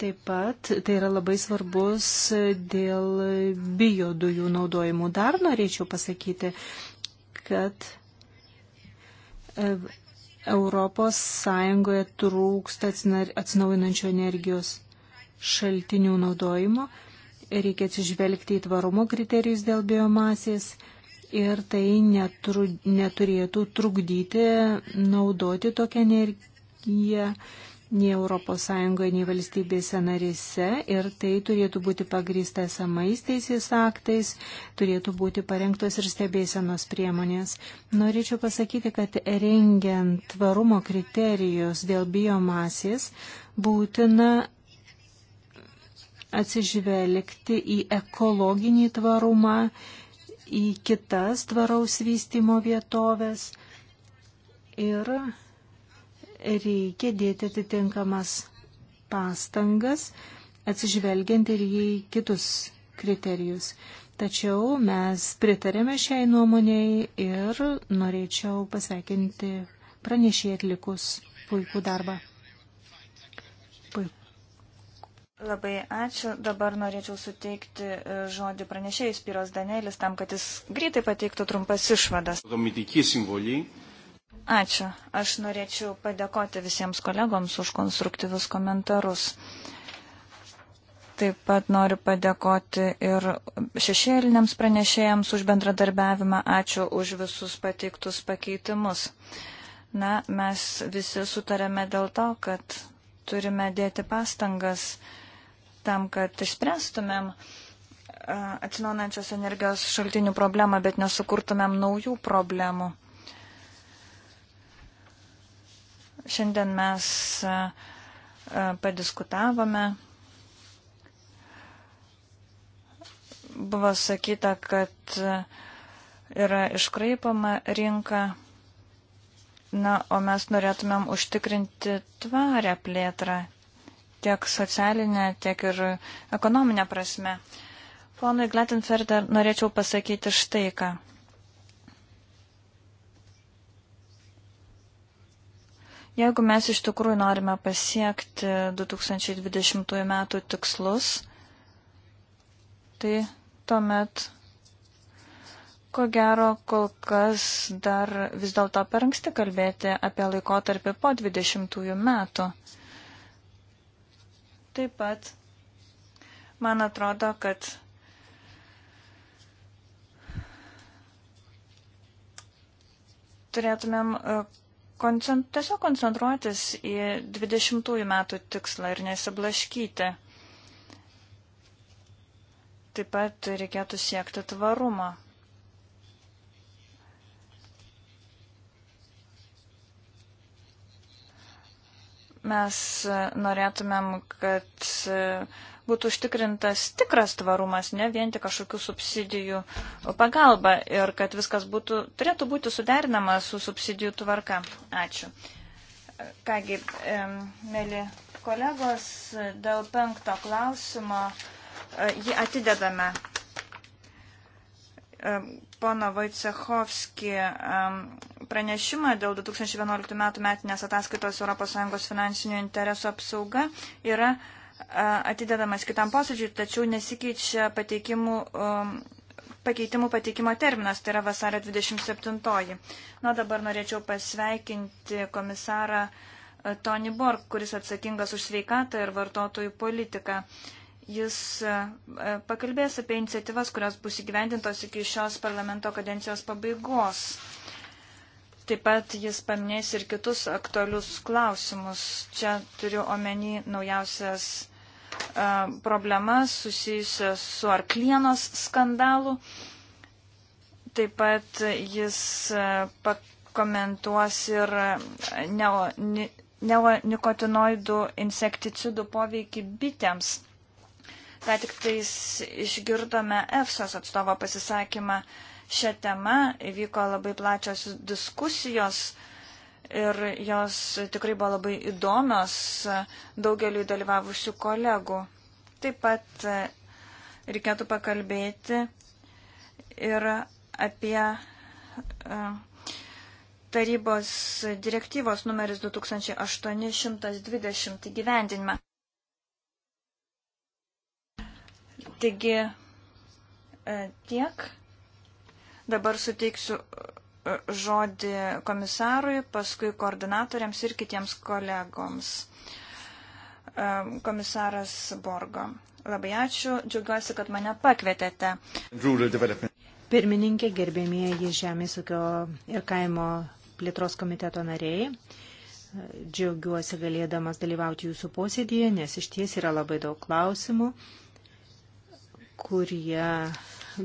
Taip pat tai yra labai svarbus dėl biodujų naudojimų. Dar norėčiau pasakyti, kad e, Europos Sąjungoje trūksta atsinaujinančio energijos šaltinių naudojimo reikia atsižvelgti į tvarumo kriterijus dėl biomasės ir tai netru, neturėtų trukdyti naudoti tokią energiją nei ES, nei valstybėse narise ir tai turėtų būti pagrįsta esamais teisės aktais, turėtų būti parengtos ir stebėsenos priemonės. Norėčiau pasakyti, kad rengiant tvarumo kriterijus dėl biomasės būtina atsižvelgti į ekologinį tvarumą, į kitas tvaraus vystimo vietovės ir reikia dėti atitinkamas pastangas, atsižvelgiant ir į kitus kriterijus. Tačiau mes pritarėme šiai nuomonėjai ir norėčiau pasveikinti pranešėjai atlikus puikų darbą. Labai ačiū. Dabar norėčiau suteikti e, žodį pranešėjus Pyros Danelis tam, kad jis greitai pateiktų trumpas išvadas. Ačiū. Aš norėčiau padėkoti visiems kolegoms už konstruktyvius komentarus. Taip pat noriu padėkoti ir šešėliniams pranešėjams už bendradarbiavimą. Ačiū už visus pateiktus pakeitimus. Na, mes visi sutarėme dėl to, kad turime dėti pastangas tam, kad išspręstumėm atsinaunančios energijos šaltinių problemą, bet nesukurtumėm naujų problemų. Šiandien mes padiskutavome. Buvo sakyta, kad yra iškraipama rinka. Na, o mes norėtumėm užtikrinti tvarę plėtrą tiek socialinė, tiek ir ekonominė prasme. Ponui Glattenferder norėčiau pasakyti štai ką. Jeigu mes iš tikrųjų norime pasiekti 2020 metų tikslus, tai tuomet, ko gero, kol kas dar vis dėlto per anksti kalbėti apie laikotarpį po 20 metų. Taip pat man atrodo, kad turėtumėm e, koncent, tiesiog koncentruotis į 20-ųjų metų tikslą ir nesiblaškyti. Taip pat reikėtų siekti tvarumą. Mes norėtumėm, kad būtų užtikrintas tikras tvarumas, ne vien tik kažkokių subsidijų pagalba ir kad viskas būtų, turėtų būti suderinama su subsidijų tvarka. Ačiū. Kągi, mėly kolegos, dėl penkto klausimo e, jį atidedame pono Vojcechovski pranešimą dėl 2011 metų metinės ataskaitos ES finansinių interesų apsauga yra e, atidedamas kitam posėdžiui, tačiau nesikeičia pateikimų, pakeitimų pateikimo terminas, tai yra vasario 27. Na, dabar norėčiau pasveikinti komisarą e, Tony Borg, kuris atsakingas už sveikatą ir vartotojų politiką. Uh, Jis e, e, pakalbės apie iniciatyvas, kurios bus įgyvendintos iki šios parlamento kadencijos pabaigos. Taip pat jis paminės ir kitus aktualius klausimus. Čia turiu omeny naujausias e, problemas susijusias su arklienos skandalu. Taip pat jis pakomentuos ir neonikotinoidų insekticidų poveikį bitėms. Ką tik tais išgirdome EFSOS atstovo pasisakymą šią temą, įvyko labai plačios diskusijos ir jos tikrai buvo labai įdomios daugeliu dalyvavusių kolegų. Taip pat e, reikėtų pakalbėti ir apie e, tarybos direktyvos numeris 2820 įgyvendinimą. Taigi e, tiek. Dabar suteiksiu e, žodį komisarui, paskui koordinatoriams ir kitiems kolegoms. E, komisaras Borgo. Labai ačiū, džiaugiuosi, kad mane pakvietėte. Pirmininkė, gerbėmieji Žemės ūkio ir kaimo plėtros komiteto nariai. Džiaugiuosi galėdamas dalyvauti jūsų posėdėje, nes iš ties yra labai daug klausimų kurie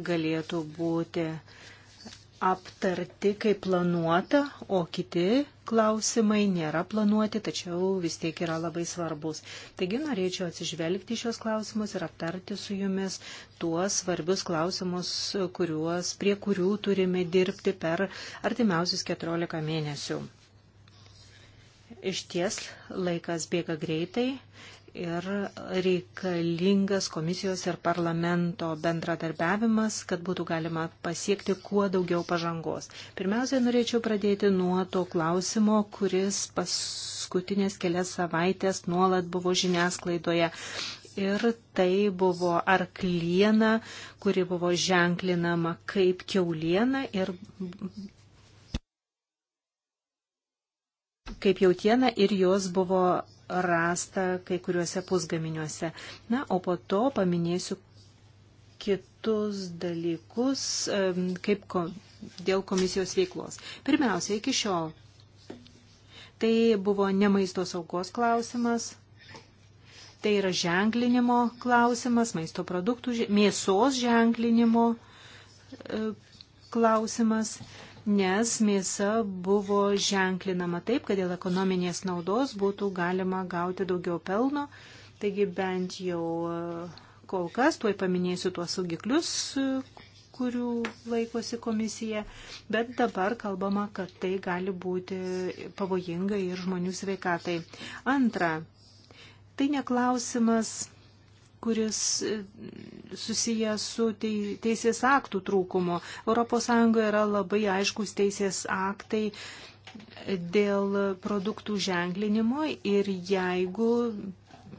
galėtų būti aptarti kaip planuota, o kiti klausimai nėra planuoti, tačiau vis tiek yra labai svarbus. Taigi norėčiau atsižvelgti šios klausimus ir aptarti su jumis tuos svarbius klausimus, kuriuos, prie kurių turime dirbti per artimiausius 14 mėnesių. Iš ties laikas bėga greitai ir reikalingas komisijos ir parlamento bendradarbiavimas, kad būtų galima pasiekti kuo daugiau pažangos. Pirmiausia, norėčiau pradėti nuo to klausimo, kuris paskutinės kelias savaitės nuolat buvo žiniasklaidoje. Ir tai buvo arkliena, kuri buvo ženklinama kaip keuliena ir kaip jautiena ir jos buvo rasta kai kuriuose pusgaminiuose. Na, o po to paminėsiu kitus dalykus, kaip ko, dėl komisijos veiklos. Pirmiausia, iki šiol. Tai buvo ne maisto saugos klausimas, tai yra ženklinimo klausimas, maisto produktų, mėsos ženklinimo e, klausimas nes mėsa buvo ženklinama taip, kad dėl ekonominės naudos būtų galima gauti daugiau pelno. Taigi bent jau e, kol kas, tuoj paminėsiu tuos saugiklius, e, kurių laikosi komisija, bet dabar kalbama, kad tai gali būti pavojinga ir žmonių sveikatai. Antra, tai neklausimas kuris e, susijęs su teisės aktų trūkumu. ES yra labai aiškus teisės aktai dėl produktų ženklinimo ir jeigu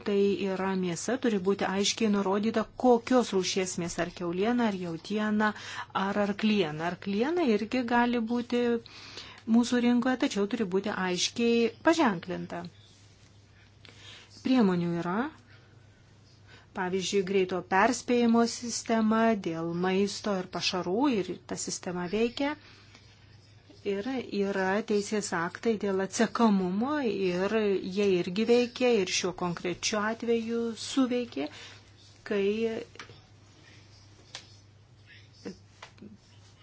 tai yra mėsa, turi būti aiškiai nurodyta, kokios rūšies mėsa, ar keuliena, ar jautiena, ar arkliena. Arkliena irgi gali būti mūsų rinkoje, tačiau turi būti aiškiai paženklinta. Priemonių yra, pavyzdžiui, greito perspėjimo sistema dėl maisto ir pašarų ir ta sistema veikia. Ir yra teisės aktai dėl atsekamumo ir jie irgi veikia ir šiuo konkrečiu atveju suveikė, kai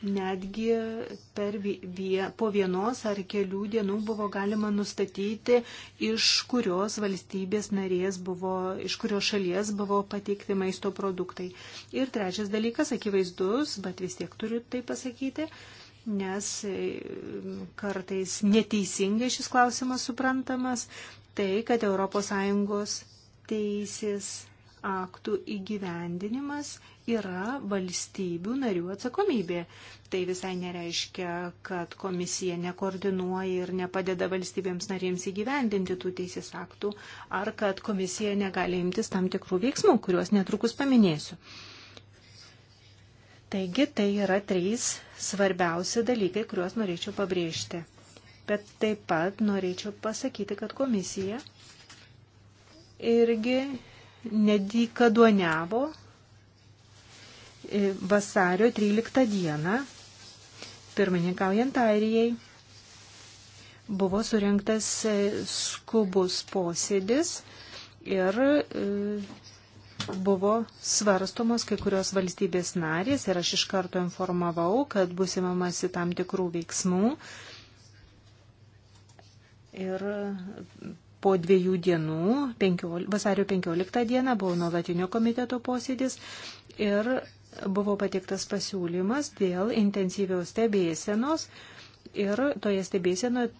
netgi per, vie, po vienos ar kelių dienų buvo galima nustatyti, iš kurios valstybės narės buvo, iš kurios šalies buvo pateikti maisto produktai. Ir trečias dalykas, akivaizdus, bet vis tiek turiu tai pasakyti, nes e, kartais neteisingai šis klausimas suprantamas, tai, kad ES teisės aktų įgyvendinimas yra valstybių narių atsakomybė. Tai visai nereiškia, kad komisija nekoordinuoja ir nepadeda valstybėms narėms įgyvendinti tų teisės aktų, ar kad komisija negali imtis tam tikrų veiksmų, kuriuos netrukus paminėsiu. Taigi tai yra trys svarbiausi dalykai, kuriuos norėčiau pabrėžti. Bet taip pat norėčiau pasakyti, kad komisija irgi nedikaduoniavo E, vasario 13 dieną, pirmininkaujant Airijai, buvo surinktas e, skubus posėdis ir e, buvo svarstomos kai kurios valstybės narės ir aš iš karto informavau, kad bus imamasi tam tikrų veiksmų. Ir po dviejų dienų, penkio, vasario 15 dieną, buvo nuolatinio komiteto posėdis ir buvo patiktas pasiūlymas dėl intensyviaus stebėsenos ir toje stebėsenoje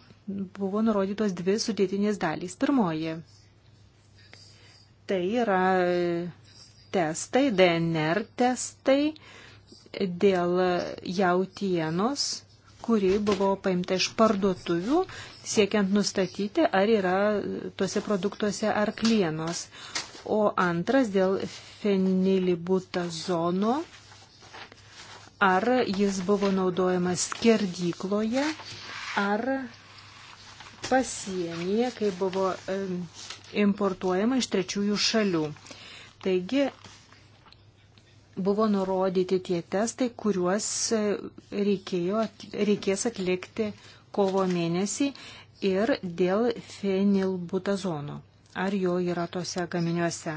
buvo nurodytos dvi sudėtinės dalys. Pirmoji - tai yra testai, DNR testai dėl jautienos, kuri buvo paimta iš parduotuvių, siekiant nustatyti, ar yra tuose produktuose arklienos o antras dėl fenilibutazono, ar jis buvo naudojamas skerdykloje, ar pasienyje, kai buvo importuojama iš trečiųjų šalių. Taigi buvo nurodyti tie testai, kuriuos e, reikėjo, reikės atlikti kovo mėnesį ir dėl fenilbutazono ar jo yra tose gaminiuose.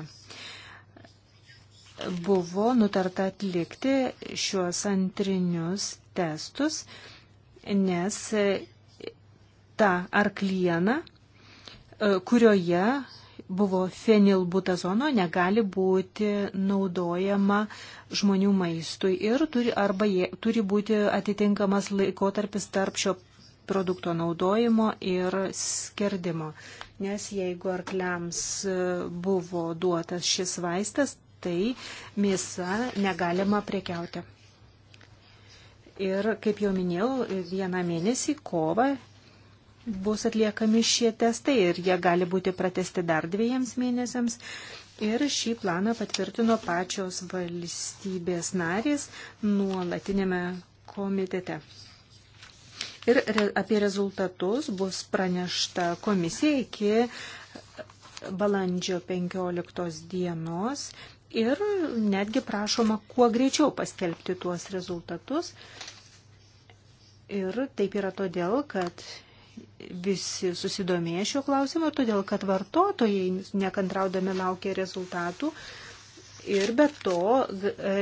Buvo nutarta atlikti šiuos antrinius testus, nes ta arkliena, e, kurioje buvo fenilbutazono negali būti naudojama žmonių maistui ir turi, arba jie, turi būti atitinkamas laikotarpis tarp šio produkto naudojimo ir skerdimo. Nes jeigu arkliams buvo duotas šis vaistas, tai mėsa negalima prekiauti. Ir, kaip jau minėjau, vieną mėnesį kovą bus atliekami šie testai ir jie gali būti pratesti dar dviejams mėnesiams. Ir šį planą patvirtino pačios valstybės narės nuolatinėme komitete ir re, apie rezultatus bus pranešta komisija iki balandžio 15 dienos ir netgi prašoma kuo greičiau paskelbti tuos rezultatus. Ir taip yra todėl, kad visi susidomėjo šio klausimo, todėl kad vartotojai nekantraudami laukia rezultatų ir be to,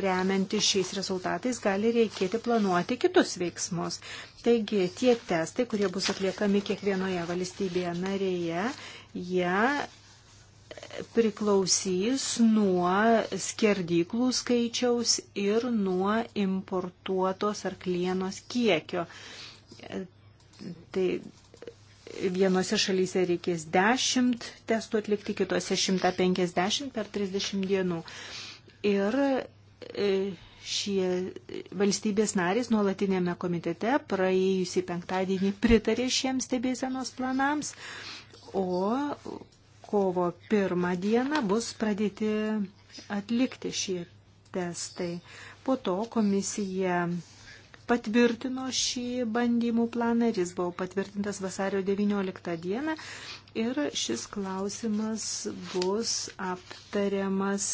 remianti šiais rezultatais, gali reikėti planuoti kitus veiksmus. Taigi tie testai, kurie bus atliekami kiekvienoje valstybėje narėje, jie priklausys nuo skerdyklų skaičiaus ir nuo importuotos arklienos kiekio. Tai vienose šalyse reikės 10 testų atlikti, kitose 150 per 30 dienų. Ir e, šie valstybės narys nuolatinėme komitete praėjusį penktadienį pritarė šiems stebėsenos planams, o kovo pirmą dieną bus pradėti atlikti šie testai. Po to komisija patvirtino šį bandymų planą ir jis buvo patvirtintas vasario 19 dieną ir šis klausimas bus aptariamas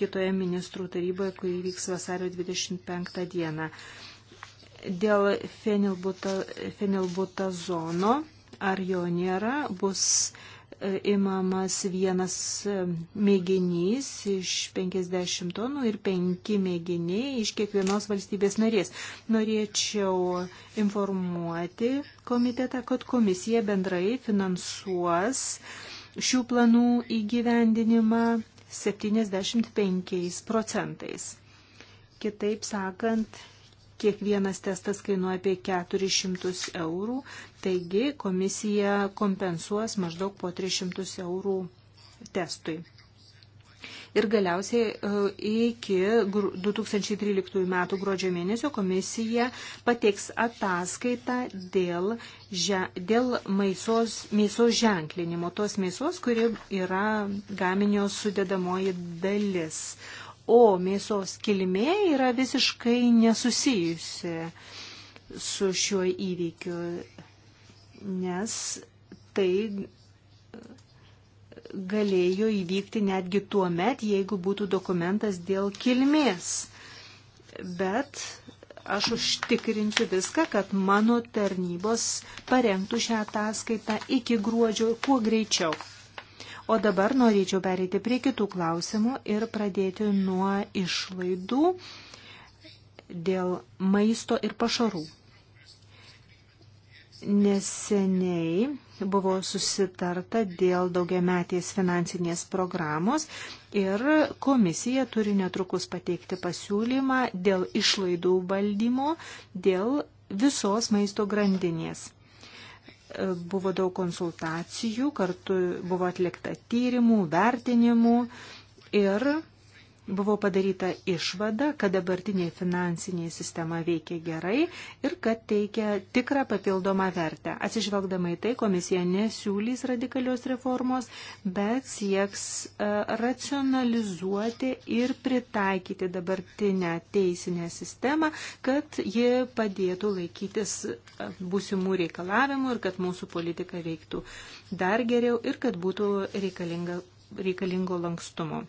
kitoje ministrų taryboje, kuri vyks vasario 25 dieną. Dėl fenilbutazono, ar jo nėra, bus e, imamas vienas e, mėginys iš 50 tonų ir penki mėginiai iš kiekvienos valstybės narės. Norėčiau informuoti komitetą, kad komisija bendrai finansuos šių planų įgyvendinimą 75 procentais. Kitaip sakant, kiekvienas testas kainuoja apie 400 eurų, taigi komisija kompensuos maždaug po 300 eurų testui. Ir galiausiai e, iki 2013 metų gruodžio mėnesio komisija pateiks ataskaitą dėl, dėl maisos, mėsos ženklinimo, tos mėsos, kuri yra gaminio sudėdamoji dalis. O mėsos kilmė yra visiškai nesusijusi su šiuo įvykiu, nes tai galėjo įvykti netgi tuo met, jeigu būtų dokumentas dėl kilmės. Bet aš užtikrinsiu viską, kad mano tarnybos parengtų šią ataskaitą iki gruodžio kuo greičiau. O dabar norėčiau pereiti prie kitų klausimų ir pradėti nuo išlaidų dėl maisto ir pašarų. Neseniai buvo susitarta dėl daugiametės finansinės programos ir komisija turi netrukus pateikti pasiūlymą dėl išlaidų valdymo, dėl visos maisto grandinės. Buvo daug konsultacijų, kartu buvo atlikta tyrimų, vertinimų ir buvo padaryta išvada, kad dabartinė finansinė sistema veikia gerai ir kad teikia tikrą papildomą vertę. Atsižvelgdama į tai, komisija nesiūlys radikalios reformos, bet sieks e, racionalizuoti ir pritaikyti dabartinę teisinę sistemą, kad ji padėtų laikytis e, būsimų reikalavimų ir kad mūsų politika veiktų dar geriau ir kad būtų reikalingo lankstumo.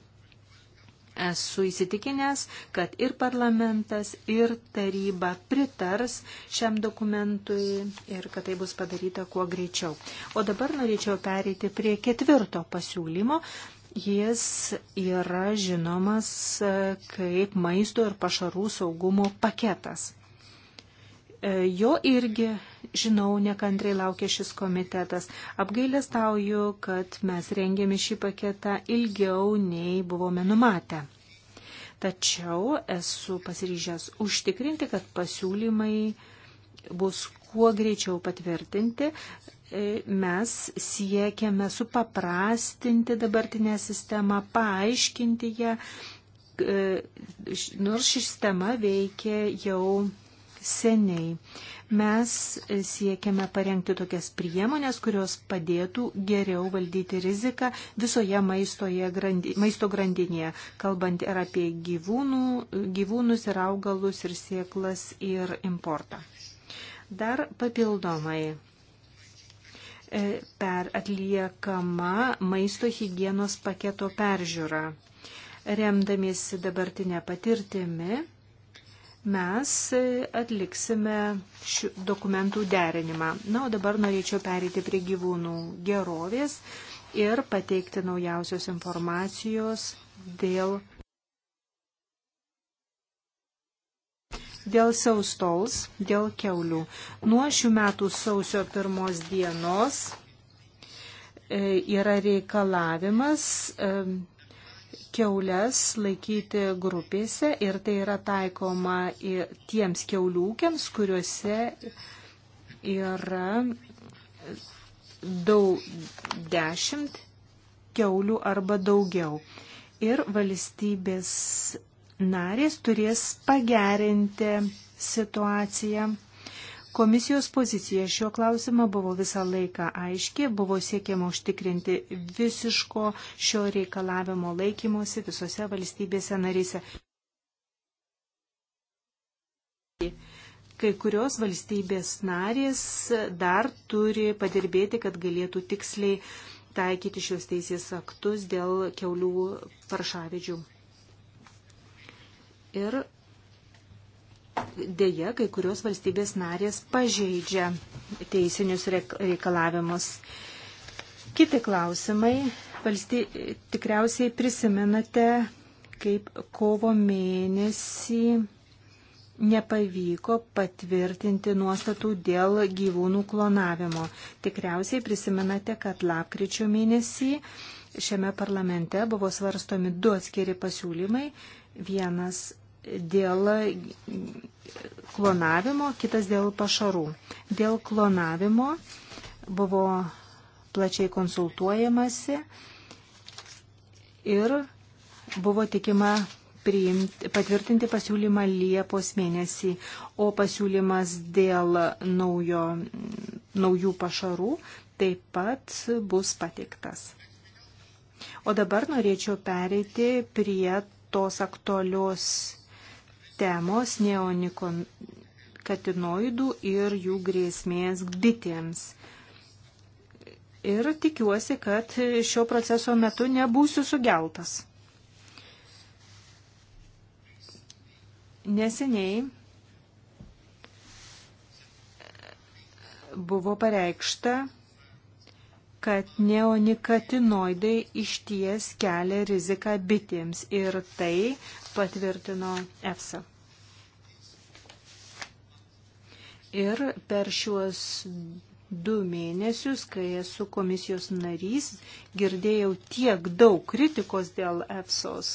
Esu įsitikinęs, kad ir parlamentas, ir taryba pritars šiam dokumentui ir kad tai bus padaryta kuo greičiau. O dabar norėčiau pereiti prie ketvirto pasiūlymo. Jis yra žinomas e, kaip maisto ir pašarų saugumo paketas. E, jo irgi žinau, nekantrai laukia šis komitetas. Apgailestauju, kad mes rengėme šį paketą ilgiau nei buvome numatę. Tačiau esu pasiryžęs užtikrinti, kad pasiūlymai bus kuo greičiau patvirtinti. E, mes siekiame supaprastinti dabartinę sistemą, paaiškinti ją, e, nors ši sistema veikia jau seniai. Mes siekiame parengti tokias priemonės, kurios padėtų geriau valdyti riziką visoje grandi, maisto grandinėje, kalbant ir apie gyvūnų, gyvūnus ir augalus ir sieklas ir importą. Dar papildomai e, per atliekama maisto hygienos paketo peržiūra. Remdamiesi dabartinę patirtimi, mes e, atliksime šių dokumentų derinimą. Na, o dabar norėčiau pereiti prie gyvūnų gerovės ir pateikti naujausios informacijos dėl, dėl saustols, dėl keulių. Nuo šių metų sausio pirmos dienos e, yra reikalavimas e, keulės laikyti grupėse ir tai yra taikoma tiems keuliūkiams, kuriuose yra daug dešimt keulių arba daugiau. Ir valstybės narės turės pagerinti situaciją Komisijos pozicija šiuo klausimu buvo visą laiką aiški, buvo siekiama užtikrinti visiško šio reikalavimo laikymosi visose valstybėse narise. Kai kurios valstybės narės dar turi padirbėti, kad galėtų tiksliai taikyti šios teisės aktus dėl keulių paršavidžių. Ir dėja kai kurios valstybės narės pažeidžia teisinius reikalavimus. Kiti klausimai. Valsty... Tikriausiai prisimenate, kaip kovo mėnesį nepavyko patvirtinti nuostatų dėl gyvūnų klonavimo. Tikriausiai prisimenate, kad lapkričio mėnesį šiame parlamente buvo svarstomi du atskiri pasiūlymai. Vienas dėl klonavimo, kitas dėl pašarų. Dėl klonavimo buvo plačiai konsultuojamasi ir buvo tikima priimti, patvirtinti pasiūlymą Liepos mėnesį, o pasiūlymas dėl naujo, naujų pašarų taip pat bus pateiktas. O dabar norėčiau pereiti prie tos aktualios temos neonikatinoidų ir jų grėsmės bitėms. Ir tikiuosi, kad šio proceso metu nebūsiu sugeltas. Neseniai buvo pareikšta, kad neonikatinoidai išties kelia riziką bitėms ir tai patvirtino EFSA. Ir per šiuos du mėnesius, kai esu komisijos narys, girdėjau tiek daug kritikos dėl EFSOS,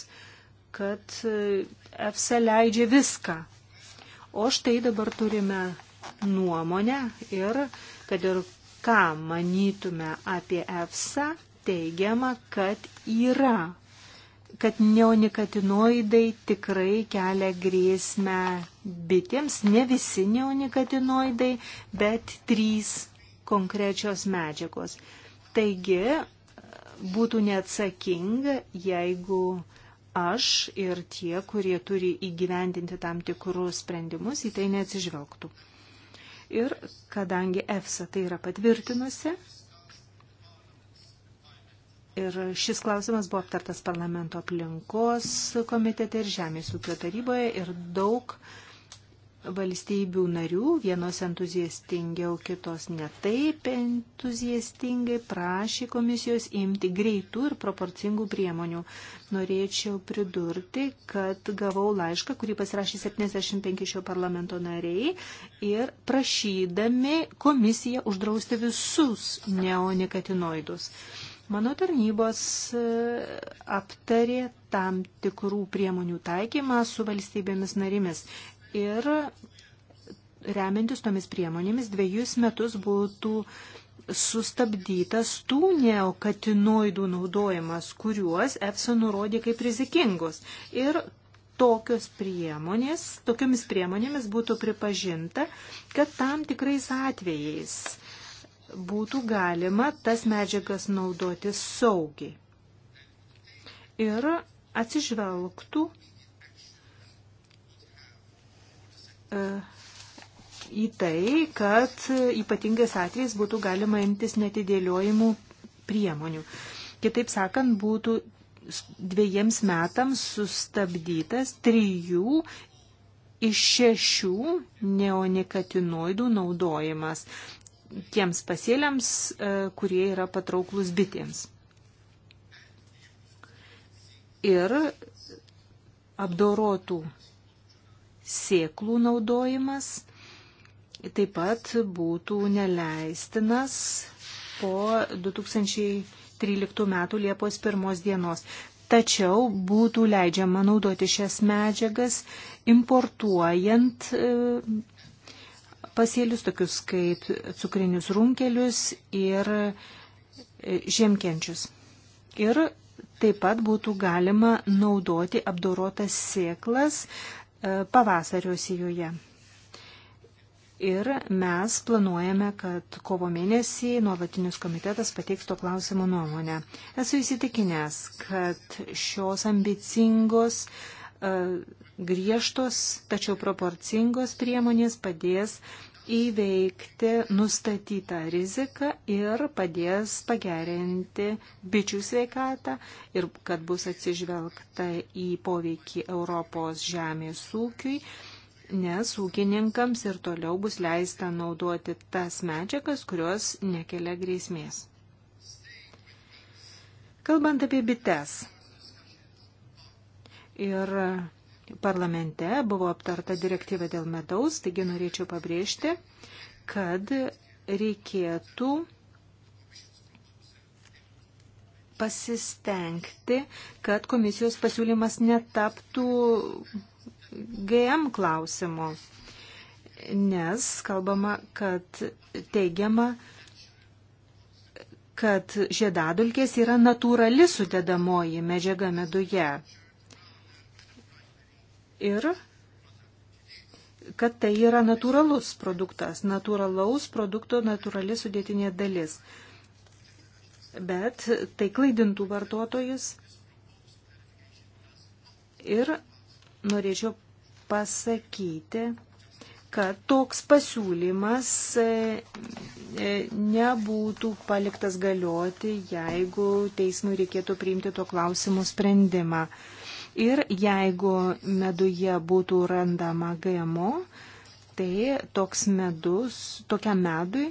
kad e, EFSA leidžia viską. O štai dabar turime nuomonę ir kad ir ką manytume apie EFSA, teigiama, kad yra kad neonikatinoidai tikrai kelia grėsmę bitėms. Ne visi neonikatinoidai, bet trys konkrečios medžiagos. Taigi, būtų neatsakinga, jeigu aš ir tie, kurie turi įgyvendinti tam tikrus sprendimus, į tai neatsižvelgtų. Ir kadangi EFSA tai yra patvirtinusi, Ir šis klausimas buvo aptartas parlamento aplinkos komitete ir Žemės ūkio taryboje ir daug valstybių narių, vienos entuziastingiau, kitos netaip entuziastingai prašė komisijos imti greitų ir proporcingų priemonių. Norėčiau pridurti, kad gavau laišką, kurį pasirašė 75 šio parlamento nariai ir prašydami komisiją uždrausti visus neonikatinoidus. Mano tarnybos e, aptarė tam tikrų priemonių taikymą su valstybėmis narimis ir remiantis tomis priemonėmis dviejus metus būtų sustabdytas tų neokatinoidų naudojimas, kuriuos EFSA nurodė kaip rizikingus. Ir tokios priemonės, tokiomis priemonėmis būtų pripažinta, kad tam tikrais atvejais būtų galima tas medžiagas naudoti saugiai. Ir atsižvelgtų e, į tai, kad ypatingais atvejais būtų galima imtis netidėliojimų priemonių. Kitaip sakant, būtų dviejiems metams sustabdytas trijų iš šešių neonikatinoidų naudojimas tiems pasėliams, e, kurie yra patrauklus bitėms. Ir apdorotų sėklų naudojimas taip pat būtų neleistinas po 2013 m. Liepos 1 dienos. Tačiau būtų leidžiama naudoti šias medžiagas importuojant e, pasėlius, tokius kaip cukrinius runkelius ir e, žiemkenčius. Ir taip pat būtų galima naudoti apdorotas sėklas e, pavasario sijoje. Ir mes planuojame, kad kovo mėnesį nuolatinis komitetas pateiks to klausimo nuomonę. Esu įsitikinęs, kad šios ambicingos, e, griežtos, tačiau proporcingos priemonės padės įveikti nustatytą riziką ir padės pagerinti bičių sveikatą ir kad bus atsižvelgta į poveikį Europos žemės ūkiui, nes ūkininkams ir toliau bus leista naudoti tas medžiagas, kurios nekelia grėsmės. Kalbant apie bites ir parlamente buvo aptarta direktyva dėl medaus, taigi norėčiau pabrėžti, kad reikėtų pasistengti, kad komisijos pasiūlymas netaptų GM klausimo, nes kalbama, kad teigiama, kad žiedadulkės yra natūrali sudėdamoji medžiaga meduje ir kad tai yra natūralus produktas, natūralaus produkto natūrali sudėtinė dalis. Bet tai klaidintų vartotojus. Ir norėčiau pasakyti, kad toks pasiūlymas e, e, nebūtų paliktas galioti, jeigu teismui reikėtų priimti to klausimų sprendimą. Ir jeigu meduje būtų randama GMO, tai toks medus, tokiam medui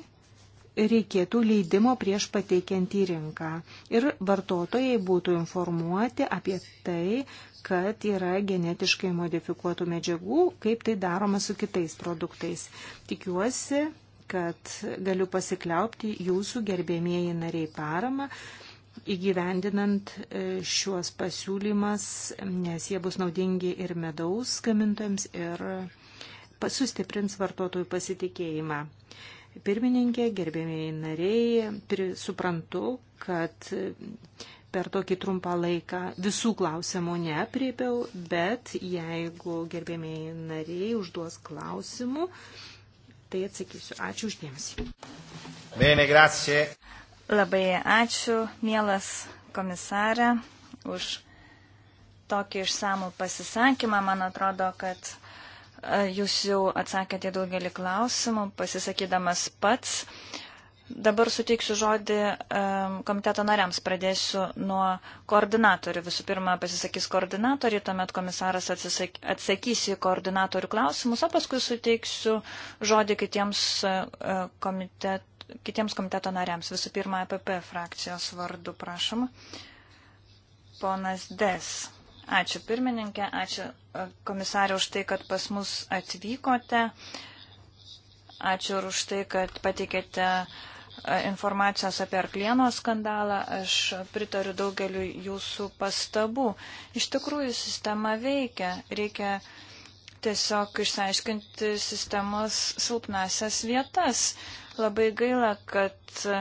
reikėtų leidimo prieš pateikiant į rinką. Ir vartotojai būtų informuoti apie tai, kad yra genetiškai modifikuotų medžiagų, kaip tai daroma su kitais produktais. Tikiuosi, kad galiu pasikliaupti jūsų gerbėmieji nariai parama įgyvendinant e, šiuos pasiūlymas, nes jie bus naudingi ir medaus gamintojams ir sustiprins vartotojų pasitikėjimą. Pirmininkė, gerbėmiai nariai, suprantu, kad per tokį trumpą laiką visų klausimų neapriepiau, bet jeigu gerbėmiai nariai užduos klausimų, tai atsakysiu. Ačiū uždėmesi. Bene, grazie. Labai ačiū, mielas komisarė, už tokį išsamų pasisakymą. Man atrodo, kad e, jūs jau atsakėte daugelį klausimų, pasisakydamas pats. Dabar suteiksiu žodį e, komiteto nariams. Pradėsiu nuo koordinatorių. Visų pirma, pasisakys koordinatoriai, tuomet komisaras atsakys į koordinatorių klausimus, o paskui suteiksiu žodį kitiems e, komiteto kitiems komiteto nariams. Visų pirma, EPP frakcijos vardu prašom. Ponas Des. Ačiū pirmininkė, ačiū e, komisarė už tai, kad pas mus atvykote. Ačiū ir už tai, kad pateikėte e, informacijos apie Arklieno skandalą. Aš pritariu daugeliu jūsų pastabų. Iš tikrųjų, sistema veikia. Reikia tiesiog išsiaiškinti sistemos silpnasias vietas. Labai gaila, kad e,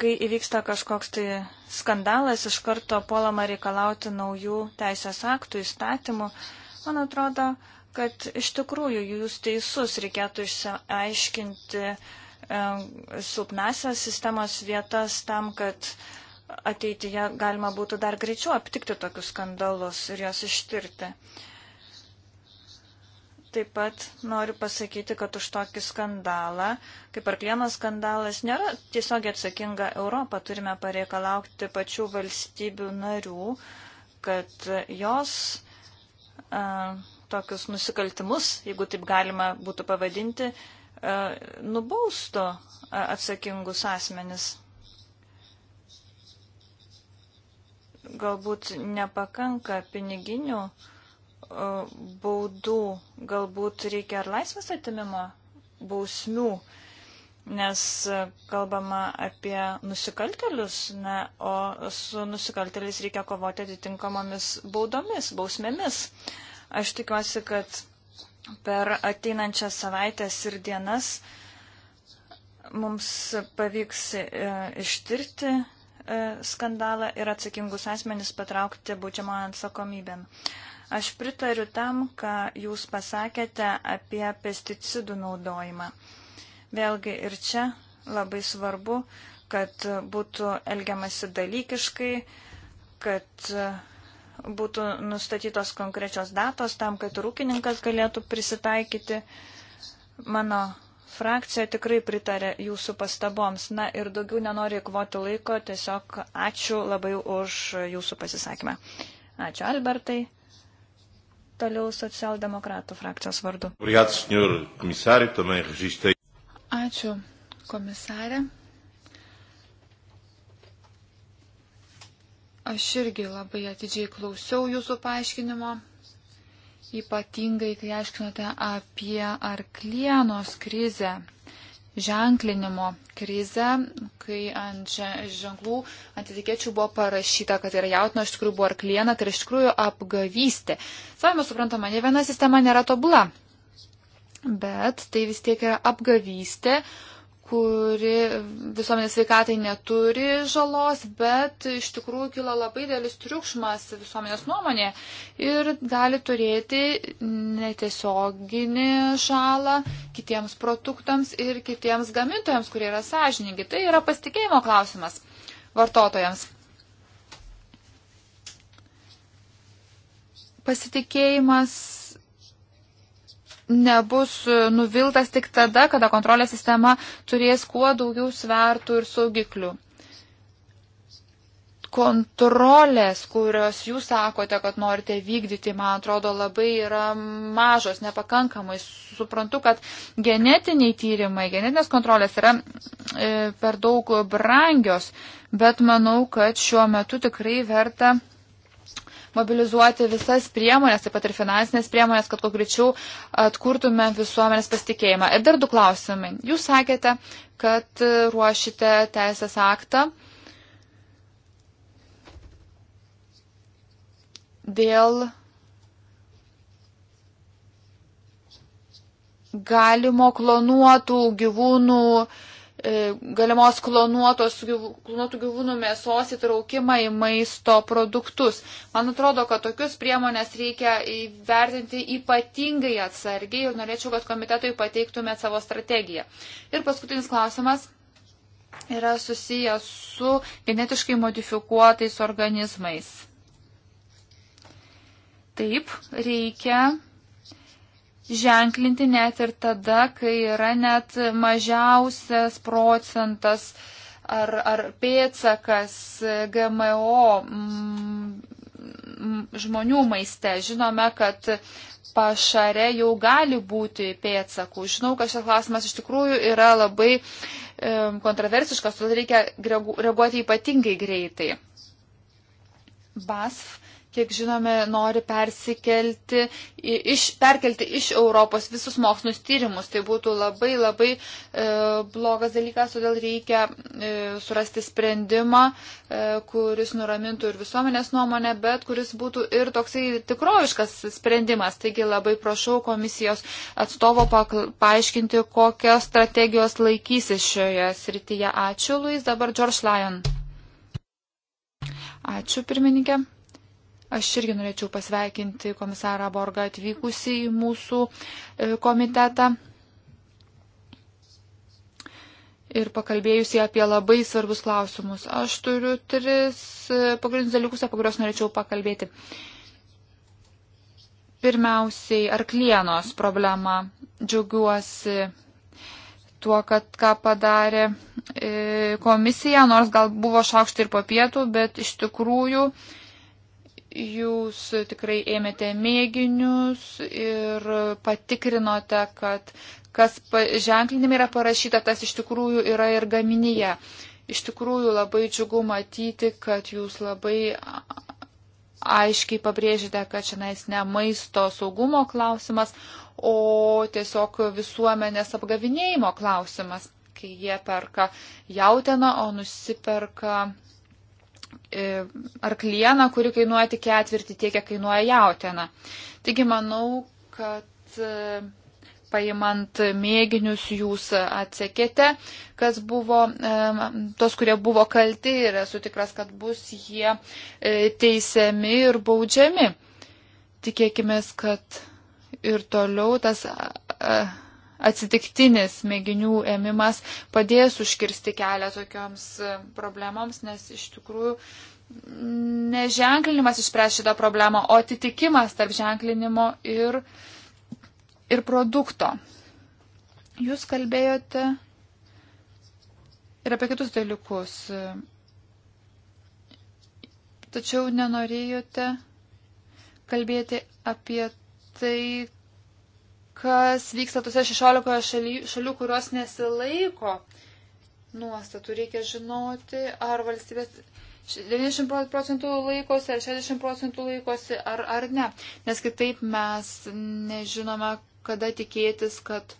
kai įvyksta kažkoks tai skandalas, iš karto puolama reikalauti naujų teisės aktų, įstatymų. Man atrodo, kad iš tikrųjų jūs teisus reikėtų išsiaiškinti e, silpnasias sistemos vietas tam, kad ateityje galima būtų dar greičiau aptikti tokius skandalus ir juos ištirti. E, Taip pat noriu pasakyti, kad už tokį skandalą, kaip ar kliemo skandalas, nėra tiesiog atsakinga Europa. Turime pareikalauti pačių valstybių narių, kad jos a, tokius nusikaltimus, jeigu taip galima būtų pavadinti, a, nubaustų atsakingus asmenis. Galbūt nepakanka piniginių a, E, baudų, galbūt reikia ar laisvės atimimo bausmių, nes e, kalbama apie nusikaltelius, ne, o su nusikalteliais reikia kovoti atitinkamomis baudomis, bausmėmis. Aš tikiuosi, kad per ateinančias savaitės ir dienas mums pavyks e, ištirti skandalą ir atsakingus asmenys patraukti baudžiamą atsakomybėn. Aš pritariu tam, ką jūs pasakėte apie pesticidų naudojimą. Vėlgi ir čia labai svarbu, kad būtų elgiamasi dalykiškai, kad būtų nustatytos konkrečios datos tam, kad ir ūkininkas galėtų prisitaikyti. Mano frakcija tikrai pritarė jūsų pastaboms. Na ir daugiau nenoriu įkvoti laiko, tiesiog ačiū labai už jūsų pasisakymą. Ačiū Albertai toliau socialdemokratų frakcijos vardu. Ačiū, komisarė. Aš irgi labai atidžiai klausiau jūsų paaiškinimo, ypatingai kai aiškinote apie arklienos krizę ženklinimo krizę, kai ant ženklų, ant etikečių buvo parašyta, kad yra jautino, iš tikrųjų buvo arkliena, tai yra iš tikrųjų apgavystė. Savame suprantama, ne viena sistema nėra tobula, bet tai vis tiek yra apgavystė, kuri visuomenės sveikatai neturi žalos, bet iš tikrųjų kilo labai dėlis triukšmas visuomenės nuomonė ir gali turėti netiesioginį žalą kitiems produktams ir kitiems gamintojams, kurie yra sąžiningi. Tai yra pasitikėjimo klausimas vartotojams. Pasitikėjimas nebus e, nuviltas tik tada, kada kontrolės sistema turės kuo daugiau svertų ir saugiklių. Kontrolės, kurios jūs sakote, kad norite vykdyti, man atrodo, labai yra mažos, nepakankamai. Suprantu, kad genetiniai tyrimai, genetinės kontrolės yra e, per daug brangios, bet manau, kad šiuo metu tikrai verta mobilizuoti visas priemonės, taip pat ir finansinės priemonės, kad kuo greičiau atkurtume visuomenės pasitikėjimą. Ir dar du klausimai. Jūs sakėte, kad ruošite teisės aktą dėl galimo klonuotų gyvūnų uh, E, galimos klonuotos, klonuotų gyvūnų mėsos įtraukimą į maisto produktus. Man atrodo, kad tokius priemonės reikia įvertinti ypatingai atsargiai ir norėčiau, kad komitetui pateiktumėt savo strategiją. Ir paskutinis klausimas yra susijęs su genetiškai modifikuotais organizmais. Taip, reikia ženklinti net ir tada, kai yra net mažiausias procentas ar, ar pėtsakas GMO mm, mm, žmonių maiste. Žinome, kad pašare jau gali būti pėtsakų. Žinau, kad šis klausimas iš tikrųjų yra labai kontroversiškas, todėl reikia reaguoti ypatingai greitai. BASF kiek žinome, nori persikelti, iš, perkelti iš Europos visus mokslinius tyrimus. Tai būtų labai labai e, blogas dalykas, todėl reikia e, surasti sprendimą, e, kuris nuramintų ir visuomenės nuomonę, bet kuris būtų ir toksai tikroviškas sprendimas. Taigi labai prašau komisijos atstovo paaiškinti, kokios strategijos laikysi šioje srityje. Ačiū, Luis, dabar George Lyon. Ačiū, pirmininkė. Aš irgi norėčiau pasveikinti komisarą Borgą atvykusi į mūsų e, komitetą ir pakalbėjusi apie labai svarbus klausimus. Aš turiu tris e, pagrindinius dalykus, apie kuriuos norėčiau pakalbėti. Pirmiausiai, arklienos problema. Džiaugiuosi tuo, kad ką padarė e, komisija, nors gal buvo šaukštai ir papietų, bet iš tikrųjų jūs tikrai ėmėte mėginius ir patikrinote, kad kas ženklinime yra parašyta, tas iš tikrųjų yra ir gaminyje. Iš tikrųjų labai džiugu matyti, kad jūs labai aiškiai pabrėžite, kad šiandien ne maisto saugumo klausimas, o tiesiog visuomenės apgavinėjimo klausimas, kai jie perka jautieną, o nusiperka E, arklieną, kuri kainuoja tik ketvirtį tiek, kiek kainuoja jautieną. Taigi manau, kad e, paimant mėginius jūs atsekėte, kas buvo, e, tos, kurie buvo kalti ir esu tikras, kad bus jie teisiami ir baudžiami. Tikėkime, kad ir toliau tas atsitiktinis mėginių ėmimas padės užkirsti kelią tokioms e, problemoms, nes iš tikrųjų mm, neženklinimas išspręs šitą problemą, o atitikimas tarp ženklinimo ir, ir produkto. Jūs kalbėjote ir apie kitus dalykus. E, tačiau nenorėjote kalbėti apie tai, kas vyksta tose 16 šaly, šalių, kurios nesilaiko nuostatų. Reikia žinoti, ar valstybės 90 procentų laikosi, ar 60 procentų laikosi, ar, ar ne. Nes kitaip mes nežinome, kada tikėtis, kad.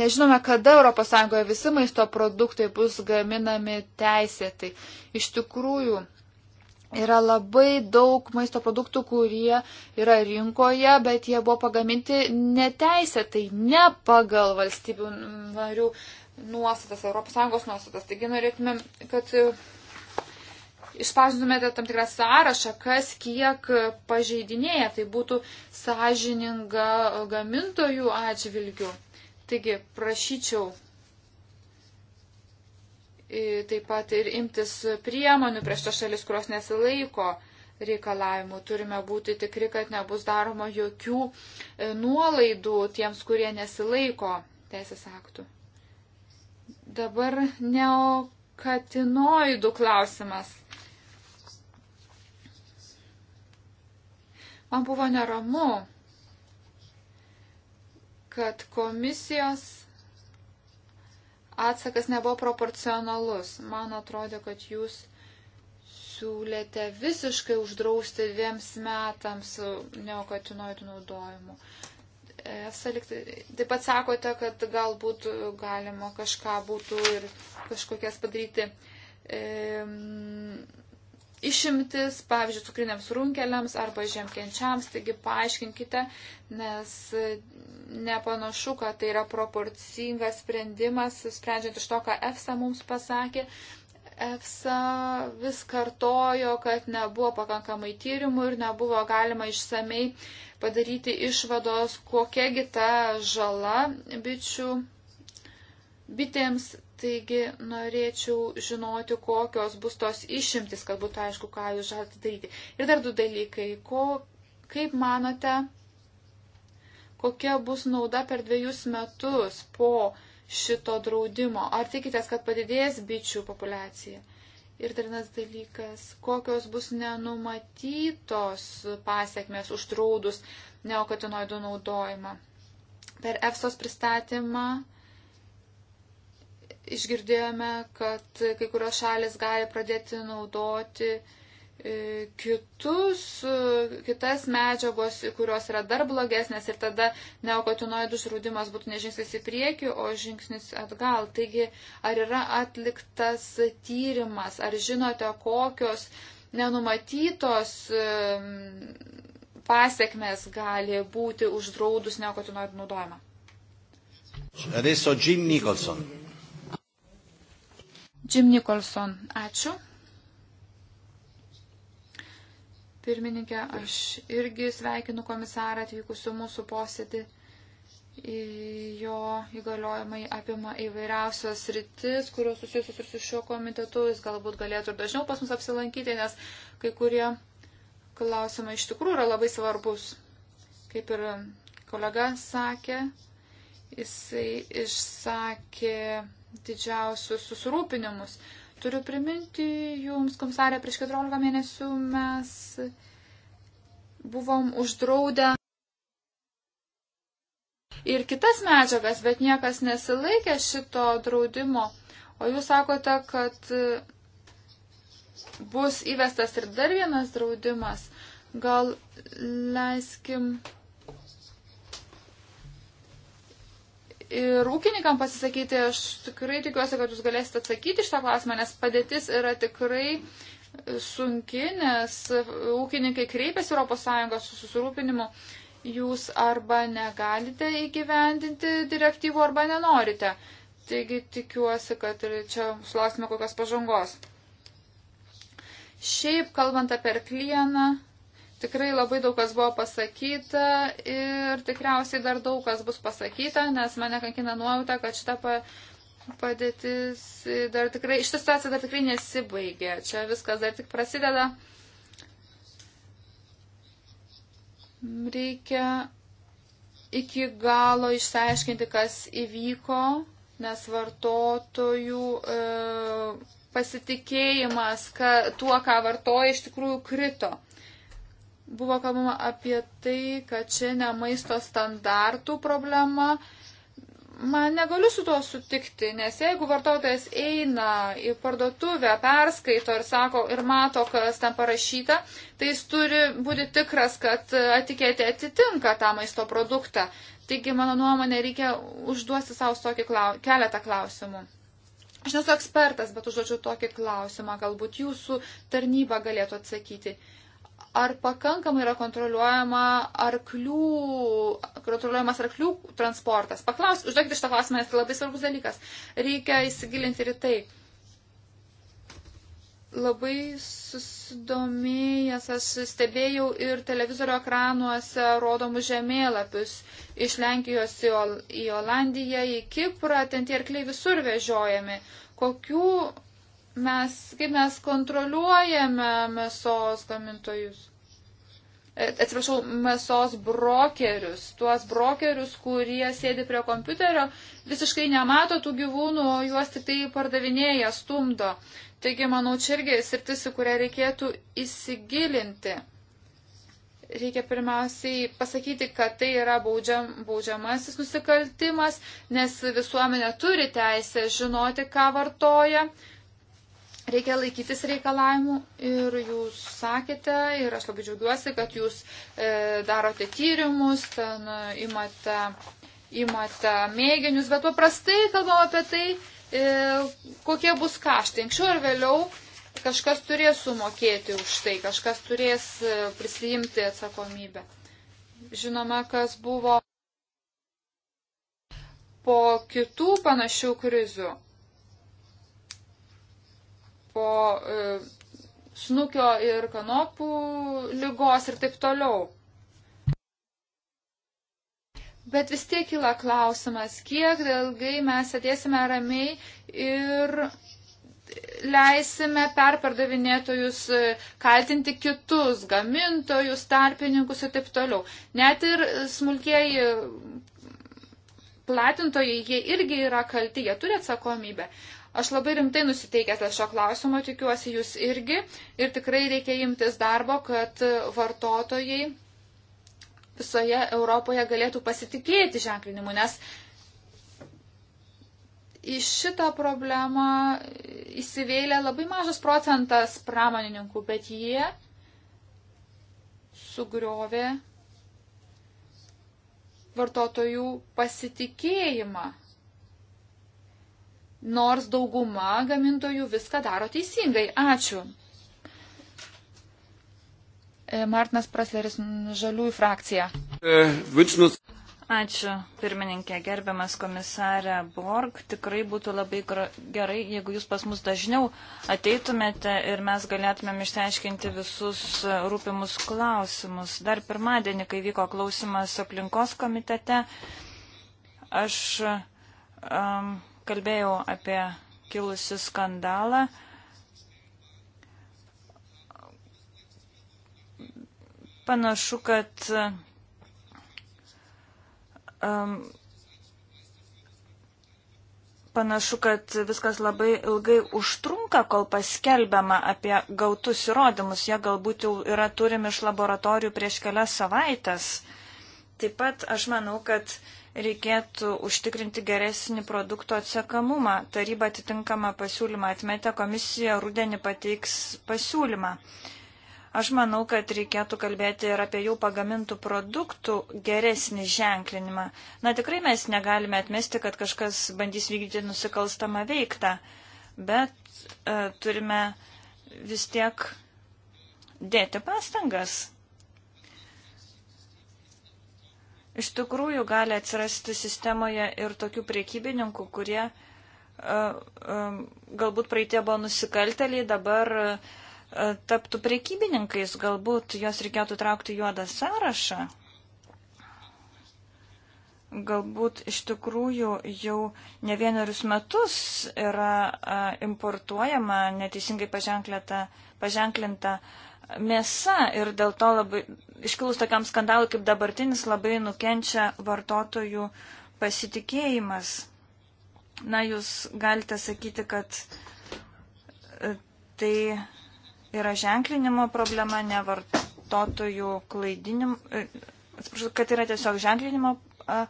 Nežinome, kada ES visi maisto produktai bus gaminami teisėtai. Iš tikrųjų, Yra labai daug maisto produktų, kurie yra rinkoje, bet jie buvo pagaminti neteisėtai, ne pagal valstybių narių nuostatas, ES nuostatas. Taigi norėtume, kad e, išspausdintumėte tam tikrą sąrašą, kas kiek pažeidinėja, tai būtų sąžininga gamintojų atžvilgių. Taigi, prašyčiau E, taip pat ir imtis priemonių prieš tas šalis, kurios nesilaiko reikalavimų. Turime būti tikri, kad nebus daroma jokių e, nuolaidų tiems, kurie nesilaiko teisės aktų. Dabar neokatinoidų klausimas. Man buvo neramu, kad komisijos atsakas nebuvo proporcionalus. Man atrodo, kad jūs siūlėte visiškai uždrausti dviems metams neokatinoidų naudojimu. Tai- taip pat sakote, kad galbūt galima kažką būtų ir kažkokias padaryti e, išimtis, pavyzdžiui, cukriniams runkeliams arba žemkenčiams, taigi paaiškinkite, nes nepanašu, kad tai yra proporcingas sprendimas, sprendžiant iš to, ką EFSA mums pasakė. EFSA vis kartojo, kad nebuvo pakankamai tyrimų ir nebuvo galima išsamei padaryti išvados, kokiagi ta žala bičių bitėms Taigi norėčiau žinoti, kokios bus tos išimtis, kad būtų aišku, ką jūs žadate daryti. Ir dar du dalykai. Ko, kaip manote, kokia bus nauda per dviejus metus po šito draudimo? Ar tikitės, kad padidės bičių populiacija? Ir dar vienas dalykas, kokios bus nenumatytos pasiekmes uždraudus neokotinoidų naudojimą. Per EFSOS pristatymą išgirdėjome, kad kai kurios šalis gali pradėti naudoti e, kitus, e, kitas medžiagos, kurios yra dar blogesnės ir tada neokotinoidų žraudimas būtų ne žingsnis į priekį, o žingsnis atgal. Taigi, ar yra atliktas tyrimas, ar žinote, kokios nenumatytos e, pasiekmes gali būti uždraudus neokotinoidų naudojimą? Adesso Jim Nicholson. Jim Nicholson. Ačiū. Pirmininkė, aš irgi sveikinu komisarą atvykusiu mūsų posėdį. Jo įgaliojimai apima įvairiausios rytis, kurios susijusios ir su šiuo komitetu. Jis galbūt galėtų ir dažniau pas mus apsilankyti, nes kai kurie klausimai iš tikrųjų yra labai svarbus. Kaip ir kolega sakė, jisai išsakė didžiausius susirūpinimus. Turiu priminti jums, komisarė, prieš 14 mėnesių mes buvom uždraudę ir kitas medžiagas, bet niekas nesilaikė šito draudimo. O jūs sakote, kad bus įvestas ir dar vienas draudimas. Gal leiskim ir ūkininkam pasisakyti. Aš tikrai tikiuosi, kad jūs galėsite atsakyti šitą klausimą, nes padėtis yra tikrai sunki, nes ūkininkai kreipiasi ES su susirūpinimu. Jūs arba negalite įgyvendinti direktyvų, arba nenorite. Taigi tikiuosi, kad čia sulauksime kokios pažangos. Šiaip, kalbant apie klieną, Tikrai labai daug kas buvo pasakyta ir tikriausiai dar daug kas bus pasakyta, nes mane kankina nuojauta, kad šita pa, padėtis dar tikrai, šitą situaciją dar tikrai nesibaigė. Čia viskas dar tik prasideda. Reikia iki galo išsiaiškinti, kas įvyko, nes vartotojų. E, pasitikėjimas ka, tuo, ką vartoja, iš tikrųjų krito buvo kalbama apie tai, kad čia ne maisto standartų problema. Man negaliu su tuo sutikti, nes jeigu vartotojas eina į parduotuvę, perskaito ir sako ir mato, kas ten parašyta, tai jis turi būti tikras, kad etiketė atitinka tą maisto produktą. Taigi, mano nuomonė, reikia užduosi savo klau... keletą klausimų. Aš nesu ekspertas, bet užduočiau tokį klausimą, galbūt jūsų tarnyba galėtų atsakyti ar pakankamai yra kontroliuojama arklių, kontroliuojamas arklių transportas. Paklaus, užduokite šitą klausimą, nes tai labai svarbus dalykas. Reikia įsigilinti ir tai. Labai susidomėjęs, aš stebėjau ir televizorio ekranuose rodomus žemėlapius iš Lenkijos į, Ol į Olandiją, į Kiprą, ten tie arkliai visur vežiojami. Kokių mes, kaip mes kontroliuojame mėsos gamintojus. E, atsiprašau, mėsos brokerius, tuos brokerius, kurie sėdi prie kompiuterio, visiškai nemato tų gyvūnų, juos tik tai pardavinėja, stumdo. Taigi, manau, čia irgi sritis, į kurią reikėtų įsigilinti. Reikia pirmiausiai pasakyti, kad tai yra baudžiam, baudžiamasis nusikaltimas, nes visuomenė turi teisę žinoti, ką vartoja. Uh, reikia laikytis reikalavimų ir jūs sakėte, ir aš labai džiaugiuosi, kad jūs e, darote tyrimus, ten e, imate, imate mėginius, bet paprastai kalbam apie tai, e, kokie bus kaštai. Anksčiau ir vėliau kažkas turės sumokėti už tai, kažkas turės e, prisijimti atsakomybę. Žinome, kas buvo po kitų panašių krizių po e, snukio ir kanopų lygos ir taip toliau. Bet vis tiek kyla klausimas, kiek ilgai mes atėsime ramiai ir leisime perpardavinėtojus e, kaltinti kitus, gamintojus, tarpininkus ir taip toliau. Net ir smulkieji platintojai, jie irgi yra kalti, jie turi atsakomybę. Aš labai rimtai nusiteikęs dėl šio klausimo, tikiuosi jūs irgi. Ir tikrai reikia imtis darbo, kad vartotojai visoje Europoje galėtų pasitikėti ženklinimu, nes į šitą problemą įsivėlė labai mažas procentas pramonininkų, bet jie sugriovė vartotojų pasitikėjimą nors dauguma gamintojų viską daro teisingai. Ačiū. E, Martinas Prasleris, Žaliųjų frakcija. E, Ačiū, pirmininkė, gerbiamas komisarė Borg. Tikrai būtų labai gerai, jeigu jūs pas mus dažniau ateitumėte ir mes galėtumėm išsiaiškinti visus rūpimus klausimus. Dar pirmadienį, kai vyko klausimas aplinkos komitete, aš um, kalbėjau apie kilusi skandalą. Panašu, kad um, panašu, kad viskas labai ilgai užtrunka, kol paskelbiama apie gautus įrodymus. Jie galbūt jau yra turimi iš laboratorijų prieš kelias savaitės. Taip pat aš manau, kad uh, reikėtų užtikrinti geresnį produkto atsekamumą. Taryba atitinkamą pasiūlymą atmetė, komisija rudenį pateiks pasiūlymą. Aš manau, kad reikėtų kalbėti ir apie jau pagamintų produktų geresnį ženklinimą. Na tikrai mes negalime atmesti, kad kažkas bandys vykdyti nusikalstamą veiktą, bet e, turime vis tiek dėti pastangas Iš tikrųjų gali atsirasti sistemoje ir tokių priekybininkų, kurie e, e, galbūt praeitie buvo nusikalteliai, dabar e, taptų priekybininkais, galbūt jos reikėtų traukti juodą sąrašą. Galbūt iš tikrųjų jau ne vienerius metus yra importuojama neteisingai paženklinta, paženklinta mėsa ir dėl to labai, iškilus tokiam skandalui kaip dabartinis, labai nukenčia vartotojų pasitikėjimas. Na, jūs galite sakyti, kad e, tai yra ženklinimo problema, ne vartotojų klaidinimo, e, atsiprašau, kad yra tiesiog ženklinimo e,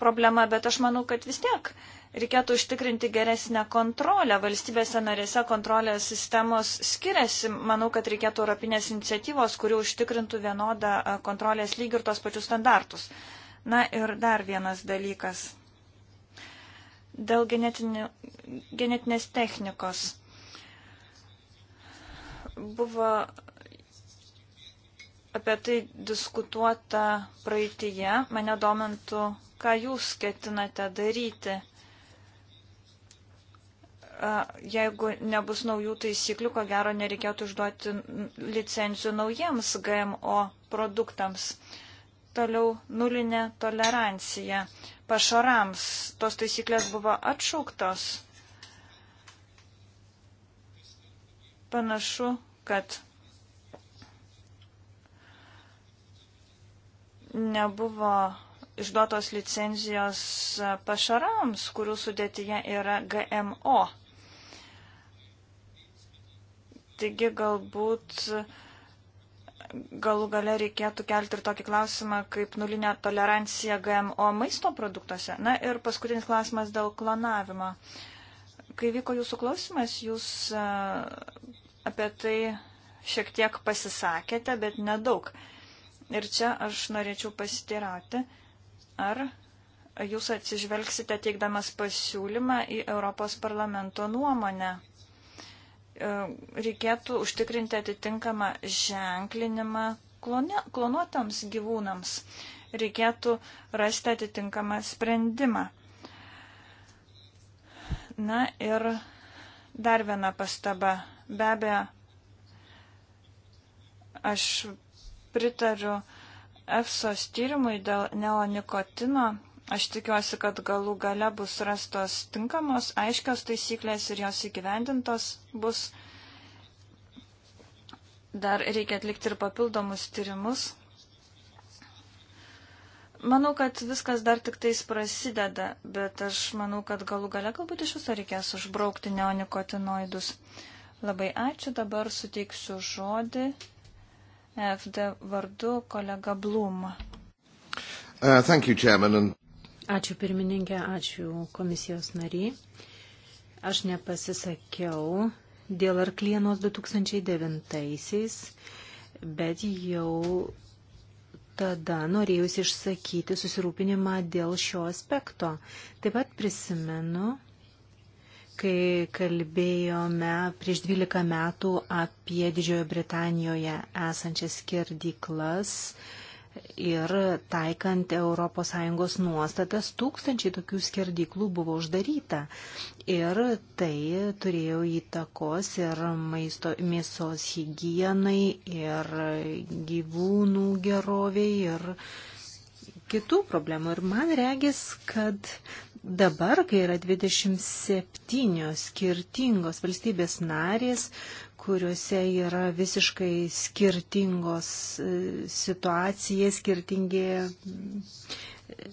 problema, bet aš manau, kad vis tiek uh, reikėtų užtikrinti geresnę kontrolę. Valstybėse narėse kontrolės sistemos skiriasi. Manau, kad reikėtų europinės iniciatyvos, kuri užtikrintų vienodą e, kontrolės lygį ir tos pačius standartus. Na ir dar vienas dalykas. Dėl genetinės technikos buvo apie tai diskutuota praeitįje. Mane domintų, ką jūs ketinate daryti jeigu nebus naujų taisyklių, ko gero nereikėtų išduoti licencijų naujiems GMO produktams. Toliau nulinė tolerancija pašarams. Tos taisyklės buvo atšauktos. Panašu, kad nebuvo išduotos licenzijos pašarams, kurių sudėtyje yra GMO. Taigi galbūt galų gale reikėtų kelti ir tokį klausimą, kaip nulinė tolerancija GMO maisto produktuose. Na ir paskutinis klausimas dėl klonavimo. Kai vyko jūsų klausimas, jūs e, apie tai šiek tiek pasisakėte, bet nedaug. Ir čia aš norėčiau pasitirauti, ar jūs atsižvelgsite teikdamas pasiūlymą į Europos parlamento nuomonę E, reikėtų užtikrinti atitinkamą ženklinimą klonuotams gyvūnams. Reikėtų rasti atitinkamą sprendimą. Na ir dar viena pastaba. Be abejo, aš pritariu EFSOS tyrimui dėl neonikotino Aš tikiuosi, kad galų gale bus rastos tinkamos, aiškios taisyklės ir jos įgyvendintos bus. Dar reikia atlikti ir papildomus tyrimus. Manau, kad viskas dar tik tais prasideda, bet aš manau, kad galų gale galbūt iš viso reikės užbraukti neonikotinoidus. Labai ačiū, dabar suteiksiu žodį FD vardu kolega Blum. Uh, thank you, Chairman, and Ačiū pirmininkė, ačiū komisijos nariai. Aš nepasisakiau dėl arklienos 2009-aisiais, bet jau tada norėjusi išsakyti susirūpinimą dėl šio aspekto. Taip pat prisimenu, kai kalbėjome prieš 12 metų apie Didžiojo Britanijoje esančias skirdyklas, uh, ir taikant ES nuostatas tūkstančiai tokių skerdyklų buvo uždaryta. Ir tai turėjo įtakos ir maisto, mėsos higienai, ir gyvūnų geroviai, ir kitų problemų. Ir man regis, kad dabar, kai yra 27 skirtingos valstybės narės, kuriuose yra visiškai skirtingos e, situacija, skirtingi, e,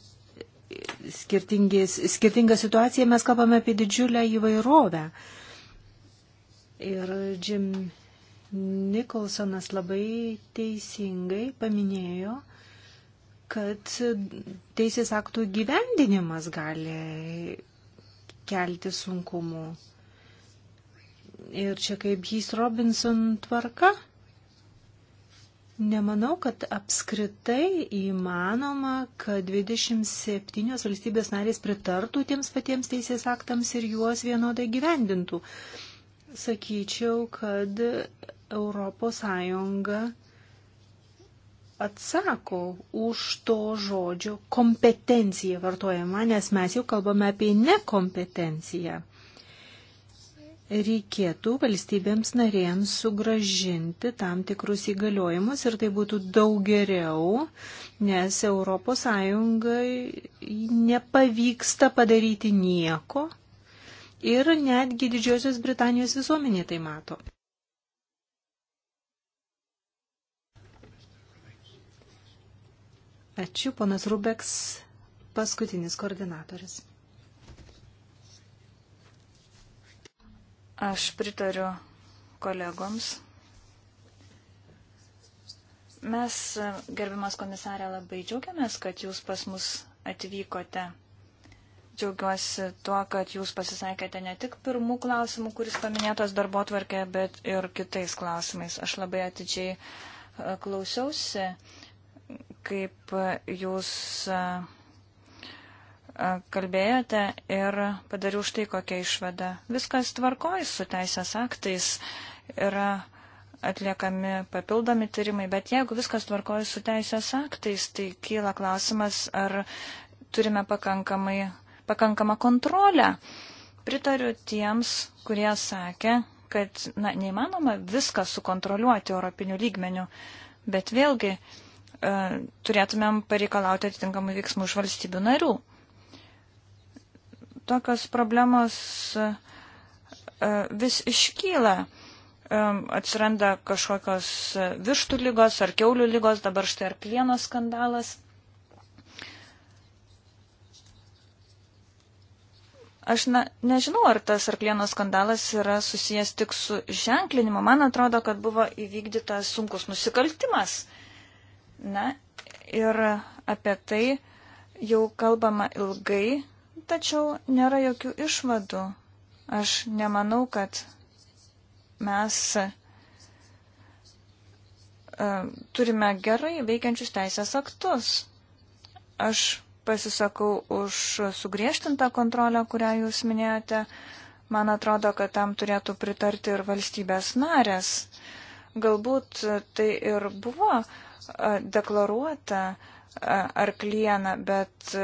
skirtingi, skirtinga situacija, mes kalbame apie didžiulę įvairovę. Ir Jim Nicholsonas labai teisingai paminėjo, kad teisės aktų gyvendinimas gali kelti sunkumų. Ir čia kaip Heath Robinson tvarka. Nemanau, kad apskritai įmanoma, kad 27 valstybės narės pritartų tiems patiems teisės aktams ir juos vienodai gyvendintų. Sakyčiau, kad ES atsako už to žodžio kompetenciją vartojama, nes mes jau kalbame apie nekompetenciją reikėtų valstybėms narėms sugražinti tam tikrus įgaliojimus ir tai būtų daug geriau, nes ES nepavyksta padaryti nieko ir netgi Didžiosios Britanijos visuomenė tai mato. Ačiū, ponas Rubeks, paskutinis koordinatorius. Aš pritariu kolegoms. Mes, gerbimas komisarė, labai džiaugiamės, kad jūs pas mus atvykote. Džiaugiuosi tuo, kad jūs pasisakėte ne tik pirmų klausimų, kuris paminėtas darbo tvarkė, bet ir kitais klausimais. Aš labai atidžiai e, klausiausi, kaip e, jūs e, kalbėjote ir padariau štai kokią išvadą. Viskas tvarkoj su teisės aktais yra atliekami papildomi tyrimai, bet jeigu viskas tvarkoj su teisės aktais, tai kyla klausimas, ar turime pakankamai, pakankamą kontrolę. Pritariu tiems, kurie sakė, kad na, neįmanoma viską sukontroliuoti europiniu lygmeniu, bet vėlgi e, turėtumėm pareikalauti atitinkamų veiksmų iš valstybių narių tokios problemos e, e, vis iškyla. E, atsiranda kažkokios vištų lygos ar keulių lygos, dabar štai ar plieno skandalas. Aš na, nežinau, ar tas arklėno skandalas yra susijęs tik su ženklinimu. Man atrodo, kad buvo įvykdytas sunkus nusikaltimas. Na, ir apie tai jau kalbama ilgai, tačiau nėra jokių išvadų. Aš nemanau, kad mes e, turime gerai veikiančius teisės aktus. Aš pasisakau už sugriežtintą kontrolę, kurią jūs minėjote. Man atrodo, kad tam turėtų pritarti ir valstybės narės. Galbūt tai ir buvo e, deklaruota arklieną, bet e,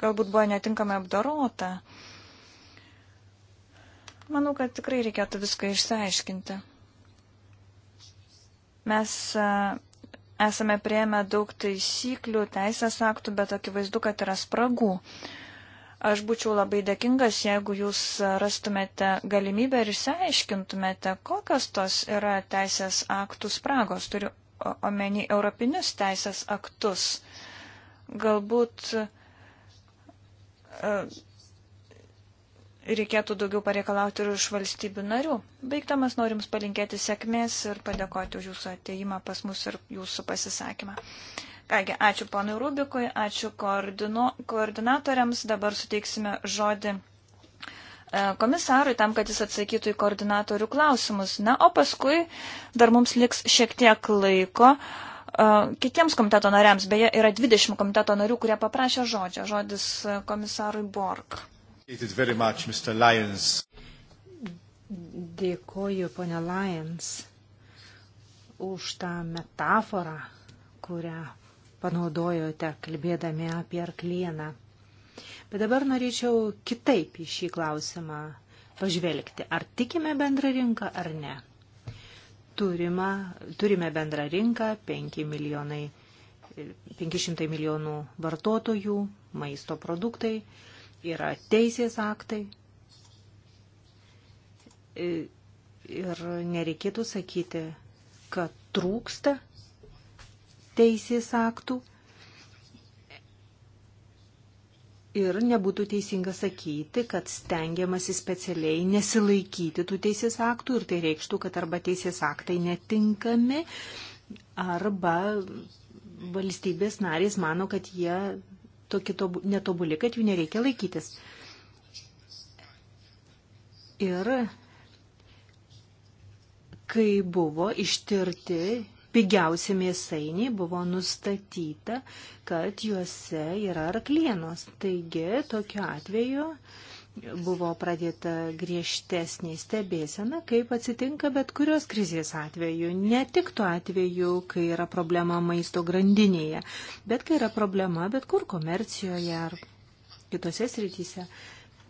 galbūt buvo netinkamai apdarota. Manau, kad tikrai reikėtų viską išsiaiškinti. Mes e, esame prieėmę daug taisyklių, teisės aktų, bet akivaizdu, kad yra spragų. Aš būčiau labai dėkingas, jeigu jūs rastumėte galimybę ir išsiaiškintumėte, kokios tos yra teisės aktų spragos. Turiu omeny europinius teisės aktus. Galbūt e, reikėtų daugiau pareikalauti ir iš valstybių narių. Baigdamas norim palinkėti sėkmės ir padėkoti už jūsų ateimą pas mus ir jūsų pasisakymą. Kągi, ačiū ponui Rubikui, ačiū koordino, koordinatoriams, dabar suteiksime žodį E, komisarui tam, kad jis atsakytų į koordinatorių klausimus. Na, o paskui dar mums liks šiek tiek laiko e, kitiems komiteto nariams. Beje, yra 20 komiteto narių, kurie paprašė žodžio. Žodis e, komisarui Borg. Much, Dėkoju, ponia Lyons, už tą metaforą, kurią panaudojote, kalbėdami apie arklieną. Bet dabar norėčiau kitaip į šį klausimą pažvelgti. Ar tikime bendrą rinką ar ne? Turima, turime bendrą rinką 5 milijonai, 500 milijonų vartotojų, maisto produktai, yra teisės aktai. E, ir nereikėtų sakyti, kad trūksta teisės aktų, ir nebūtų teisinga sakyti, kad stengiamasi specialiai nesilaikyti tų teisės aktų ir tai reikštų, kad arba teisės aktai netinkami, arba valstybės narės mano, kad jie tokie tobu, netobuli, kad jų nereikia laikytis. Ir kai buvo ištirti pigiausi mėsainiai buvo nustatyta, kad juose yra arklienos. Taigi, tokiu atveju buvo pradėta griežtesnė stebėsena, kaip atsitinka bet kurios krizės atveju. Ne tik tuo atveju, kai yra problema maisto grandinėje, bet kai yra problema bet kur komercijoje ar kitose srityse.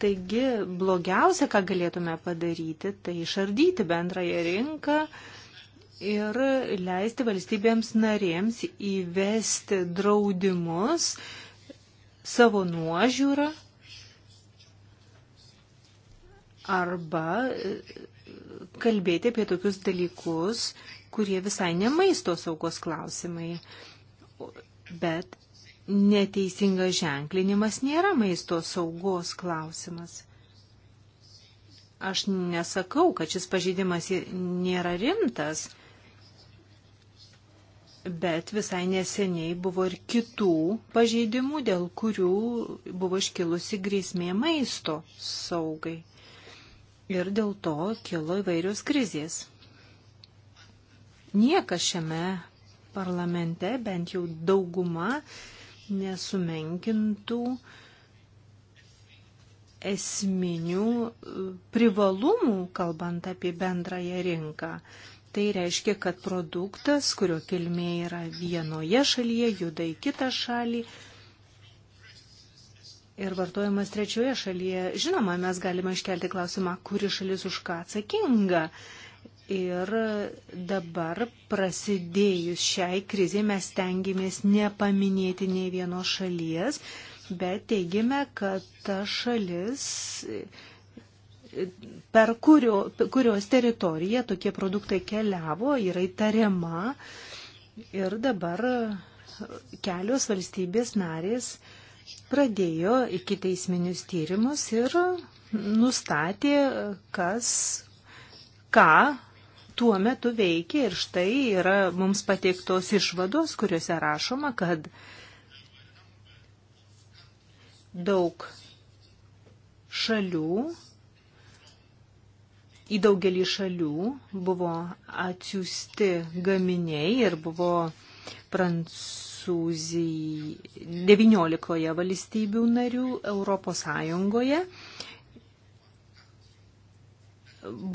Taigi blogiausia, ką galėtume padaryti, tai išardyti bendrąją rinką, uh, ir leisti valstybėms narėms įvesti draudimus savo nuožiūrą arba e, kalbėti apie tokius dalykus, kurie visai ne maisto saugos klausimai, bet neteisingas ženklinimas nėra maisto saugos klausimas. Aš nesakau, kad šis pažeidimas nėra rimtas, Bet visai neseniai buvo ir kitų pažeidimų, dėl kurių buvo iškilusi grėsmė maisto saugai. Ir dėl to kilo įvairios krizės. Niekas šiame parlamente, bent jau dauguma, nesumenkintų esminių privalumų, kalbant apie bendrąją rinką tai reiškia, kad produktas, kurio kilmė yra vienoje šalyje, juda į kitą šalį ir vartojamas trečioje šalyje. Žinoma, mes galime iškelti klausimą, kuri šalis už ką atsakinga. Ir dabar prasidėjus šiai krizė mes tengiamės nepaminėti nei vienos šalies, bet teigiame, kad ta šalis per kurio, kurios teritoriją tokie produktai keliavo, yra įtariama ir dabar kelios valstybės narės pradėjo iki teisminius tyrimus ir nustatė, kas ką tuo metu veikė ir štai yra mums pateiktos išvados, kuriuose rašoma, kad daug šalių į daugelį šalių buvo atsiųsti gaminiai ir buvo prancūzijai 19 valstybių narių Europos Sąjungoje.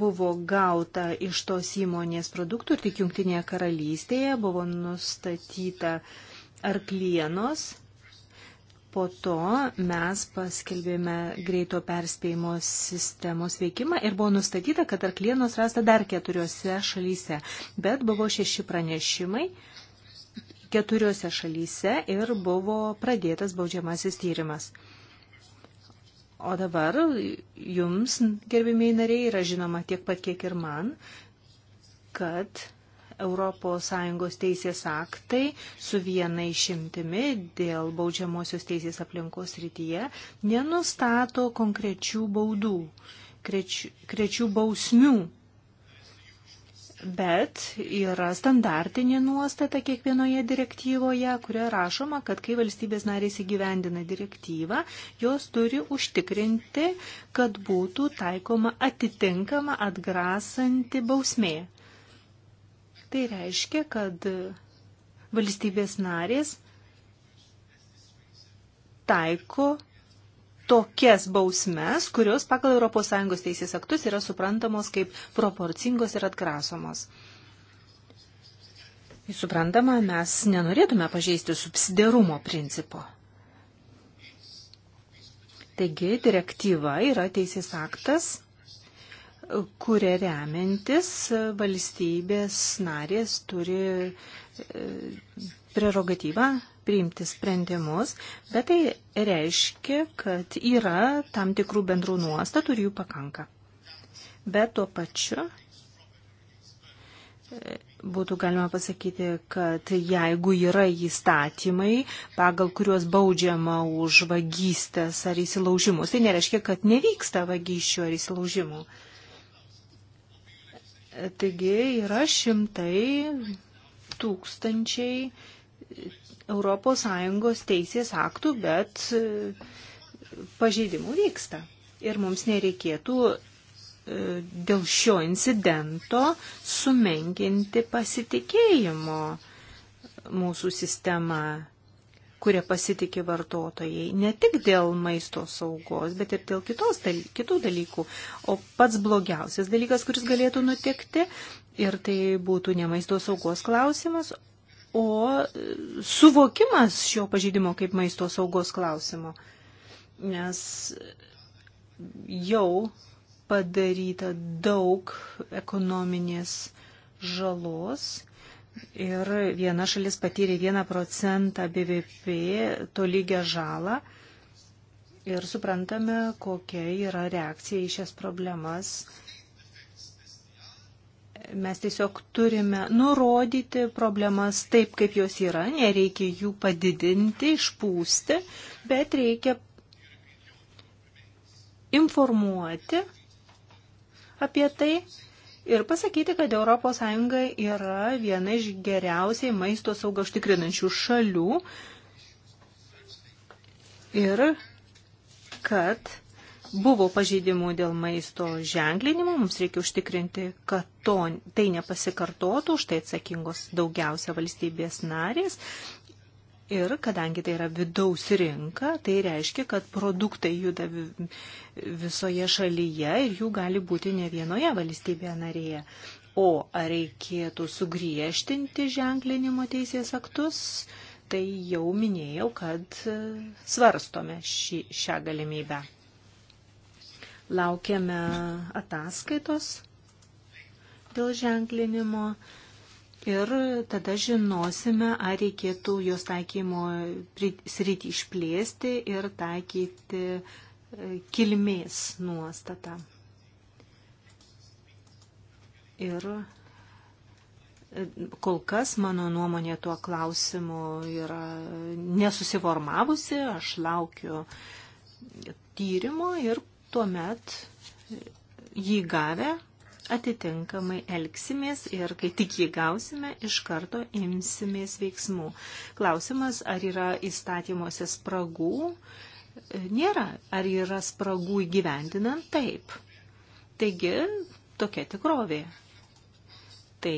Buvo gauta iš tos įmonės produktų ir tik Junktinėje karalystėje buvo nustatyta arklienos Po to mes paskelbėme greito perspėjimo sistemos veikimą ir buvo nustatyta, kad arklienos rasta dar keturiose šalyse, bet buvo šeši pranešimai keturiose šalyse ir buvo pradėtas baudžiamasis tyrimas. O dabar jums, gerbimiai nariai, yra žinoma tiek pat, kiek ir man, kad ES teisės aktai su viena išimtimi dėl baudžiamosios teisės aplinkos rytyje nenustato konkrečių baudų, krečių, krečių bausmių. Bet yra standartinė nuostata kiekvienoje direktyvoje, kurioje rašoma, kad kai valstybės narės įgyvendina direktyvą, jos turi užtikrinti, kad būtų taikoma atitinkama atgrasanti bausmė. Tai reiškia, kad valstybės narės taiko tokias bausmes, kurios pagal ES teisės aktus yra suprantamos kaip proporcingos ir atgrasomos. Suprantama, mes nenorėtume pažeisti subsidiarumo principo. Taigi direktyva yra teisės aktas, kuria remiantis valstybės narės turi e, prerogatyvą priimti sprendimus, bet tai reiškia, kad yra tam tikrų bendrų nuostatų ir jų pakanka. Bet tuo pačiu e, būtų galima pasakyti, kad jeigu yra įstatymai, pagal kuriuos baudžiama už vagystės ar įsilaužimus, tai nereiškia, kad nevyksta vagysčių ar įsilaužimų. Uh, Taigi yra šimtai tūkstančiai ES teisės aktų, bet e, pažeidimų vyksta. Ir mums nereikėtų e, dėl šio incidento sumenkinti pasitikėjimo mūsų sistema kurie pasitikė vartotojai, ne tik dėl maisto saugos, bet ir dėl kitos, daly, kitų dalykų. O pats blogiausias dalykas, kuris galėtų nutikti, ir tai būtų ne maisto saugos klausimas, o e, suvokimas šio pažydimo kaip maisto saugos klausimo. Nes jau padaryta daug ekonominės žalos ir viena šalis patyrė 1 procentą BVP tolygią žalą ir suprantame, kokia yra reakcija į šias problemas. Mes tiesiog turime nurodyti problemas taip, kaip jos yra, nereikia jų padidinti, išpūsti, bet reikia informuoti apie tai ir pasakyti, kad ES yra viena iš geriausiai maisto saugą užtikrinančių šalių ir kad buvo pažeidimų dėl maisto ženklinimo, mums reikia užtikrinti, kad to, tai nepasikartotų, už tai atsakingos daugiausia valstybės narės Ir kadangi tai yra vidaus rinka, tai reiškia, kad produktai juda visoje šalyje ir jų gali būti ne vienoje valstybėje narėje. O ar reikėtų sugriežtinti ženklinimo teisės aktus, tai jau minėjau, kad e, svarstome šį, šią galimybę. Laukiame ataskaitos dėl ženklinimo Ir tada žinosime, ar reikėtų jos taikymo sritį išplėsti ir taikyti e, kilmės nuostatą. Ir e, kol kas mano nuomonė tuo klausimu yra nesusiformavusi, aš laukiu tyrimo ir tuomet jį gavę atitinkamai elgsimės ir kai tik jį gausime, iš karto imsimės veiksmų. Klausimas, ar yra įstatymuose spragų? E, nėra. Ar yra spragų įgyvendinant? Taip. Taigi, tokia tikrovė. Tai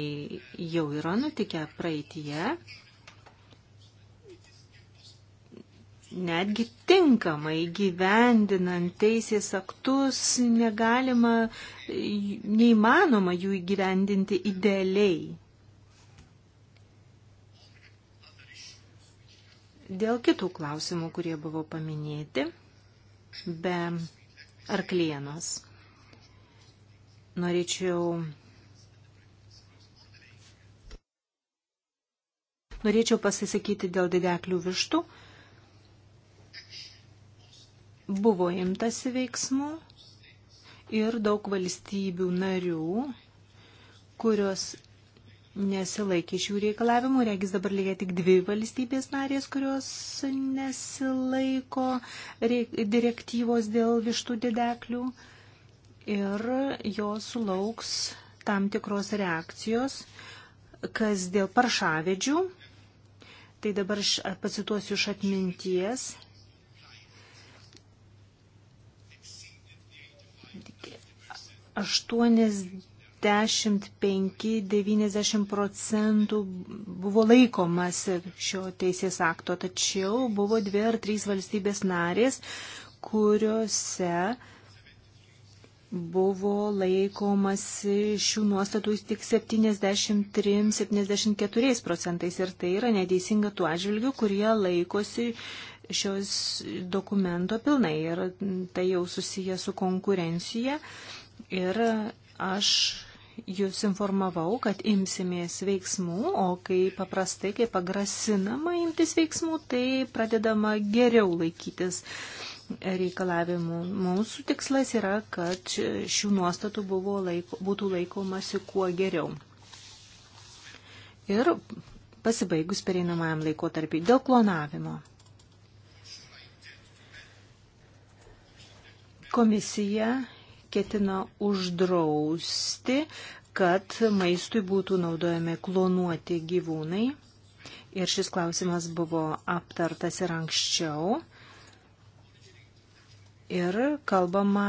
jau yra nutikę praeitie netgi tinkamai gyvendinant teisės aktus negalima, neįmanoma jų įgyvendinti idealiai. Dėl kitų klausimų, kurie buvo paminėti, be arklienos, norėčiau Norėčiau pasisakyti dėl dideklių vištų Buvo imtasi veiksmų ir daug valstybių narių, kurios nesilaikė šių reikalavimų. Regis dabar lygia tik dvi valstybės narės, kurios nesilaiko direktyvos dėl vištų dideklių ir jos sulauks tam tikros reakcijos, kas dėl paršavedžių. Tai dabar aš pacituosiu iš atminties. 85-90 procentų buvo laikomas šio teisės akto, tačiau buvo dvi ar trys valstybės narės, kuriuose buvo laikomas šių nuostatų tik 73-74 procentais ir tai yra neteisinga tuo atžvilgiu, kurie laikosi šios dokumento pilnai ir tai jau susiję su konkurencija Ir aš jūs informavau, kad imsimės veiksmų, o kai paprastai, kai pagrasinama imtis veiksmų, tai pradedama geriau laikytis reikalavimų. Mūsų tikslas yra, kad šių nuostatų laiko, būtų laikomasi kuo geriau. Ir pasibaigus pereinamajam laikotarpiai dėl klonavimo. Komisija ketina uždrausti, kad maistui būtų naudojami klonuoti gyvūnai. Ir šis klausimas buvo aptartas ir anksčiau. Ir kalbama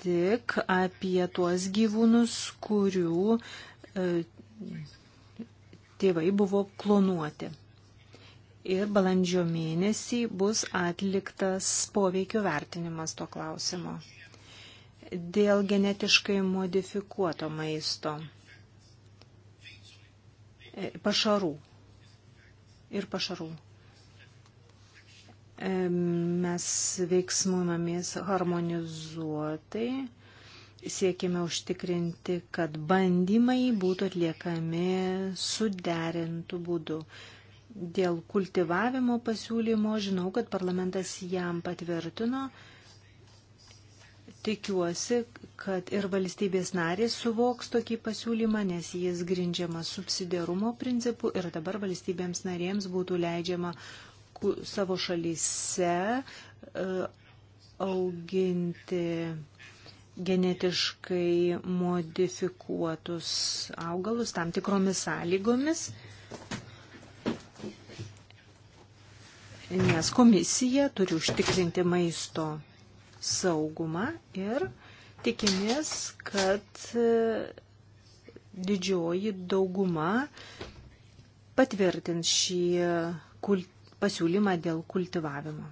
tik apie tuos gyvūnus, kurių e, tėvai buvo klonuoti. Ir balandžio mėnesį bus atliktas poveikio vertinimas to klausimo dėl genetiškai modifikuoto maisto, e, pašarų ir pašarų. E, mes veiksmų mamis harmonizuotai siekime užtikrinti, kad bandymai būtų atliekami suderintų būdų. Dėl kultivavimo pasiūlymo žinau, kad parlamentas jam patvirtino, Tikiuosi, kad ir valstybės narės suvoks tokį pasiūlymą, nes jis grindžiamas subsidiarumo principu ir dabar valstybėms narėms būtų leidžiama savo šalyse e, auginti genetiškai modifikuotus augalus tam tikromis sąlygomis. Nes komisija turi užtikrinti maisto saugumą ir tikimės, kad e, didžioji dauguma patvirtins šį kult, pasiūlymą dėl kultivavimo.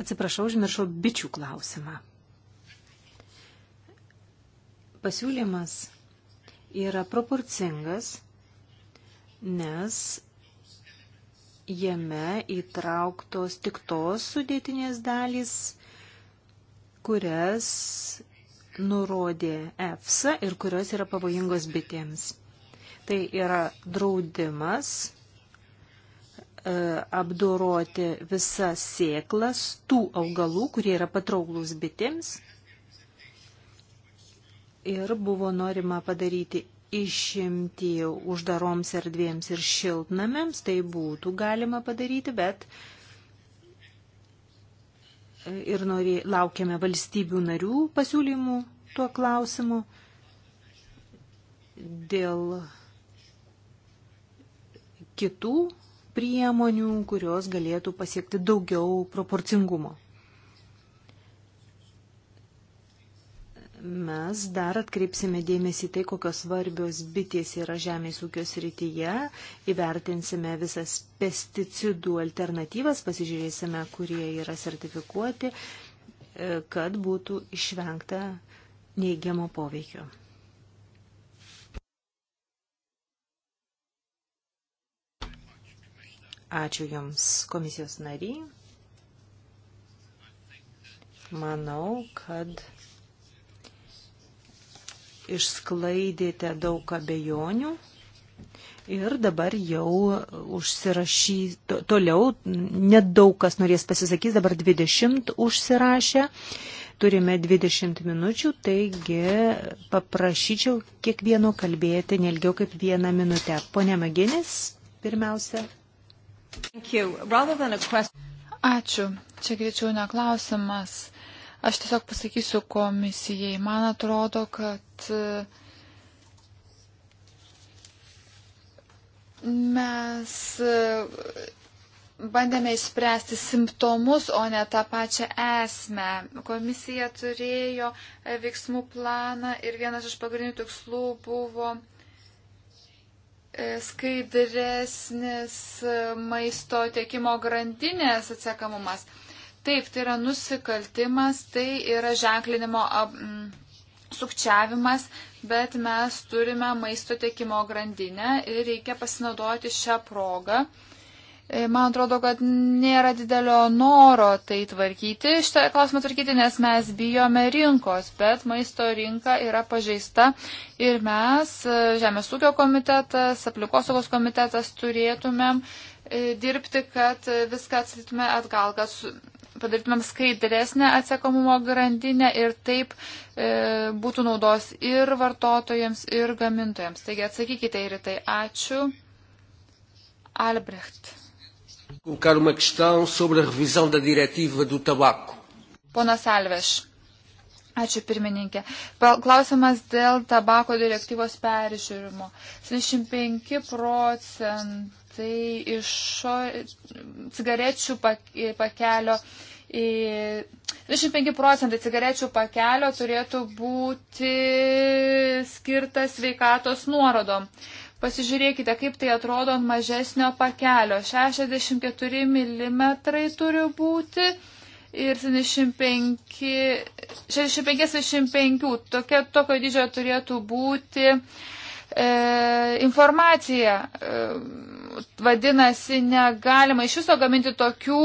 Atsiprašau, užmiršau bičių klausimą. Pasiūlymas yra proporcingas, nes jame įtrauktos tik tos sudėtinės dalys, kurias nurodė EFSA ir kurios yra pavojingos bitėms. Tai yra draudimas e, apdoroti visas sėklas tų augalų, kurie yra patrauklus bitėms ir buvo norima padaryti išimti uždaroms erdvėms ir šiltnamiams, tai būtų galima padaryti, bet ir norė, laukiame valstybių narių pasiūlymų tuo klausimu dėl kitų priemonių, kurios galėtų pasiekti daugiau proporcingumo. Mes dar atkreipsime dėmesį tai, kokios svarbios bitės yra žemės ūkio srityje, įvertinsime visas pesticidų alternatyvas, pasižiūrėsime, kurie yra sertifikuoti, e, kad būtų išvengta neigiamo poveikio. Ačiū Jums, komisijos nariai. Manau, kad išsklaidėte daug abejonių ir dabar jau užsirašy, to, toliau nedaug kas norės pasisakys, dabar 20 užsirašę, turime 20 minučių, taigi paprašyčiau kiekvieno kalbėti nelgiau kaip vieną minutę. Pone Maginis, pirmiausia. Ačiū. Čia greičiau neklausimas. Aš tiesiog pasakysiu komisijai. Man atrodo, kad kad e, mes e, bandėme išspręsti simptomus, o ne tą pačią esmę. Komisija turėjo e, veiksmų planą ir vienas iš pagrindinių tikslų buvo skaidresnis maisto tiekimo grandinės atsiekamumas. Taip, tai yra nusikaltimas, tai yra ženklinimo. Ab, mm, sukčiavimas, bet mes turime maisto tiekimo grandinę ir reikia pasinaudoti šią progą. E, man atrodo, kad nėra didelio noro tai tvarkyti, šitą klausimą tvarkyti, nes mes bijome rinkos, bet maisto rinka yra pažeista ir mes, e, Žemės ūkio komitetas, aplikosaugos komitetas, turėtumėm e, dirbti, kad viską atsilitume atgal, kad padarytumėm skaidresnę atsekomumo grandinę ir taip e, būtų naudos ir vartotojams, ir gamintojams. Taigi atsakykite ir tai. Ačiū. Albrecht. Colocar uma questão sobre a revisão da diretiva do tabaco. Ponas Alves. Ačiū pirmininkė. Klausimas dėl tabako direktyvos peržiūrimo. 75 procentai iš šio cigarečių pakelio 25 procentai cigarečių pakelio turėtų būti skirtas sveikatos nuorodom. Pasižiūrėkite, kaip tai atrodo ant mažesnio pakelio. 64 mm turi būti ir 65-65. Tokia, tokio dydžio turėtų būti e, informacija. E, Vadinasi, negalima iš viso gaminti tokių,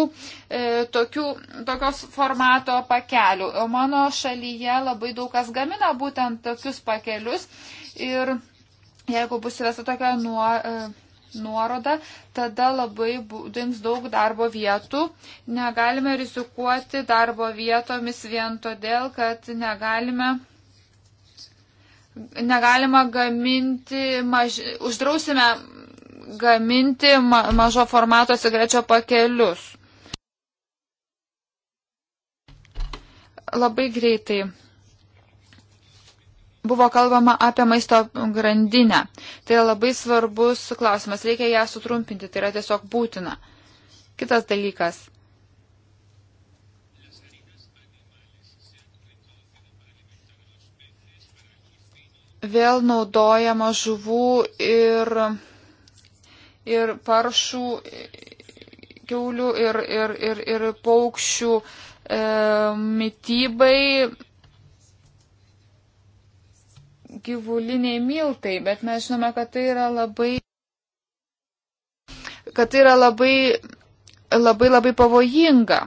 e, tokių, tokios formato pakelių. O mano šalyje labai daug kas gamina būtent tokius pakelius. Ir jeigu bus įvesta tokia nuo, e, nuoroda, tada labai dings daug darbo vietų. Negalime rizikuoti darbo vietomis vien todėl, kad negalime negalima gaminti, maž... uždrausime gaminti ma mažo formato cigarečio pakelius. Labai greitai buvo kalbama apie maisto grandinę. Tai yra labai svarbus klausimas, reikia ją sutrumpinti, tai yra tiesiog būtina. Kitas dalykas. Vėl naudojama žuvų ir ir paršų keulių ir, ir, ir, ir paukščių e, mytybai gyvuliniai miltai, bet mes žinome, kad tai yra labai, kad tai yra labai, labai, labai pavojinga.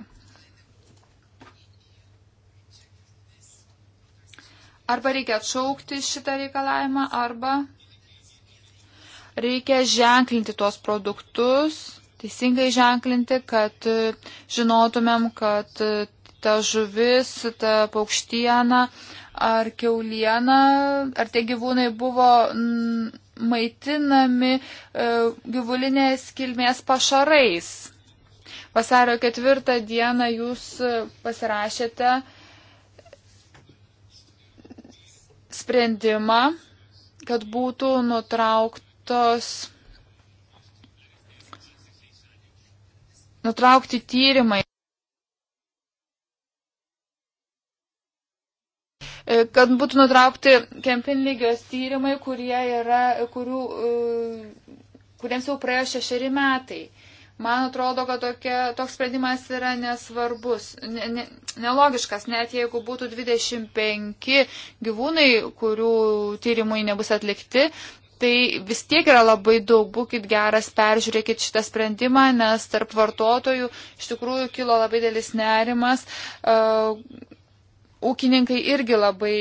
Arba reikia atšaukti šitą reikalavimą, arba Reikia ženklinti tuos produktus, teisingai ženklinti, kad e, žinotumėm, kad e, ta žuvis, ta paukštiena ar keuliena, ar tie gyvūnai buvo maitinami e, gyvulinės kilmės pašarais. Vasario ketvirtą dieną jūs pasirašėte sprendimą, kad būtų nutraukta numatytos nutraukti tyrimai. kad būtų nutraukti kempinlygijos tyrimai, kurie yra, kurių, kuriems jau praėjo šešeri metai. Man atrodo, kad tokia, toks sprendimas yra nesvarbus, ne, ne, nelogiškas, net jeigu būtų 25 gyvūnai, kurių tyrimai nebus atlikti, tai vis tiek yra labai daug. Būkit geras, peržiūrėkit šitą sprendimą, nes tarp vartotojų iš tikrųjų kilo labai dėlis nerimas. E, ūkininkai irgi labai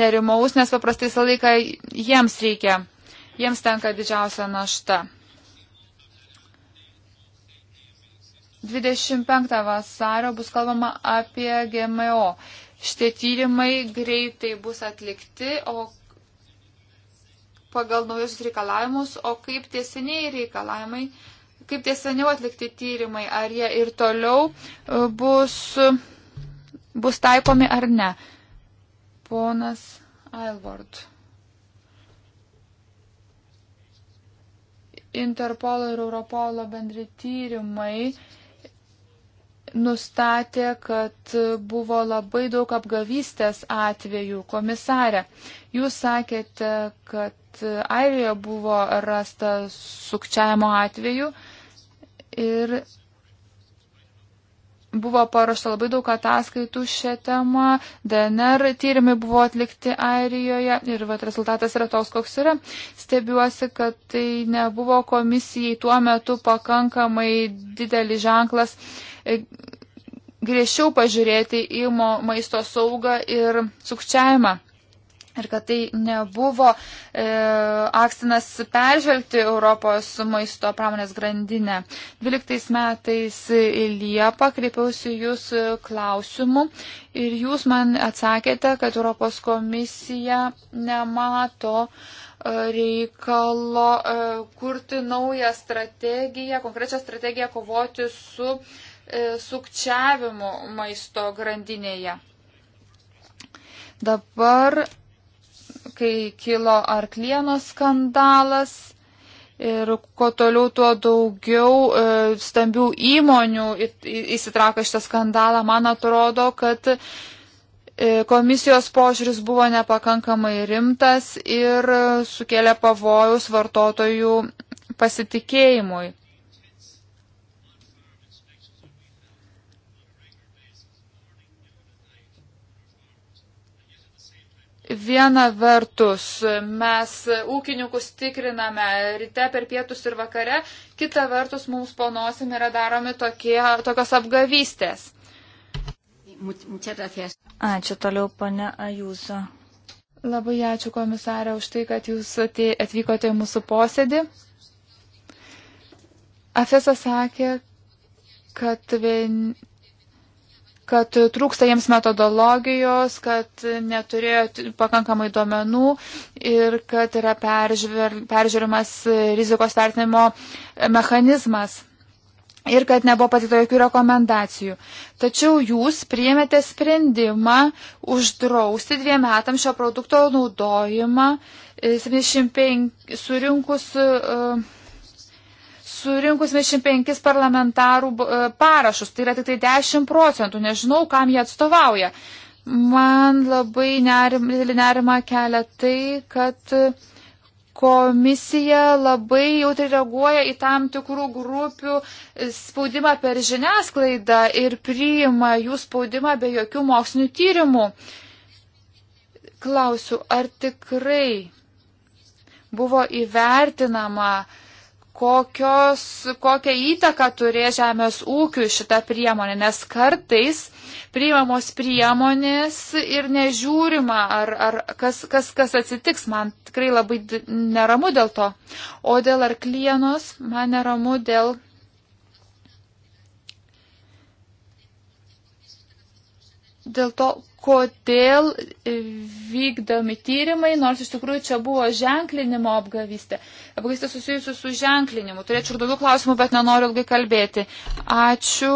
nerimaus, nes paprastai visą laiką jiems reikia, jiems tenka didžiausia našta. 25 vasario bus kalbama apie GMO. Šitie tyrimai greitai bus atlikti, o pagal naujus reikalavimus, o kaip tiesiniai reikalavimai, kaip tiesiniau atlikti tyrimai, ar jie ir toliau e, bus, bus taikomi ar ne. Ponas Ailvord. Interpolo ir Europolo bendri tyrimai nustatė, kad buvo labai daug apgavystės atvejų. Komisarė, jūs sakėte, kad kad Airijoje buvo rasta sukčiavimo atveju ir buvo paruošta labai daug ataskaitų šią temą, DNR tyrimai buvo atlikti Airijoje ir vat, rezultatas yra toks, koks yra. Stebiuosi, kad tai nebuvo komisijai tuo metu pakankamai didelis ženklas e, griežčiau pažiūrėti į maisto saugą ir sukčiavimą. Ir kad tai nebuvo e, akstinas peržvelgti Europos maisto pramonės grandinę. 12 metais Liepą kreipiausi jūs klausimu ir jūs man atsakėte, kad Europos komisija nemato e, reikalo e, kurti naują strategiją, konkrečią strategiją kovoti su e, sukčiavimu maisto grandinėje. Dabar kai kilo arklienos skandalas ir kuo toliau, tuo daugiau e, stambių įmonių įsitraukia šitą skandalą. Man atrodo, kad e, komisijos požiūris buvo nepakankamai rimtas ir e, sukėlė pavojus vartotojų pasitikėjimui. Viena vertus, mes ūkininkus tikriname ryte per pietus ir vakare, kita vertus, mums ponosim yra daromi tokie, tokios apgavystės. Ačiū toliau, pane Ajūzo. Labai ačiū komisarė už tai, kad jūs atvykote į mūsų posėdį. Afesa sakė, kad vien kad trūksta jiems metodologijos, kad neturėjo pakankamai duomenų ir kad yra peržiūrimas rizikos vertinimo mechanizmas. Ir kad nebuvo patikta jokių rekomendacijų. Tačiau jūs priėmėte sprendimą uždrausti dviem metam šio produkto naudojimą 75 e, surinkus uh, surinkus 25 parlamentarų e, parašus, tai yra tik tai 10 procentų, nežinau, kam jie atstovauja. Man labai nerim, nerima kelia tai, kad komisija labai jautri reaguoja į tam tikrų grupių spaudimą per žiniasklaidą ir priima jų spaudimą be jokių mokslinių tyrimų. Klausiu, ar tikrai buvo įvertinama uh, kokios, kokią įtaką turės žemės ūkiui šita priemonė, nes kartais priimamos priemonės ir nežiūrima, ar, ar kas, kas, kas atsitiks, man tikrai labai neramu dėl to. O dėl arklienos, man neramu dėl. Dėl to kodėl vykdomi tyrimai, nors iš tikrųjų čia buvo ženklinimo apgavystė. Apgavystė susijusi su ženklinimu. Turėčiau ir daugiau klausimų, bet nenoriu ilgai kalbėti. Ačiū.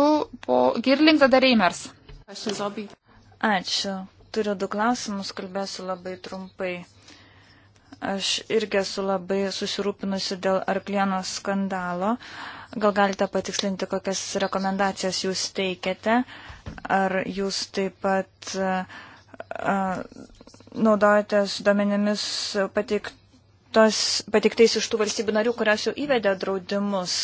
Po... Girling tada Reimers. Ačiū. Turiu du klausimus, kalbėsiu labai trumpai. Aš irgi esu labai susirūpinusi dėl arklienos skandalo. Gal galite patikslinti, kokias rekomendacijas jūs teikiate? Uh, Ar jūs taip pat naudojatės duomenėmis pateiktais iš tų valstybių narių, kurios jau įvedė draudimus?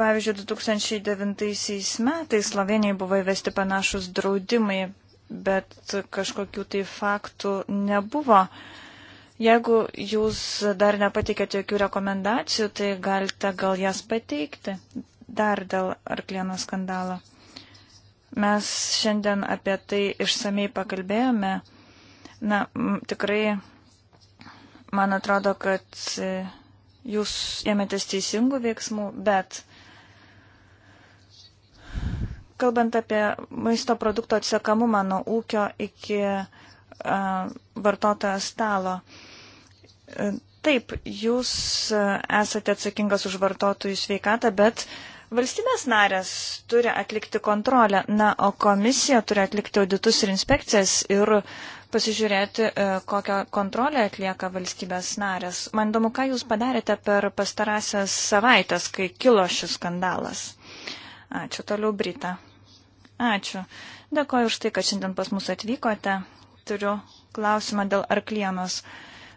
Pavyzdžiui, 2009 metais Slovenijai buvo įvesti panašus draudimai, bet kažkokių tai faktų nebuvo. Jeigu jūs dar nepateikėte jokių rekomendacijų, tai galite gal jas pateikti dar dėl arklėno skandalo. Mes šiandien apie tai išsamei pakalbėjome. Na, tikrai, man atrodo, kad jūs ėmėtės teisingų veiksmų, bet kalbant apie maisto produkto atsekamumą nuo ūkio iki vartotojo stalo. Taip, jūs esate atsakingas už vartotojų sveikatą, bet Valstybės narės turi atlikti kontrolę, na, o komisija turi atlikti auditus ir inspekcijas ir pasižiūrėti, e, kokią kontrolę atlieka valstybės narės. Man įdomu, ką jūs padarėte per pastarąsias savaitės, kai kilo šis skandalas. Ačiū toliau, Brita. Ačiū. Dėkoju už tai, kad šiandien pas mus atvykote. Turiu klausimą dėl arklienos.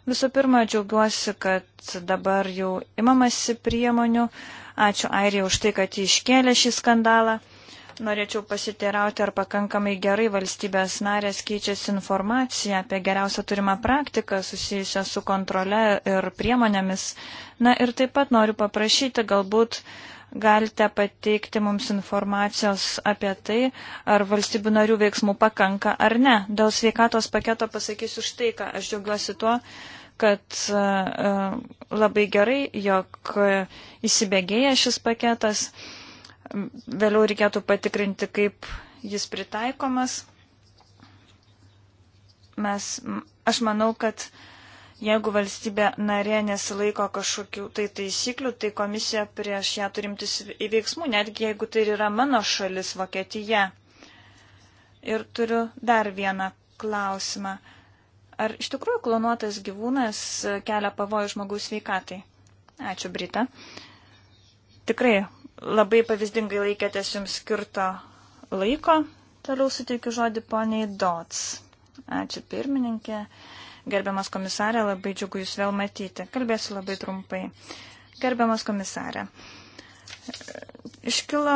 Visų pirma, džiaugiuosi, kad dabar jau imamasi priemonių. Uh, Ačiū Airijai už tai, kad iškėlė šį skandalą. Norėčiau pasiteirauti, ar pakankamai gerai valstybės narės keičiasi informaciją apie geriausią turimą praktiką susijusią su kontrole ir priemonėmis. Na ir taip pat noriu paprašyti, galbūt galite pateikti mums informacijos apie tai, ar valstybių narių veiksmų pakanka ar ne. Dėl sveikatos paketo pasakysiu štai ką. Aš džiaugiuosi tuo, kad e, e, labai gerai, jog įsibėgėja šis paketas. Vėliau reikėtų patikrinti, kaip jis pritaikomas. Mes, aš manau, kad jeigu valstybė narė nesilaiko kažkokių tai taisyklių, tai komisija prieš ją turimtis į veiksmų, netgi jeigu tai yra mano šalis Vokietija. Ir turiu dar vieną klausimą. Ar iš tikrųjų klonuotas gyvūnas kelia pavojų žmogaus sveikatai? Ačiū, Brita. Tikrai labai pavyzdingai laikėtės jums skirto laiko. Toliau suteikiu žodį poniai Dots. Ačiū, pirmininkė. Gerbiamas komisarė, labai džiugu Jūs vėl matyti. Kalbėsiu labai trumpai. Gerbiamas komisarė, iškilo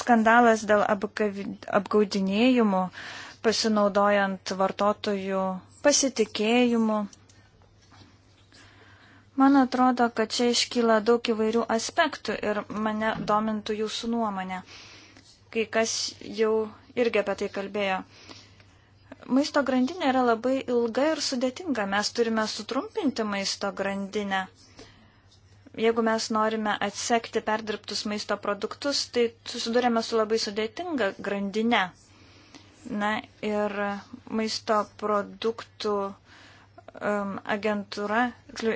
skandalas dėl apgaudinėjimų. Apgav pasinaudojant vartotojų pasitikėjimu. Man atrodo, kad čia iškyla daug įvairių aspektų ir mane domintų jūsų nuomonė. Kai kas jau irgi apie tai kalbėjo. Maisto grandinė yra labai ilga ir sudėtinga. Mes turime sutrumpinti maisto grandinę. Jeigu mes norime atsekti perdirbtus maisto produktus, tai susidurėme su labai sudėtinga grandinė. Na ir maisto produktų um, agentūra,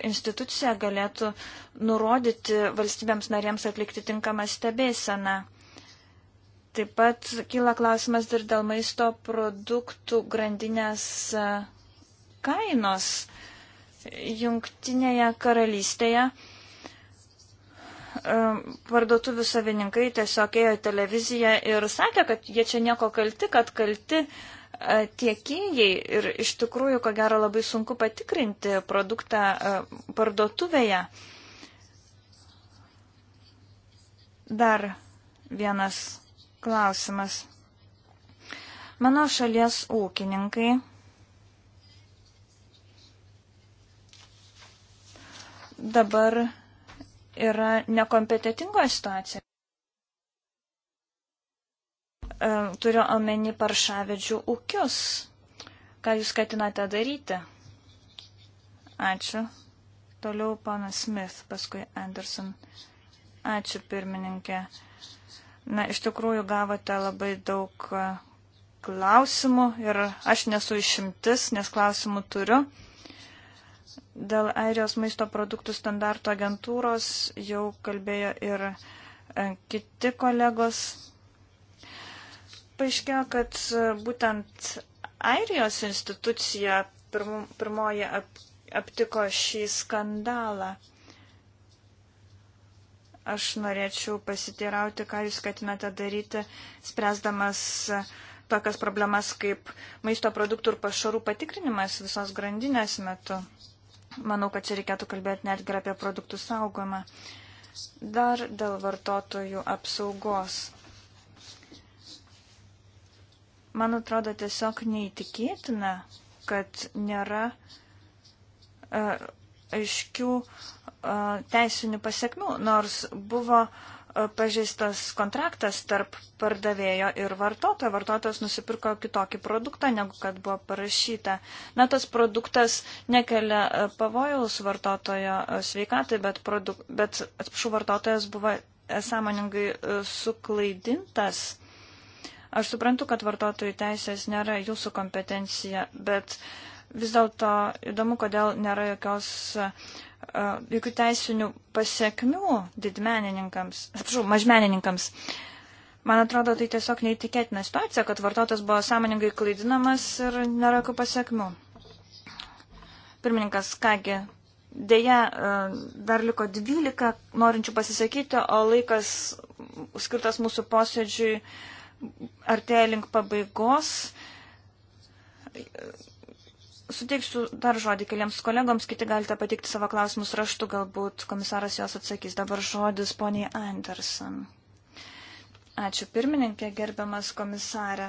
institucija galėtų nurodyti valstybėms narėms atlikti tinkamą stebėseną. Taip pat kyla klausimas ir dėl maisto produktų grandinės uh, kainos. Jungtinėje karalystėje uh, E, parduotuvių savininkai tiesiog ėjo televiziją ir sakė, kad jie čia nieko kalti, kad kalti e, tiekėjai ir iš tikrųjų, ko gero, labai sunku patikrinti produktą e, parduotuvėje. Dar vienas klausimas. Mano šalies ūkininkai dabar yra nekompetitingoje situacijoje. E, turiu omeny paršavedžių ūkius. Ką jūs ketinate daryti? Ačiū. Toliau panas Smith, paskui Anderson. Ačiū pirmininkė. Na, iš tikrųjų gavote labai daug e, klausimų ir aš nesu išimtis, nes klausimų turiu. Dėl Airijos maisto produktų standartų agentūros jau kalbėjo ir e, kiti kolegos. Paaiškėjo, kad e, būtent Airijos institucija pirmoji aptiko šį skandalą. Aš norėčiau pasiteirauti, ką jūs skatinate daryti, spręsdamas e, tokias problemas kaip maisto produktų ir pašarų patikrinimas visos grandinės metu. Manau, kad čia reikėtų kalbėti netgi apie produktų saugomą. Dar dėl vartotojų apsaugos. Man atrodo tiesiog neįtikėtina, kad nėra uh, aiškių uh, teisinių pasiekmių, nors buvo uh, pažeistas kontraktas tarp pardavėjo ir vartotojo. Vartotojas nusipirko kitokį produktą, negu kad buvo parašyta. Na, tas produktas nekelia e, pavojaus vartotojo e, sveikatai, bet, produk... bet atsiprašau, vartotojas buvo e, sąmoningai suklaidintas. Aš suprantu, kad vartotojų teisės nėra jūsų kompetencija, bet vis dėlto įdomu, kodėl nėra jokios uh, jokių teisinių pasiekmių didmenininkams, atsiprašau, mažmenininkams. Man atrodo, tai tiesiog neįtikėtina situacija, kad vartotojas buvo sąmoningai klaidinamas ir nėra jokių pasiekmių. Pirmininkas, kągi, dėja, dar liko 12 norinčių pasisakyti, o laikas skirtas mūsų posėdžiui artėja link pabaigos Suteiksiu dar žodį keliams kolegoms, kiti galite patikti savo klausimus raštu, galbūt komisaras jos atsakys. Dabar žodis poniai Anderson. Ačiū pirmininkė, gerbiamas komisarė.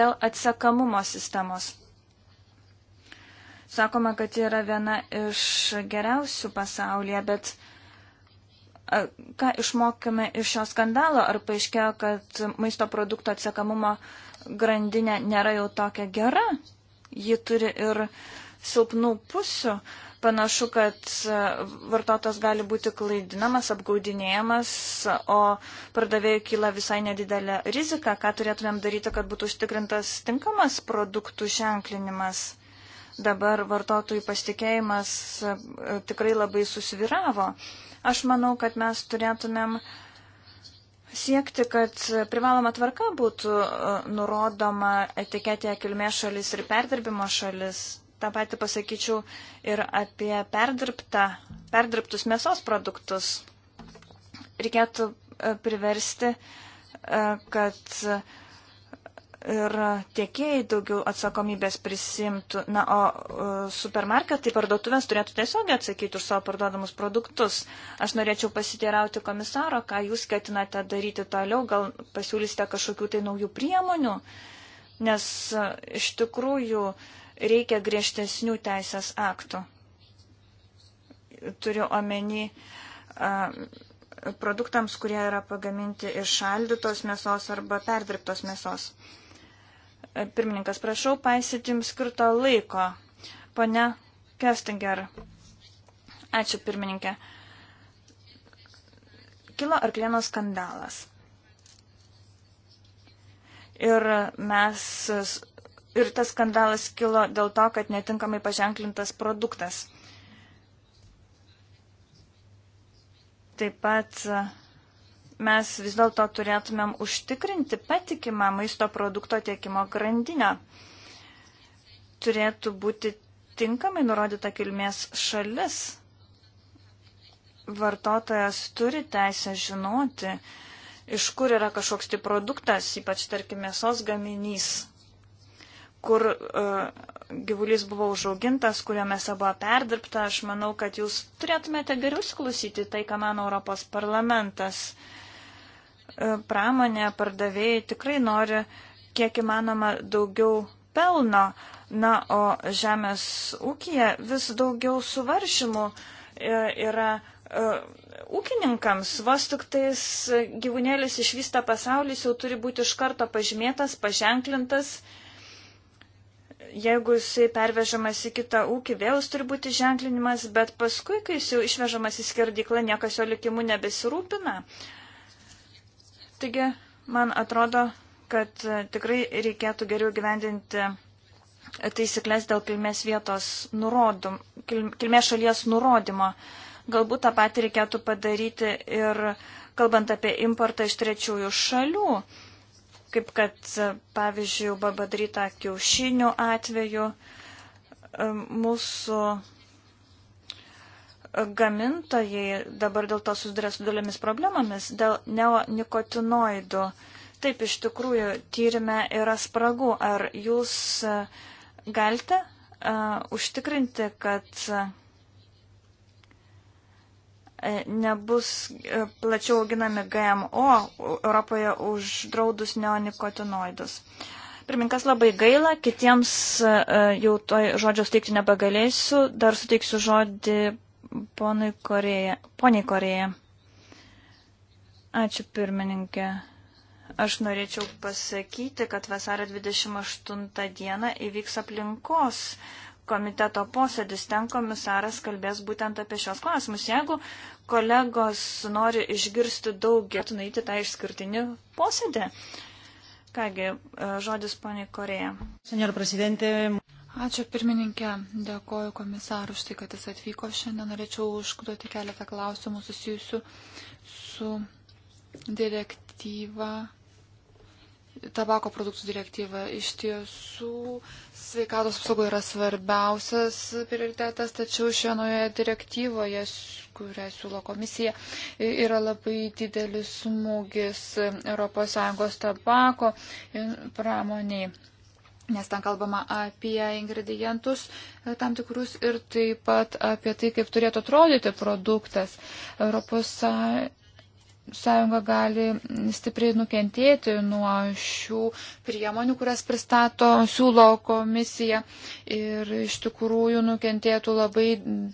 Dėl atsekamumo sistemos. Sakoma, kad yra viena iš geriausių pasaulyje, bet ką išmokėme iš šio skandalo, ar paaiškėjo, kad maisto produkto atsekamumo grandinė nėra jau tokia gera? ji turi ir silpnų pusių. Panašu, kad vartotojas gali būti klaidinamas, apgaudinėjamas, o pardavėjai kyla visai nedidelė rizika, ką turėtumėm daryti, kad būtų užtikrintas tinkamas produktų ženklinimas. Dabar vartotojų pasitikėjimas e, tikrai labai susviravo. Aš manau, kad mes turėtumėm uh, siekti, kad privaloma tvarka būtų e, nurodoma etiketėje kilmės šalis ir perdirbimo šalis. Ta pati pasakyčiau ir apie perdirbtą, perdirbtus mėsos produktus. Reikėtų e, priversti, e, kad ir tiekėjai daugiau atsakomybės prisimtų, na, o e, supermarketai parduotuvės turėtų tiesiog atsakyti už savo parduodamus produktus. Aš norėčiau pasiteirauti komisaro, ką jūs ketinate daryti toliau, gal pasiūlysite kažkokių tai naujų priemonių, nes e, iš tikrųjų reikia griežtesnių teisės aktų. Turiu omeny. A, e, produktams, kurie yra pagaminti iš šaldytos mėsos arba perdirbtos mėsos. Uh, Pirmininkas, prašau paisyti jums skirto laiko. Pone Kestinger. Ačiū, pirmininkė. Kilo arklėno skandalas. Ir mes. Ir tas skandalas kilo dėl to, kad netinkamai paženklintas produktas. Taip pat uh, mes vis dėlto turėtumėm užtikrinti patikimą maisto produkto tiekimo grandinę. Turėtų būti tinkamai nurodyta kilmės šalis. Vartotojas turi teisę žinoti, iš kur yra kažkoks tai produktas, ypač tarkim mėsos gaminys, kur uh, gyvulys buvo užaugintas, kurio mėsa buvo perdirbta. Aš manau, kad jūs turėtumėte geriau įsiklausyti tai, ką mano Europos parlamentas. Uh, E, pramonė, pardavėjai tikrai nori kiek įmanoma daugiau pelno, na, o žemės ūkija vis daugiau suvaršymų e, yra e, ūkininkams, vos tik tais gyvūnėlis išvysta pasaulis, jau turi būti iš karto pažymėtas, paženklintas. Jeigu jisai pervežamas į kitą ūkį, vėl jis turi būti ženklinimas, bet paskui, kai jis jau išvežamas į skerdyklą, niekas jo likimu nebesirūpina. Uh, Taigi, man atrodo, kad e, tikrai reikėtų geriau gyvendinti e, taisyklės dėl kilmės vietos nurodom, kilmės šalies nurodymo. Galbūt tą patį reikėtų padaryti ir kalbant apie importą iš trečiųjų šalių, kaip kad, e, pavyzdžiui, buvo padaryta kiaušinių atveju. Mūsų gamintojai dabar dėl to susiduria su dėlėmis problemomis, dėl neonikotinoidų. Taip, iš tikrųjų, tyrime yra spragų. Ar jūs e, galite uh, užtikrinti, kad uh, nebus uh, plačiau auginami GMO Europoje uždraudus neonikotinoidus? Uh, Pirminkas labai gaila, kitiems jau to žodžio suteikti nebegalėsiu, dar suteiksiu žodį ponai Korėja. Poniai Korėja. Ačiū pirmininkė. Aš norėčiau pasakyti, kad vasario 28 dieną įvyks aplinkos komiteto posėdis, ten komisaras kalbės būtent apie šios klausimus. Jeigu kolegos nori išgirsti daugiau, tu nueiti tą išskirtinį posėdį. Kągi, žodis poniai Koreja. Senor prezidentė. Ačiū pirmininkė, dėkoju komisaru už tai, kad jis atvyko šiandien. Norėčiau užduoti keletą klausimų susijusių su direktyva, tabako produktų direktyva. Iš tiesų, sveikatos apsauga yra svarbiausias prioritetas, tačiau šioje naujoje direktyvoje, kurią siūlo komisija, yra labai didelis smūgis ES tabako pramoniai nes ten kalbama apie ingredientus e, tam tikrus ir taip pat apie tai, kaip turėtų atrodyti produktas. Europos sąjunga gali stipriai nukentėti nuo šių priemonių, kurias pristato, siūlo komisija. Ir iš tikrųjų nukentėtų labai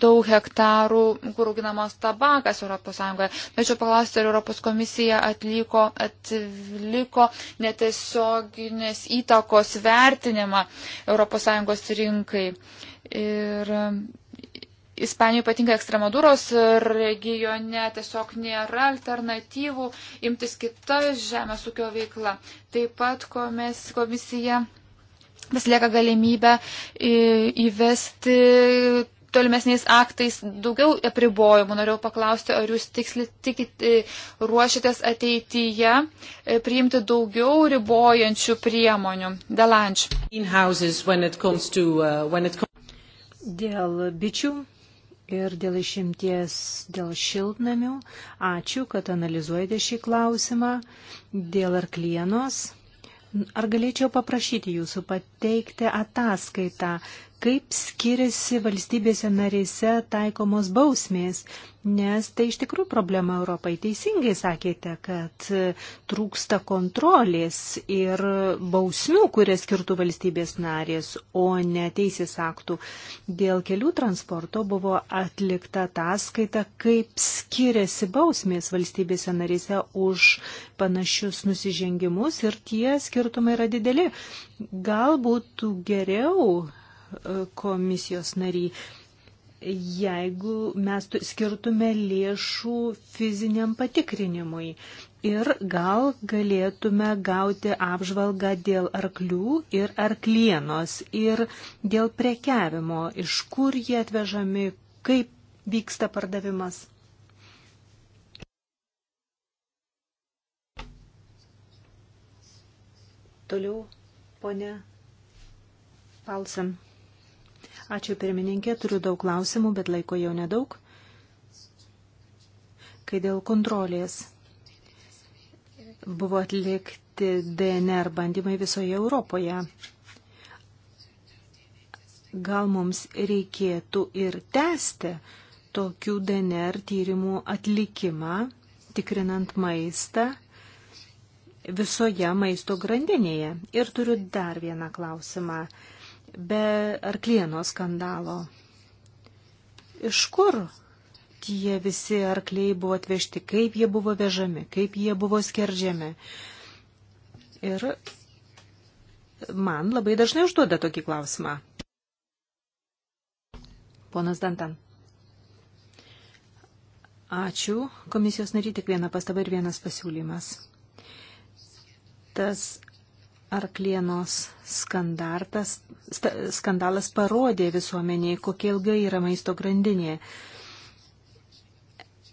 daug hektarų, kur auginamas tabakas Europos Sąjungoje. Tačiau paklausti, ar Europos komisija atliko, atliko netiesioginės įtakos vertinimą Europos Sąjungos rinkai. Ir Ispanijoje ypatingai Ekstremaduros regione tiesiog nėra alternatyvų imtis kita žemės ūkio veikla. Taip pat komisija vis lieka galimybę įvesti tolimesniais aktais daugiau apribojimų. Norėjau paklausti, ar jūs tiksli, tikit, e, ruošitės ateityje e, priimti daugiau ribojančių priemonių. Delanč. Uh, Dėl bičių ir dėl išimties dėl šiltnamių. Ačiū, kad analizuojate šį klausimą. Dėl arklienos. Ar galėčiau paprašyti jūsų pateikti ataskaitą, kaip skiriasi valstybėse narėse taikomos bausmės, nes tai iš tikrųjų problema Europai. Teisingai sakėte, kad e, trūksta kontrolės ir bausmių, kurias skirtų valstybės narės, o ne teisės aktų. Dėl kelių transporto buvo atlikta ataskaita, kaip skiriasi bausmės valstybėse narėse už panašius nusižengimus ir tie skirtumai yra dideli. Galbūt geriau E, komisijos nariai. Jeigu mes skirtume lėšų fiziniam patikrinimui ir gal galėtume gauti apžvalgą dėl arklių ir arklienos ir dėl prekiavimo, iš kur jie atvežami, kaip vyksta pardavimas. Toliau, ponė Palsen. Ačiū pirmininkė, turiu daug klausimų, bet laiko jau nedaug. Kai dėl kontrolės buvo atlikti DNR bandymai visoje Europoje, gal mums reikėtų ir tęsti tokių DNR tyrimų atlikimą, tikrinant maistą visoje maisto grandinėje. Ir turiu dar vieną klausimą be arklieno skandalo. Iš kur tie visi arkliai buvo atvežti, kaip jie buvo vežami, kaip jie buvo skerdžiami. Ir man labai dažnai užduoda tokį klausimą. Ponas Dantan. Ačiū. Komisijos nariai tik viena pastaba ir vienas pasiūlymas. Tas Arklienos skandalas parodė visuomeniai, kokie ilgai yra maisto grandinė.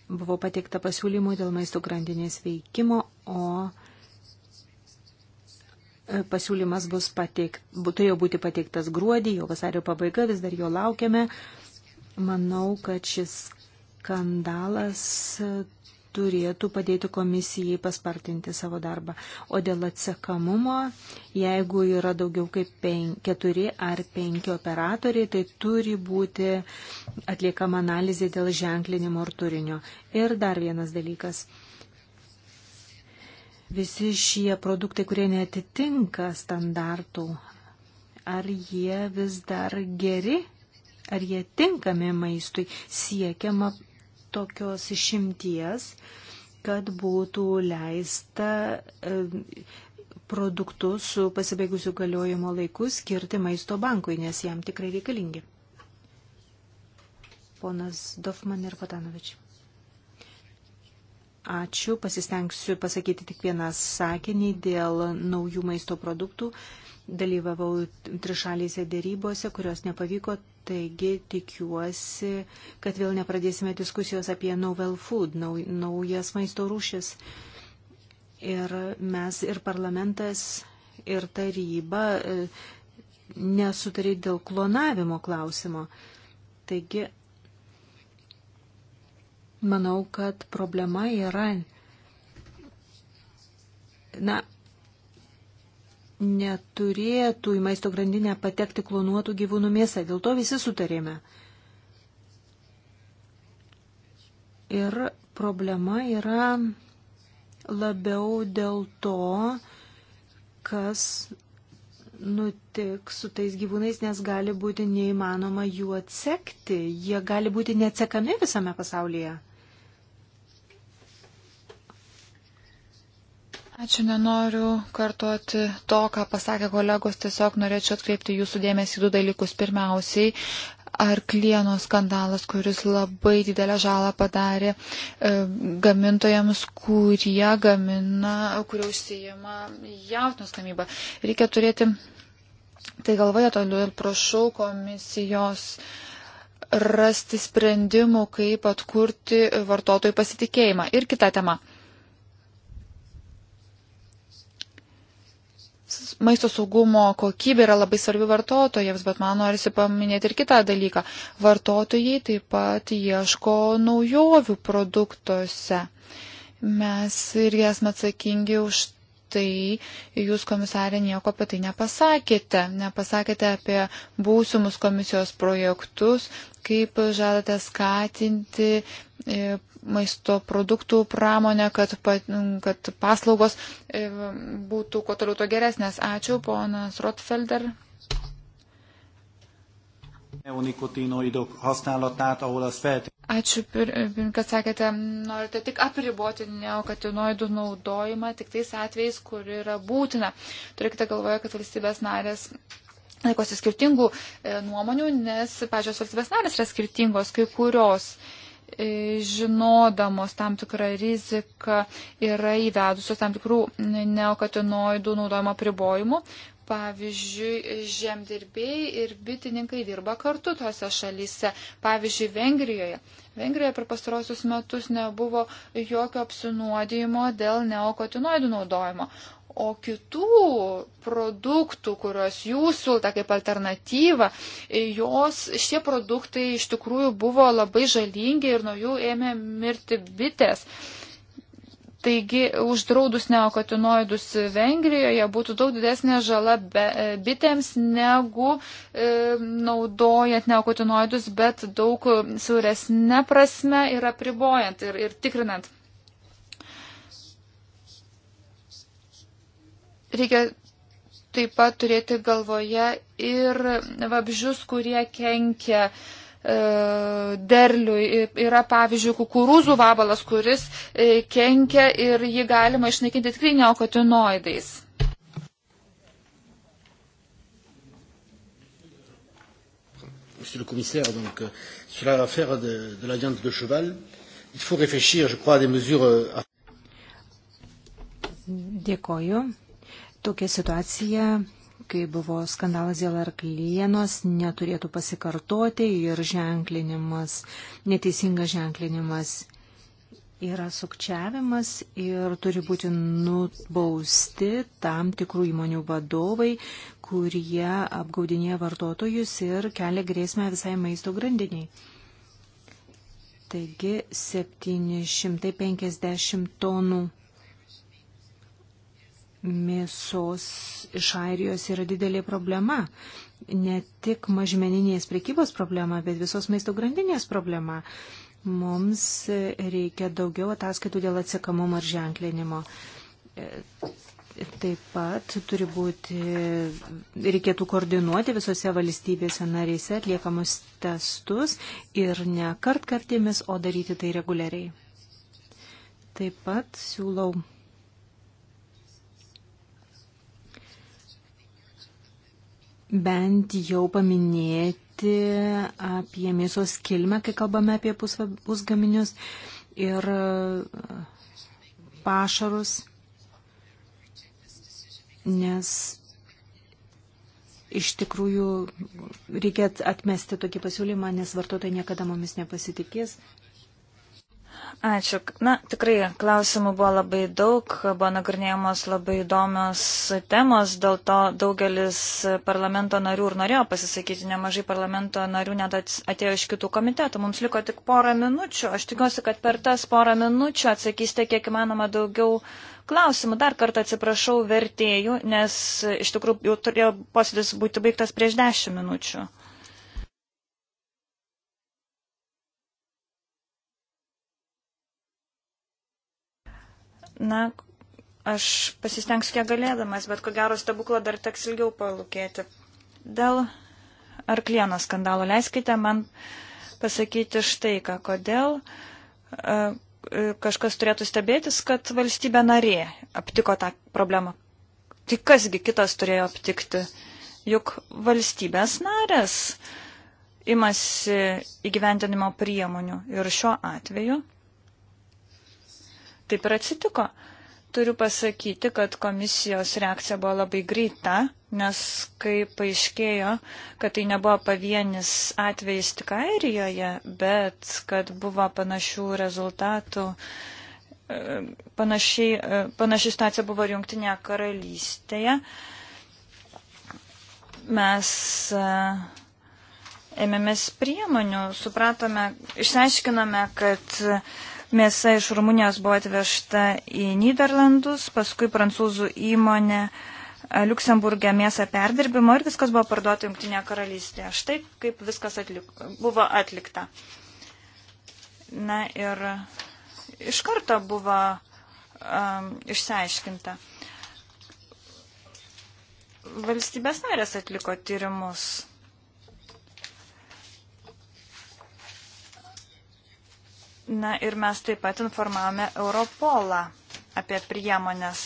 Buvo pateikta pasiūlymų dėl maisto grandinės veikimo, o e, pasiūlymas bus pateik, turėjo būti pateiktas gruodį, jo vasario pabaiga, vis dar jo laukiame. Manau, kad šis skandalas turėtų padėti komisijai paspartinti savo darbą. O dėl atsekamumo, jeigu yra daugiau kaip pen, keturi ar penki operatoriai, tai turi būti atliekama analizė dėl ženklinimo ir turinio. Ir dar vienas dalykas visi šie produktai, kurie netitinka standartų, ar jie vis dar geri, ar jie tinkami maistui, siekiama tokios išimties, kad būtų leista e, produktus su pasibaigusiu galiojimo laiku skirti maisto bankui, nes jam tikrai reikalingi. Ponas Dofman ir Patanovič. Ačiū, pasistengsiu pasakyti tik vieną sakinį dėl naujų maisto produktų. Uh, dalyvavau trišalėse dėrybose, kurios nepavyko, taigi tikiuosi, kad vėl nepradėsime diskusijos apie novel food, nau, naujas maisto rūšis. Ir mes ir parlamentas, ir taryba e, nesutarė dėl klonavimo klausimo. Taigi, manau, kad problema yra neturėtų į maisto grandinę patekti klonuotų gyvūnų mėsą. Dėl to visi sutarėme. Ir problema yra labiau dėl to, kas nutiks su tais gyvūnais, nes gali būti neįmanoma jų atsekti. Jie gali būti neatsekami visame pasaulyje. Ačiū, nenoriu kartuoti to, ką pasakė kolegos, tiesiog norėčiau atkreipti jūsų dėmesį į du dalykus. Pirmiausiai, arklieno skandalas, kuris labai didelę žalą padarė e, gamintojams, kurie gamina, kurie užsijama jautinos gamybą. Reikia turėti tai galvoje toliau ir prašau komisijos rasti sprendimų, kaip atkurti vartotojų pasitikėjimą. Ir kita tema. maisto saugumo kokybė yra labai svarbi vartotojams, bet man norisi paminėti ir kitą dalyką. Vartotojai taip pat ieško naujovių produktuose. Mes irgi esame atsakingi už tai jūs, komisarė, nieko apie tai nepasakėte. Nepasakėte apie būsimus komisijos projektus, kaip žadate skatinti e, maisto produktų pramonę, kad, kad paslaugos e, būtų kuo toliau to geresnės. Ačiū, ponas Rotfelder neonikotinoidok használatát, ahol az feltétlenül. Ačiū, pir, kad sakėte, norite tik apriboti neokatinoidų naudojimą tik tais atvejais, kur yra būtina. Turėkite galvoje, kad valstybės narės laikosi skirtingų e, nuomonių, nes pačios valstybės narės yra skirtingos, kai kurios e, žinodamos tam tikrą riziką yra įvedusios tam tikrų neokatinoidų naudojimo pribojimų, Pavyzdžiui, žemdirbiai ir bitininkai dirba kartu tose šalyse. Pavyzdžiui, Vengrijoje. Vengrijoje per pastarosius metus nebuvo jokio apsinuodėjimo dėl neokotinoidų naudojimo. O kitų produktų, kuriuos jūs siūlta kaip alternatyva, jos, šie produktai iš tikrųjų buvo labai žalingi ir nuo jų ėmė mirti bitės. Uh, Taigi, uždraudus neokotinoidus Vengrijoje būtų daug didesnė žala be, e, bitėms negu e, naudojant neokotinoidus, bet daug siauresnė prasme ir apribojant ir, ir tikrinant. Reikia taip pat turėti galvoje ir vabžius, kurie kenkia e, E, derliui. Yra, pavyzdžiui, kukurūzų vabalas, kuris e, kenkia ir jį galima išnaikinti tikrai neokotinoidais. Monsieur le commissaire, donc, sur euh, l'affaire de, de la viande de cheval, il faut réfléchir, je crois, à des mesures. Euh, Dėkoju. Tokia situacija kai buvo skandalas dėl arklienos, neturėtų pasikartoti ir ženklinimas, neteisingas ženklinimas yra sukčiavimas ir turi būti nubausti tam tikrų įmonių vadovai, kurie apgaudinėja vartotojus ir kelia grėsmę visai maisto grandiniai. Taigi 750 tonų mėsos iš Airijos yra didelė problema. Ne tik mažmeninės prekybos problema, bet visos maisto grandinės problema. Mums reikia daugiau ataskaitų dėl atsiekamumo ir ženklinimo. E, taip pat turi būti, reikėtų koordinuoti visose valstybėse narėse atliekamus testus ir ne kartkartėmis, o daryti tai reguliariai. Taip pat siūlau bent jau paminėti apie mėsos kilmę, kai kalbame apie pusgaminius ir e, pašarus, nes iš tikrųjų reikia atmesti tokį pasiūlymą, nes vartotojai niekada mumis nepasitikės, Ačiū. Na, tikrai klausimų buvo labai daug, buvo nagrinėjamos labai įdomios temos, dėl to daugelis parlamento narių ir norėjo pasisakyti, nemažai parlamento narių net atėjo iš kitų komitetų. Mums liko tik porą minučių. Aš tikiuosi, kad per tas porą minučių atsakysite kiek įmanoma daugiau klausimų. Dar kartą atsiprašau vertėjų, nes iš tikrųjų jau turėjo posėdis būti baigtas prieš dešimt minučių. Na, aš pasistengsiu kiek galėdamas, bet ko gero stebuklo dar teks ilgiau palūkėti. Dėl arklieno skandalo leiskite man pasakyti štai ką, kodėl e, e, kažkas turėtų stebėtis, kad valstybė narė aptiko tą problemą. Tai kasgi kitas turėjo aptikti? Juk valstybės narės imasi įgyventinimo priemonių ir šiuo atveju taip ir atsitiko. Turiu pasakyti, kad komisijos reakcija buvo labai greita, nes kai paaiškėjo, kad tai nebuvo pavienis atvejis tik Airijoje, bet kad buvo panašių rezultatų, e, panašiai, e, panaši situacija buvo ir Junktinėje karalystėje, mes e, ėmėmės priemonių, supratome, išsiaiškinome, kad Mėsa iš Rumunijos buvo atvežta į Niderlandus, paskui prancūzų įmonė e, Luksemburgė mėsą perdirbimo ir viskas buvo parduota Junktinėje karalystėje. Štai kaip viskas atlik, buvo atlikta. Na ir iš karto buvo um, išsiaiškinta. Valstybės narės atliko tyrimus Na ir mes taip pat informavome Europolą apie priemonės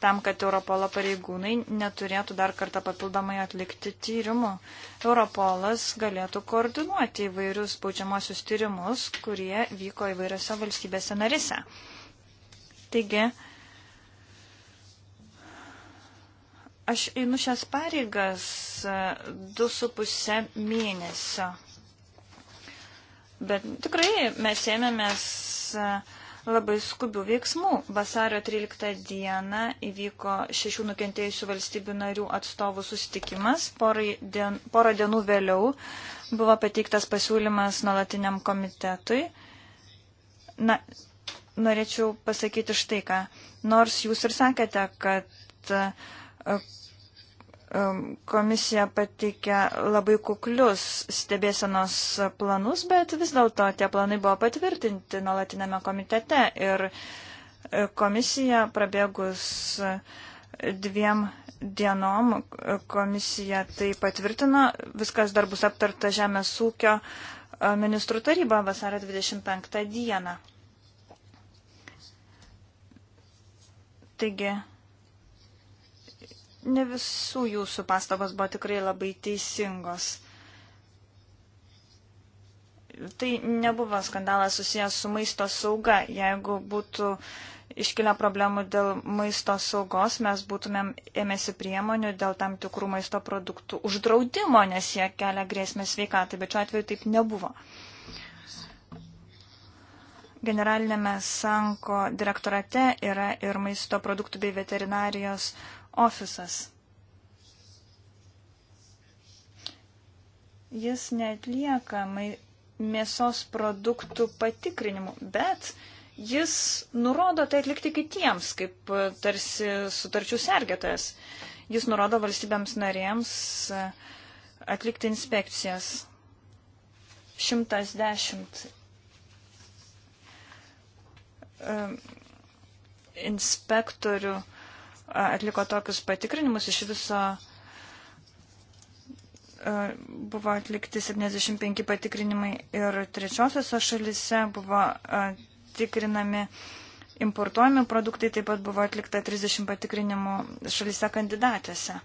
tam, kad Europolo pareigūnai neturėtų dar kartą papildomai atlikti tyrimų. Europolas galėtų koordinuoti įvairius baudžiamosius tyrimus, kurie vyko įvairiose valstybėse narise. Taigi, aš einu šias pareigas du su pusę mėnesio. Bet tikrai mes ėmėmės e, labai skubių veiksmų. Vasario 13 dieną įvyko šešių nukentėjusių valstybių narių atstovų susitikimas. Dien, porą dienų vėliau buvo pateiktas pasiūlymas nuolatiniam komitetui. Na, norėčiau pasakyti štai ką. Nors jūs ir sakėte, kad e, Komisija patikė labai kuklius stebėsenos planus, bet vis dėlto tie planai buvo patvirtinti nuolatinėme komitete ir e, komisija prabėgus dviem dienom e, komisija tai patvirtino, viskas dar bus aptarta Žemės ūkio e, ministrų taryba vasario 25 dieną. Taigi, Ne visų jūsų pastabos buvo tikrai labai teisingos. Tai nebuvo skandalas susijęs su maisto sauga. Jeigu būtų iškilę problemų dėl maisto saugos, mes būtumėm ėmėsi priemonių dėl tam tikrų maisto produktų uždraudimo, nes jie kelia grėsmę sveikatai, bet šiuo atveju taip nebuvo. Generalinėme Sanko direktorate yra ir maisto produktų bei veterinarijos ofisas. Jis netlieka mėsos produktų patikrinimų, bet jis nurodo tai atlikti kitiems, kaip e, tarsi sutarčių sergėtojas. Jis nurodo valstybėms narėms e, atlikti inspekcijas. 110 e, inspektorių atliko tokius patikrinimus. Iš viso buvo atlikti 75 patikrinimai ir trečiosiose šalise buvo tikrinami importuojami produktai, taip pat buvo atlikta 30 patikrinimų šalise kandidatėse.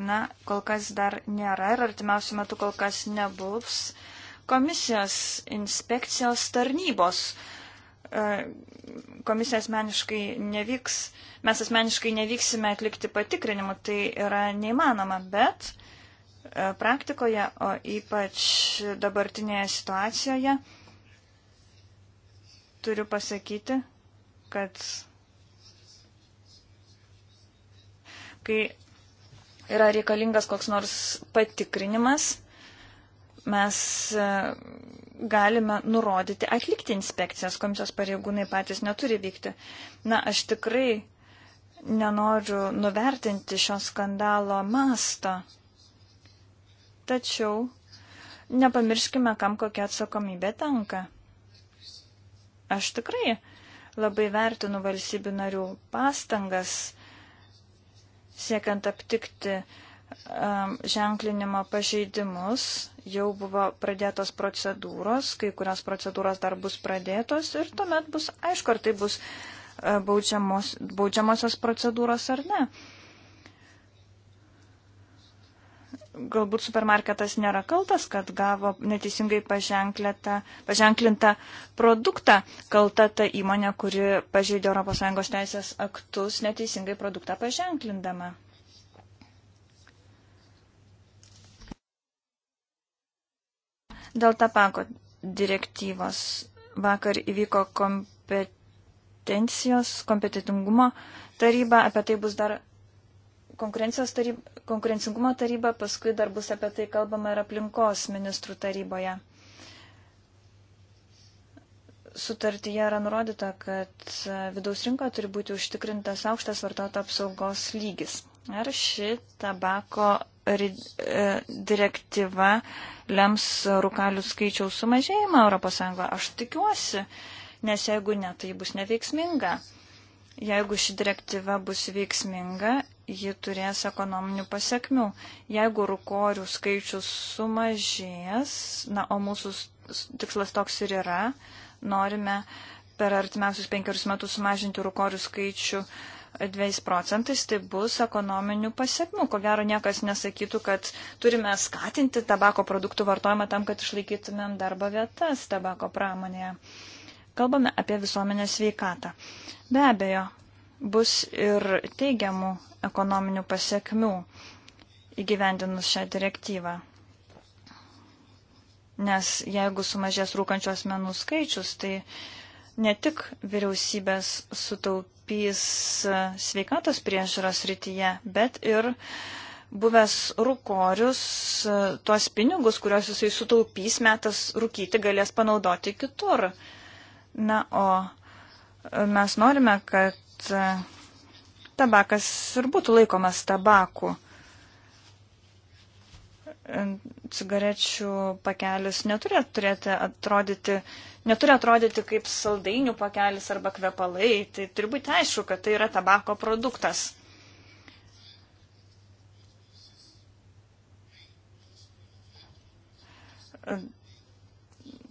Na, kol kas dar nėra ir artimiausių metų kol kas nebus komisijos inspekcijos tarnybos, E, komisija asmeniškai nevyks, mes asmeniškai nevyksime atlikti patikrinimų, tai yra neįmanoma, bet e, praktikoje, o ypač dabartinėje situacijoje, turiu pasakyti, kad kai yra reikalingas koks nors patikrinimas, mes e, galime nurodyti atlikti inspekcijas, komisijos pareigūnai patys neturi vykti. Na, aš tikrai nenoriu nuvertinti šio skandalo masto, tačiau nepamirškime, kam kokia atsakomybė tenka. Aš tikrai labai vertinu valstybių narių pastangas siekiant aptikti uh, Um, ženklinimo pažeidimus jau buvo pradėtos procedūros, kai kurios procedūros dar bus pradėtos ir tuomet bus aišku, ar tai bus uh, baudžiamos, baudžiamosios procedūros ar ne. Galbūt supermarketas nėra kaltas, kad gavo neteisingai paženklintą produktą, kalta ta įmonė, kuri pažeidė ES teisės aktus neteisingai produktą paženklindama. Dėl tabako direktyvos vakar įvyko kompetencijos, kompetitingumo taryba, apie tai bus dar konkurencijos taryba, konkurencingumo taryba, paskui dar bus apie tai kalbama ir aplinkos ministrų taryboje. Sutartyje yra nurodyta, kad e, vidaus rinkoje turi būti užtikrintas aukštas vartoto apsaugos lygis. Ar ši tabako E, direktyva lems rūkalių skaičiaus sumažėjimą ES. Aš tikiuosi, nes jeigu ne, tai bus neveiksminga. Jeigu ši direktyva bus veiksminga, ji turės ekonominių pasiekmių. Jeigu rūkorių skaičius sumažės, na, o mūsų tikslas toks ir yra, norime per artimiausius penkerius metus sumažinti rūkorių skaičių uh, 2 procentais, tai bus ekonominių pasiekmių. Ko gero niekas nesakytų, kad turime skatinti tabako produktų vartojimą tam, kad išlaikytumėm darbo vietas tabako pramonėje. Kalbame apie visuomenės veikatą. Be abejo, bus ir teigiamų ekonominių pasiekmių įgyvendinus šią direktyvą. Nes jeigu sumažės rūkančios menų skaičius, tai uh, Ne tik vyriausybės sutaupys sveikatos priežiūros rytyje, bet ir buvęs rūkorius tuos pinigus, kuriuos jisai sutaupys metas rūkyti, galės panaudoti kitur. Na, o mes norime, kad tabakas ir būtų laikomas tabaku. Cigarečių pakelis neturėtų turėti atrodyti uh, neturi atrodyti kaip saldainių pakelis arba kvepalai. Tai turi būti aišku, kad tai yra tabako produktas.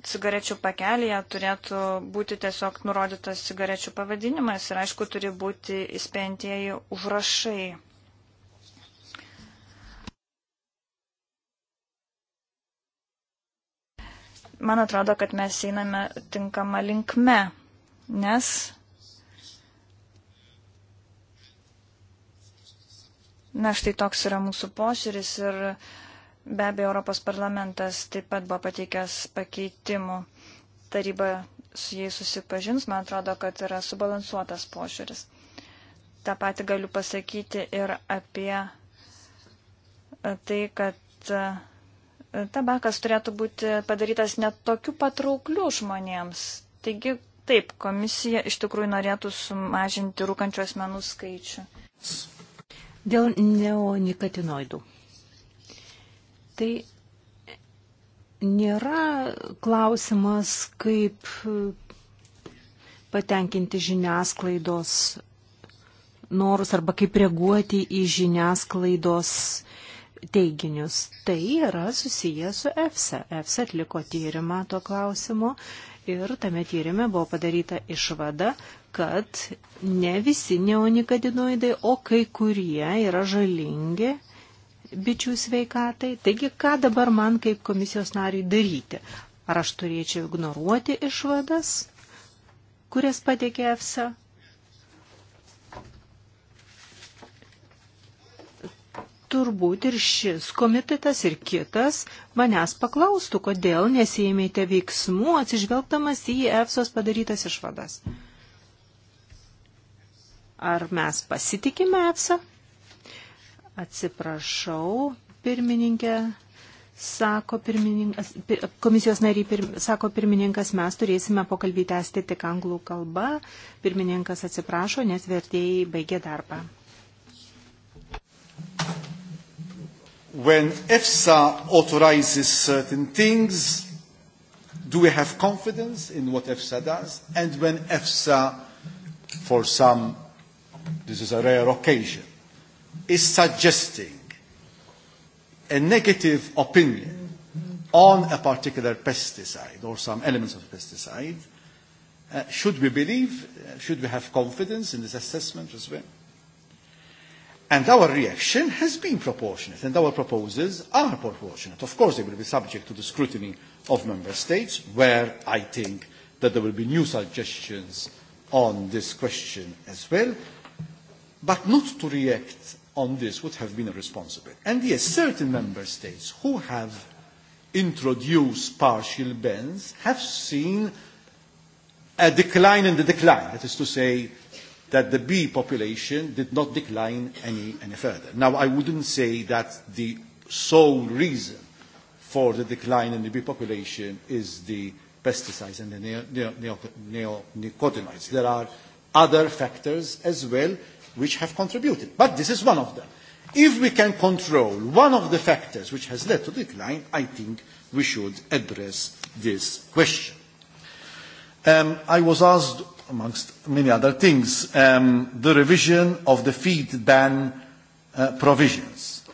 cigarečių pakelėje turėtų būti tiesiog nurodytas cigarečių pavadinimas ir aišku turi būti įspėjantieji užrašai. Man atrodo, kad mes einame tinkamą linkme, nes Na štai toks yra mūsų požiūris ir be abejo Europos parlamentas taip pat buvo pateikęs pakeitimų. Taryba su jais susipažins, man atrodo, kad yra subalansuotas požiūris. Ta pati galiu pasakyti ir apie tai, kad tabakas turėtų būti padarytas net tokiu patraukliu žmonėms. Taigi, taip, komisija iš tikrųjų norėtų sumažinti rūkančių asmenų skaičių. Dėl neonikotinoidų. Tai nėra klausimas, kaip patenkinti žiniasklaidos norus arba kaip reaguoti į žiniasklaidos uh, teiginius. Tai yra susiję su EFSA. EFSA atliko tyrimą tuo klausimu ir tame tyrime buvo padaryta išvada, kad ne visi neonikadinoidai, o kai kurie yra žalingi bičių sveikatai. Taigi, ką dabar man kaip komisijos nariui daryti? Ar aš turėčiau ignoruoti išvadas, kurias pateikė EFSA, turbūt ir šis komitetas ir kitas manęs paklaustų, kodėl nesijėmėte veiksmų atsižvelgdamas į EFSOS padarytas išvadas. Ar mes pasitikime EFSA? Atsiprašau, pirmininkė, sako pirmininkas, komisijos nariai, pir, sako pirmininkas, mes turėsime pokalbį tęsti tik anglų kalbą. Pirmininkas atsiprašo, nes vertėjai baigė darbą. Thank you when EFSA authorizes certain things, do we have confidence in what EFSA does? And when EFSA, for some, this is a rare occasion, is suggesting a negative opinion on a particular pesticide or some elements of pesticide, uh, should we believe, uh, should we have confidence in this assessment as well? And our reaction has been proportionate, and our proposals are proportionate. Of course, they will be subject to the scrutiny of member states, where I think that there will be new suggestions on this question as well. But not to react on this would have been irresponsible. And yes, certain member states who have introduced partial bans have seen a decline in the decline, that is to say, that the bee population did not decline any, any further. Now, I wouldn't say that the sole reason for the decline in the bee population is the pesticides and the neonicotinoids. There are other factors as well which have contributed, but this is one of them. If we can control one of the factors which has led to decline, I think we should address this question. Um, I was asked amongst many other things, um, the revision of the feed ban uh, provisions.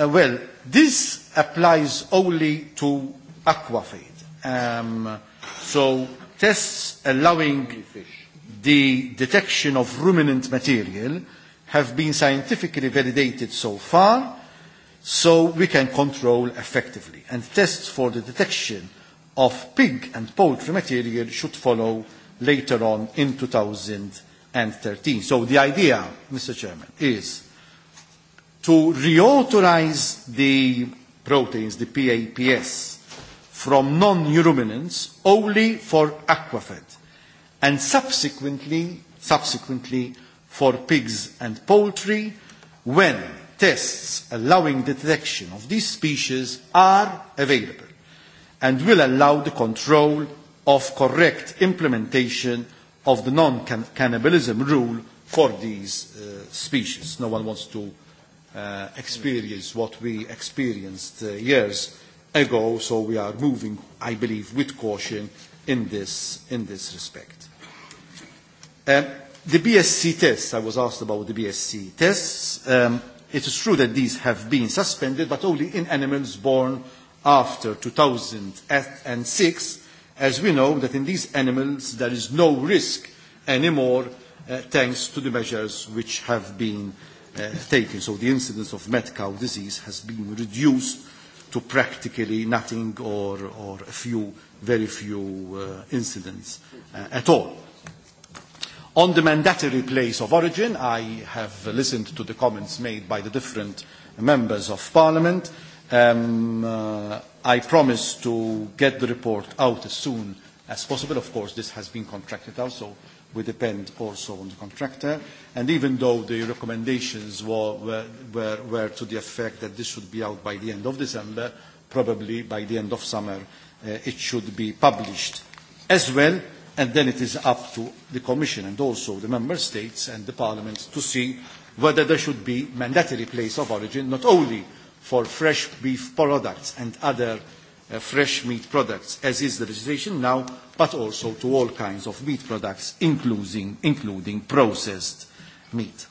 Uh, well, this applies only to aquafeed. Um, so tests allowing the detection of ruminant material have been scientifically validated so far, so we can control effectively. And tests for the detection of pig and poultry material should follow later on in 2013. So the idea, Mr. Chairman, is to reauthorize the proteins, the PAPS, from non-ruminants only for aquafed and subsequently, subsequently for pigs and poultry when tests allowing detection of these species are available and will allow the control of correct implementation of the non-cannibalism rule for these uh, species. No one wants to uh, experience what we experienced uh, years ago, so we are moving, I believe, with caution in this, in this respect. Um, the BSC tests, I was asked about the BSC tests. Um, it is true that these have been suspended, but only in animals born after 2006 as we know that in these animals there is no risk anymore uh, thanks to the measures which have been uh, taken. So the incidence of mad cow disease has been reduced to practically nothing or, or a few, very few uh, incidents uh, at all. On the mandatory place of origin, I have listened to the comments made by the different members of parliament. Um, uh, I promise to get the report out as soon as possible. Of course, this has been contracted out, so we depend also on the contractor. And even though the recommendations were, were, were, were to the effect that this should be out by the end of December, probably by the end of summer, uh, it should be published as well. And then it is up to the Commission and also the Member States and the Parliament to see whether there should be mandatory place of origin, not only for fresh beef products and other uh, fresh meat products, as is the legislation now, but also to all kinds of meat products, including, including processed meat.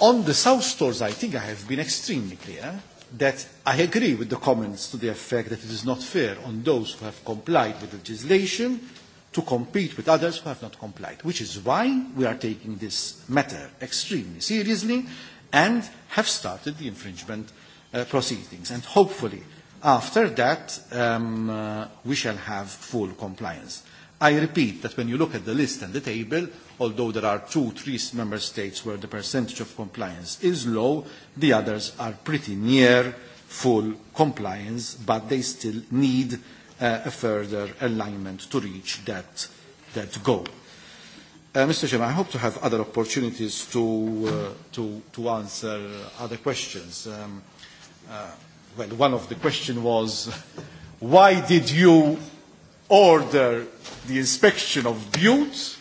On the South stores, I think I have been extremely clear that I agree with the comments to the effect that it is not fair on those who have complied with legislation to compete with others who have not complied, which is why we are taking this matter extremely seriously and have started the infringement uh, proceedings. And hopefully, after that, um, uh, we shall have full compliance. I repeat that when you look at the list and the table, although there are two, three member states where the percentage of compliance is low, the others are pretty near full compliance, but they still need uh, a further alignment to reach that, that goal. Uh, Mr. Chairman, I hope to have other opportunities to, uh, to, to answer other questions. Um, uh, well, one of the questions was, why did you order the inspection of Butte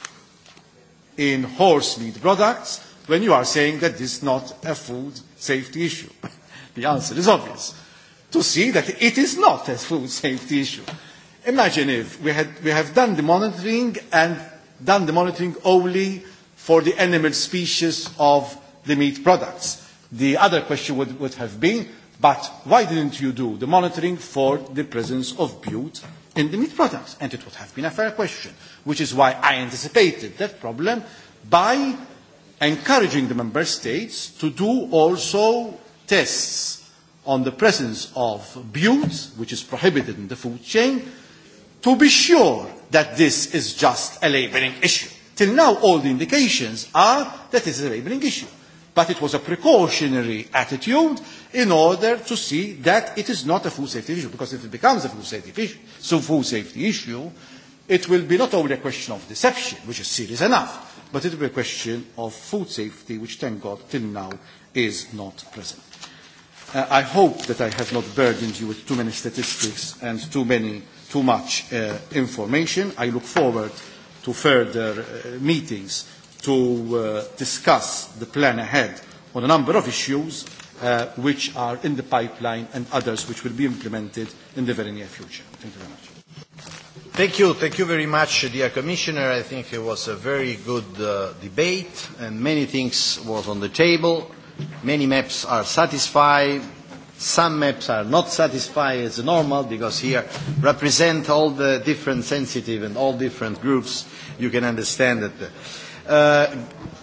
in horse meat products when you are saying that this is not a food safety issue? the answer is obvious. To see that it is not a food safety issue. Imagine if we, had, we have done the monitoring and done the monitoring only for the animal species of the meat products. The other question would, would have been, but why didn't you do the monitoring for the presence of bute in the meat products? And it would have been a fair question, which is why I anticipated that problem by encouraging the member states to do also tests on the presence of bute, which is prohibited in the food chain, to be sure that this is just a labelling issue. Till now, all the indications are that it's a labelling issue. But it was a precautionary attitude in order to see that it is not a food safety issue, because if it becomes a food safety issue, so food safety issue, it will be not only a question of deception, which is serious enough, but it will be a question of food safety, which, thank God, till now is not present. Uh, I hope that I have not burdened you with too many statistics and too many too much uh, information. I look forward to further uh, meetings to uh, discuss the plan ahead on a number of issues uh, which are in the pipeline and others which will be implemented in the very near future. Thank you very much. Thank you. Thank you very much, dear Commissioner. I think it was a very good uh, debate and many things was on the table. Many maps are satisfied Some maps are not satisfied as normal because here represent all the different sensitive and all different groups. You can understand it. Uh,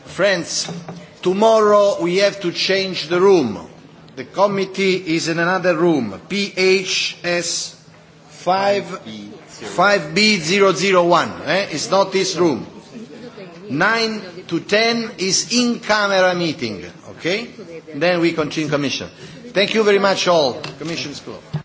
friends, tomorrow we have to change the room. The committee is in another room, PHS 5B001. 5B eh? It's not this room. 9 to 10 is in-camera meeting, okay? Then we continue commission. Thank you very much all. Commission's closed.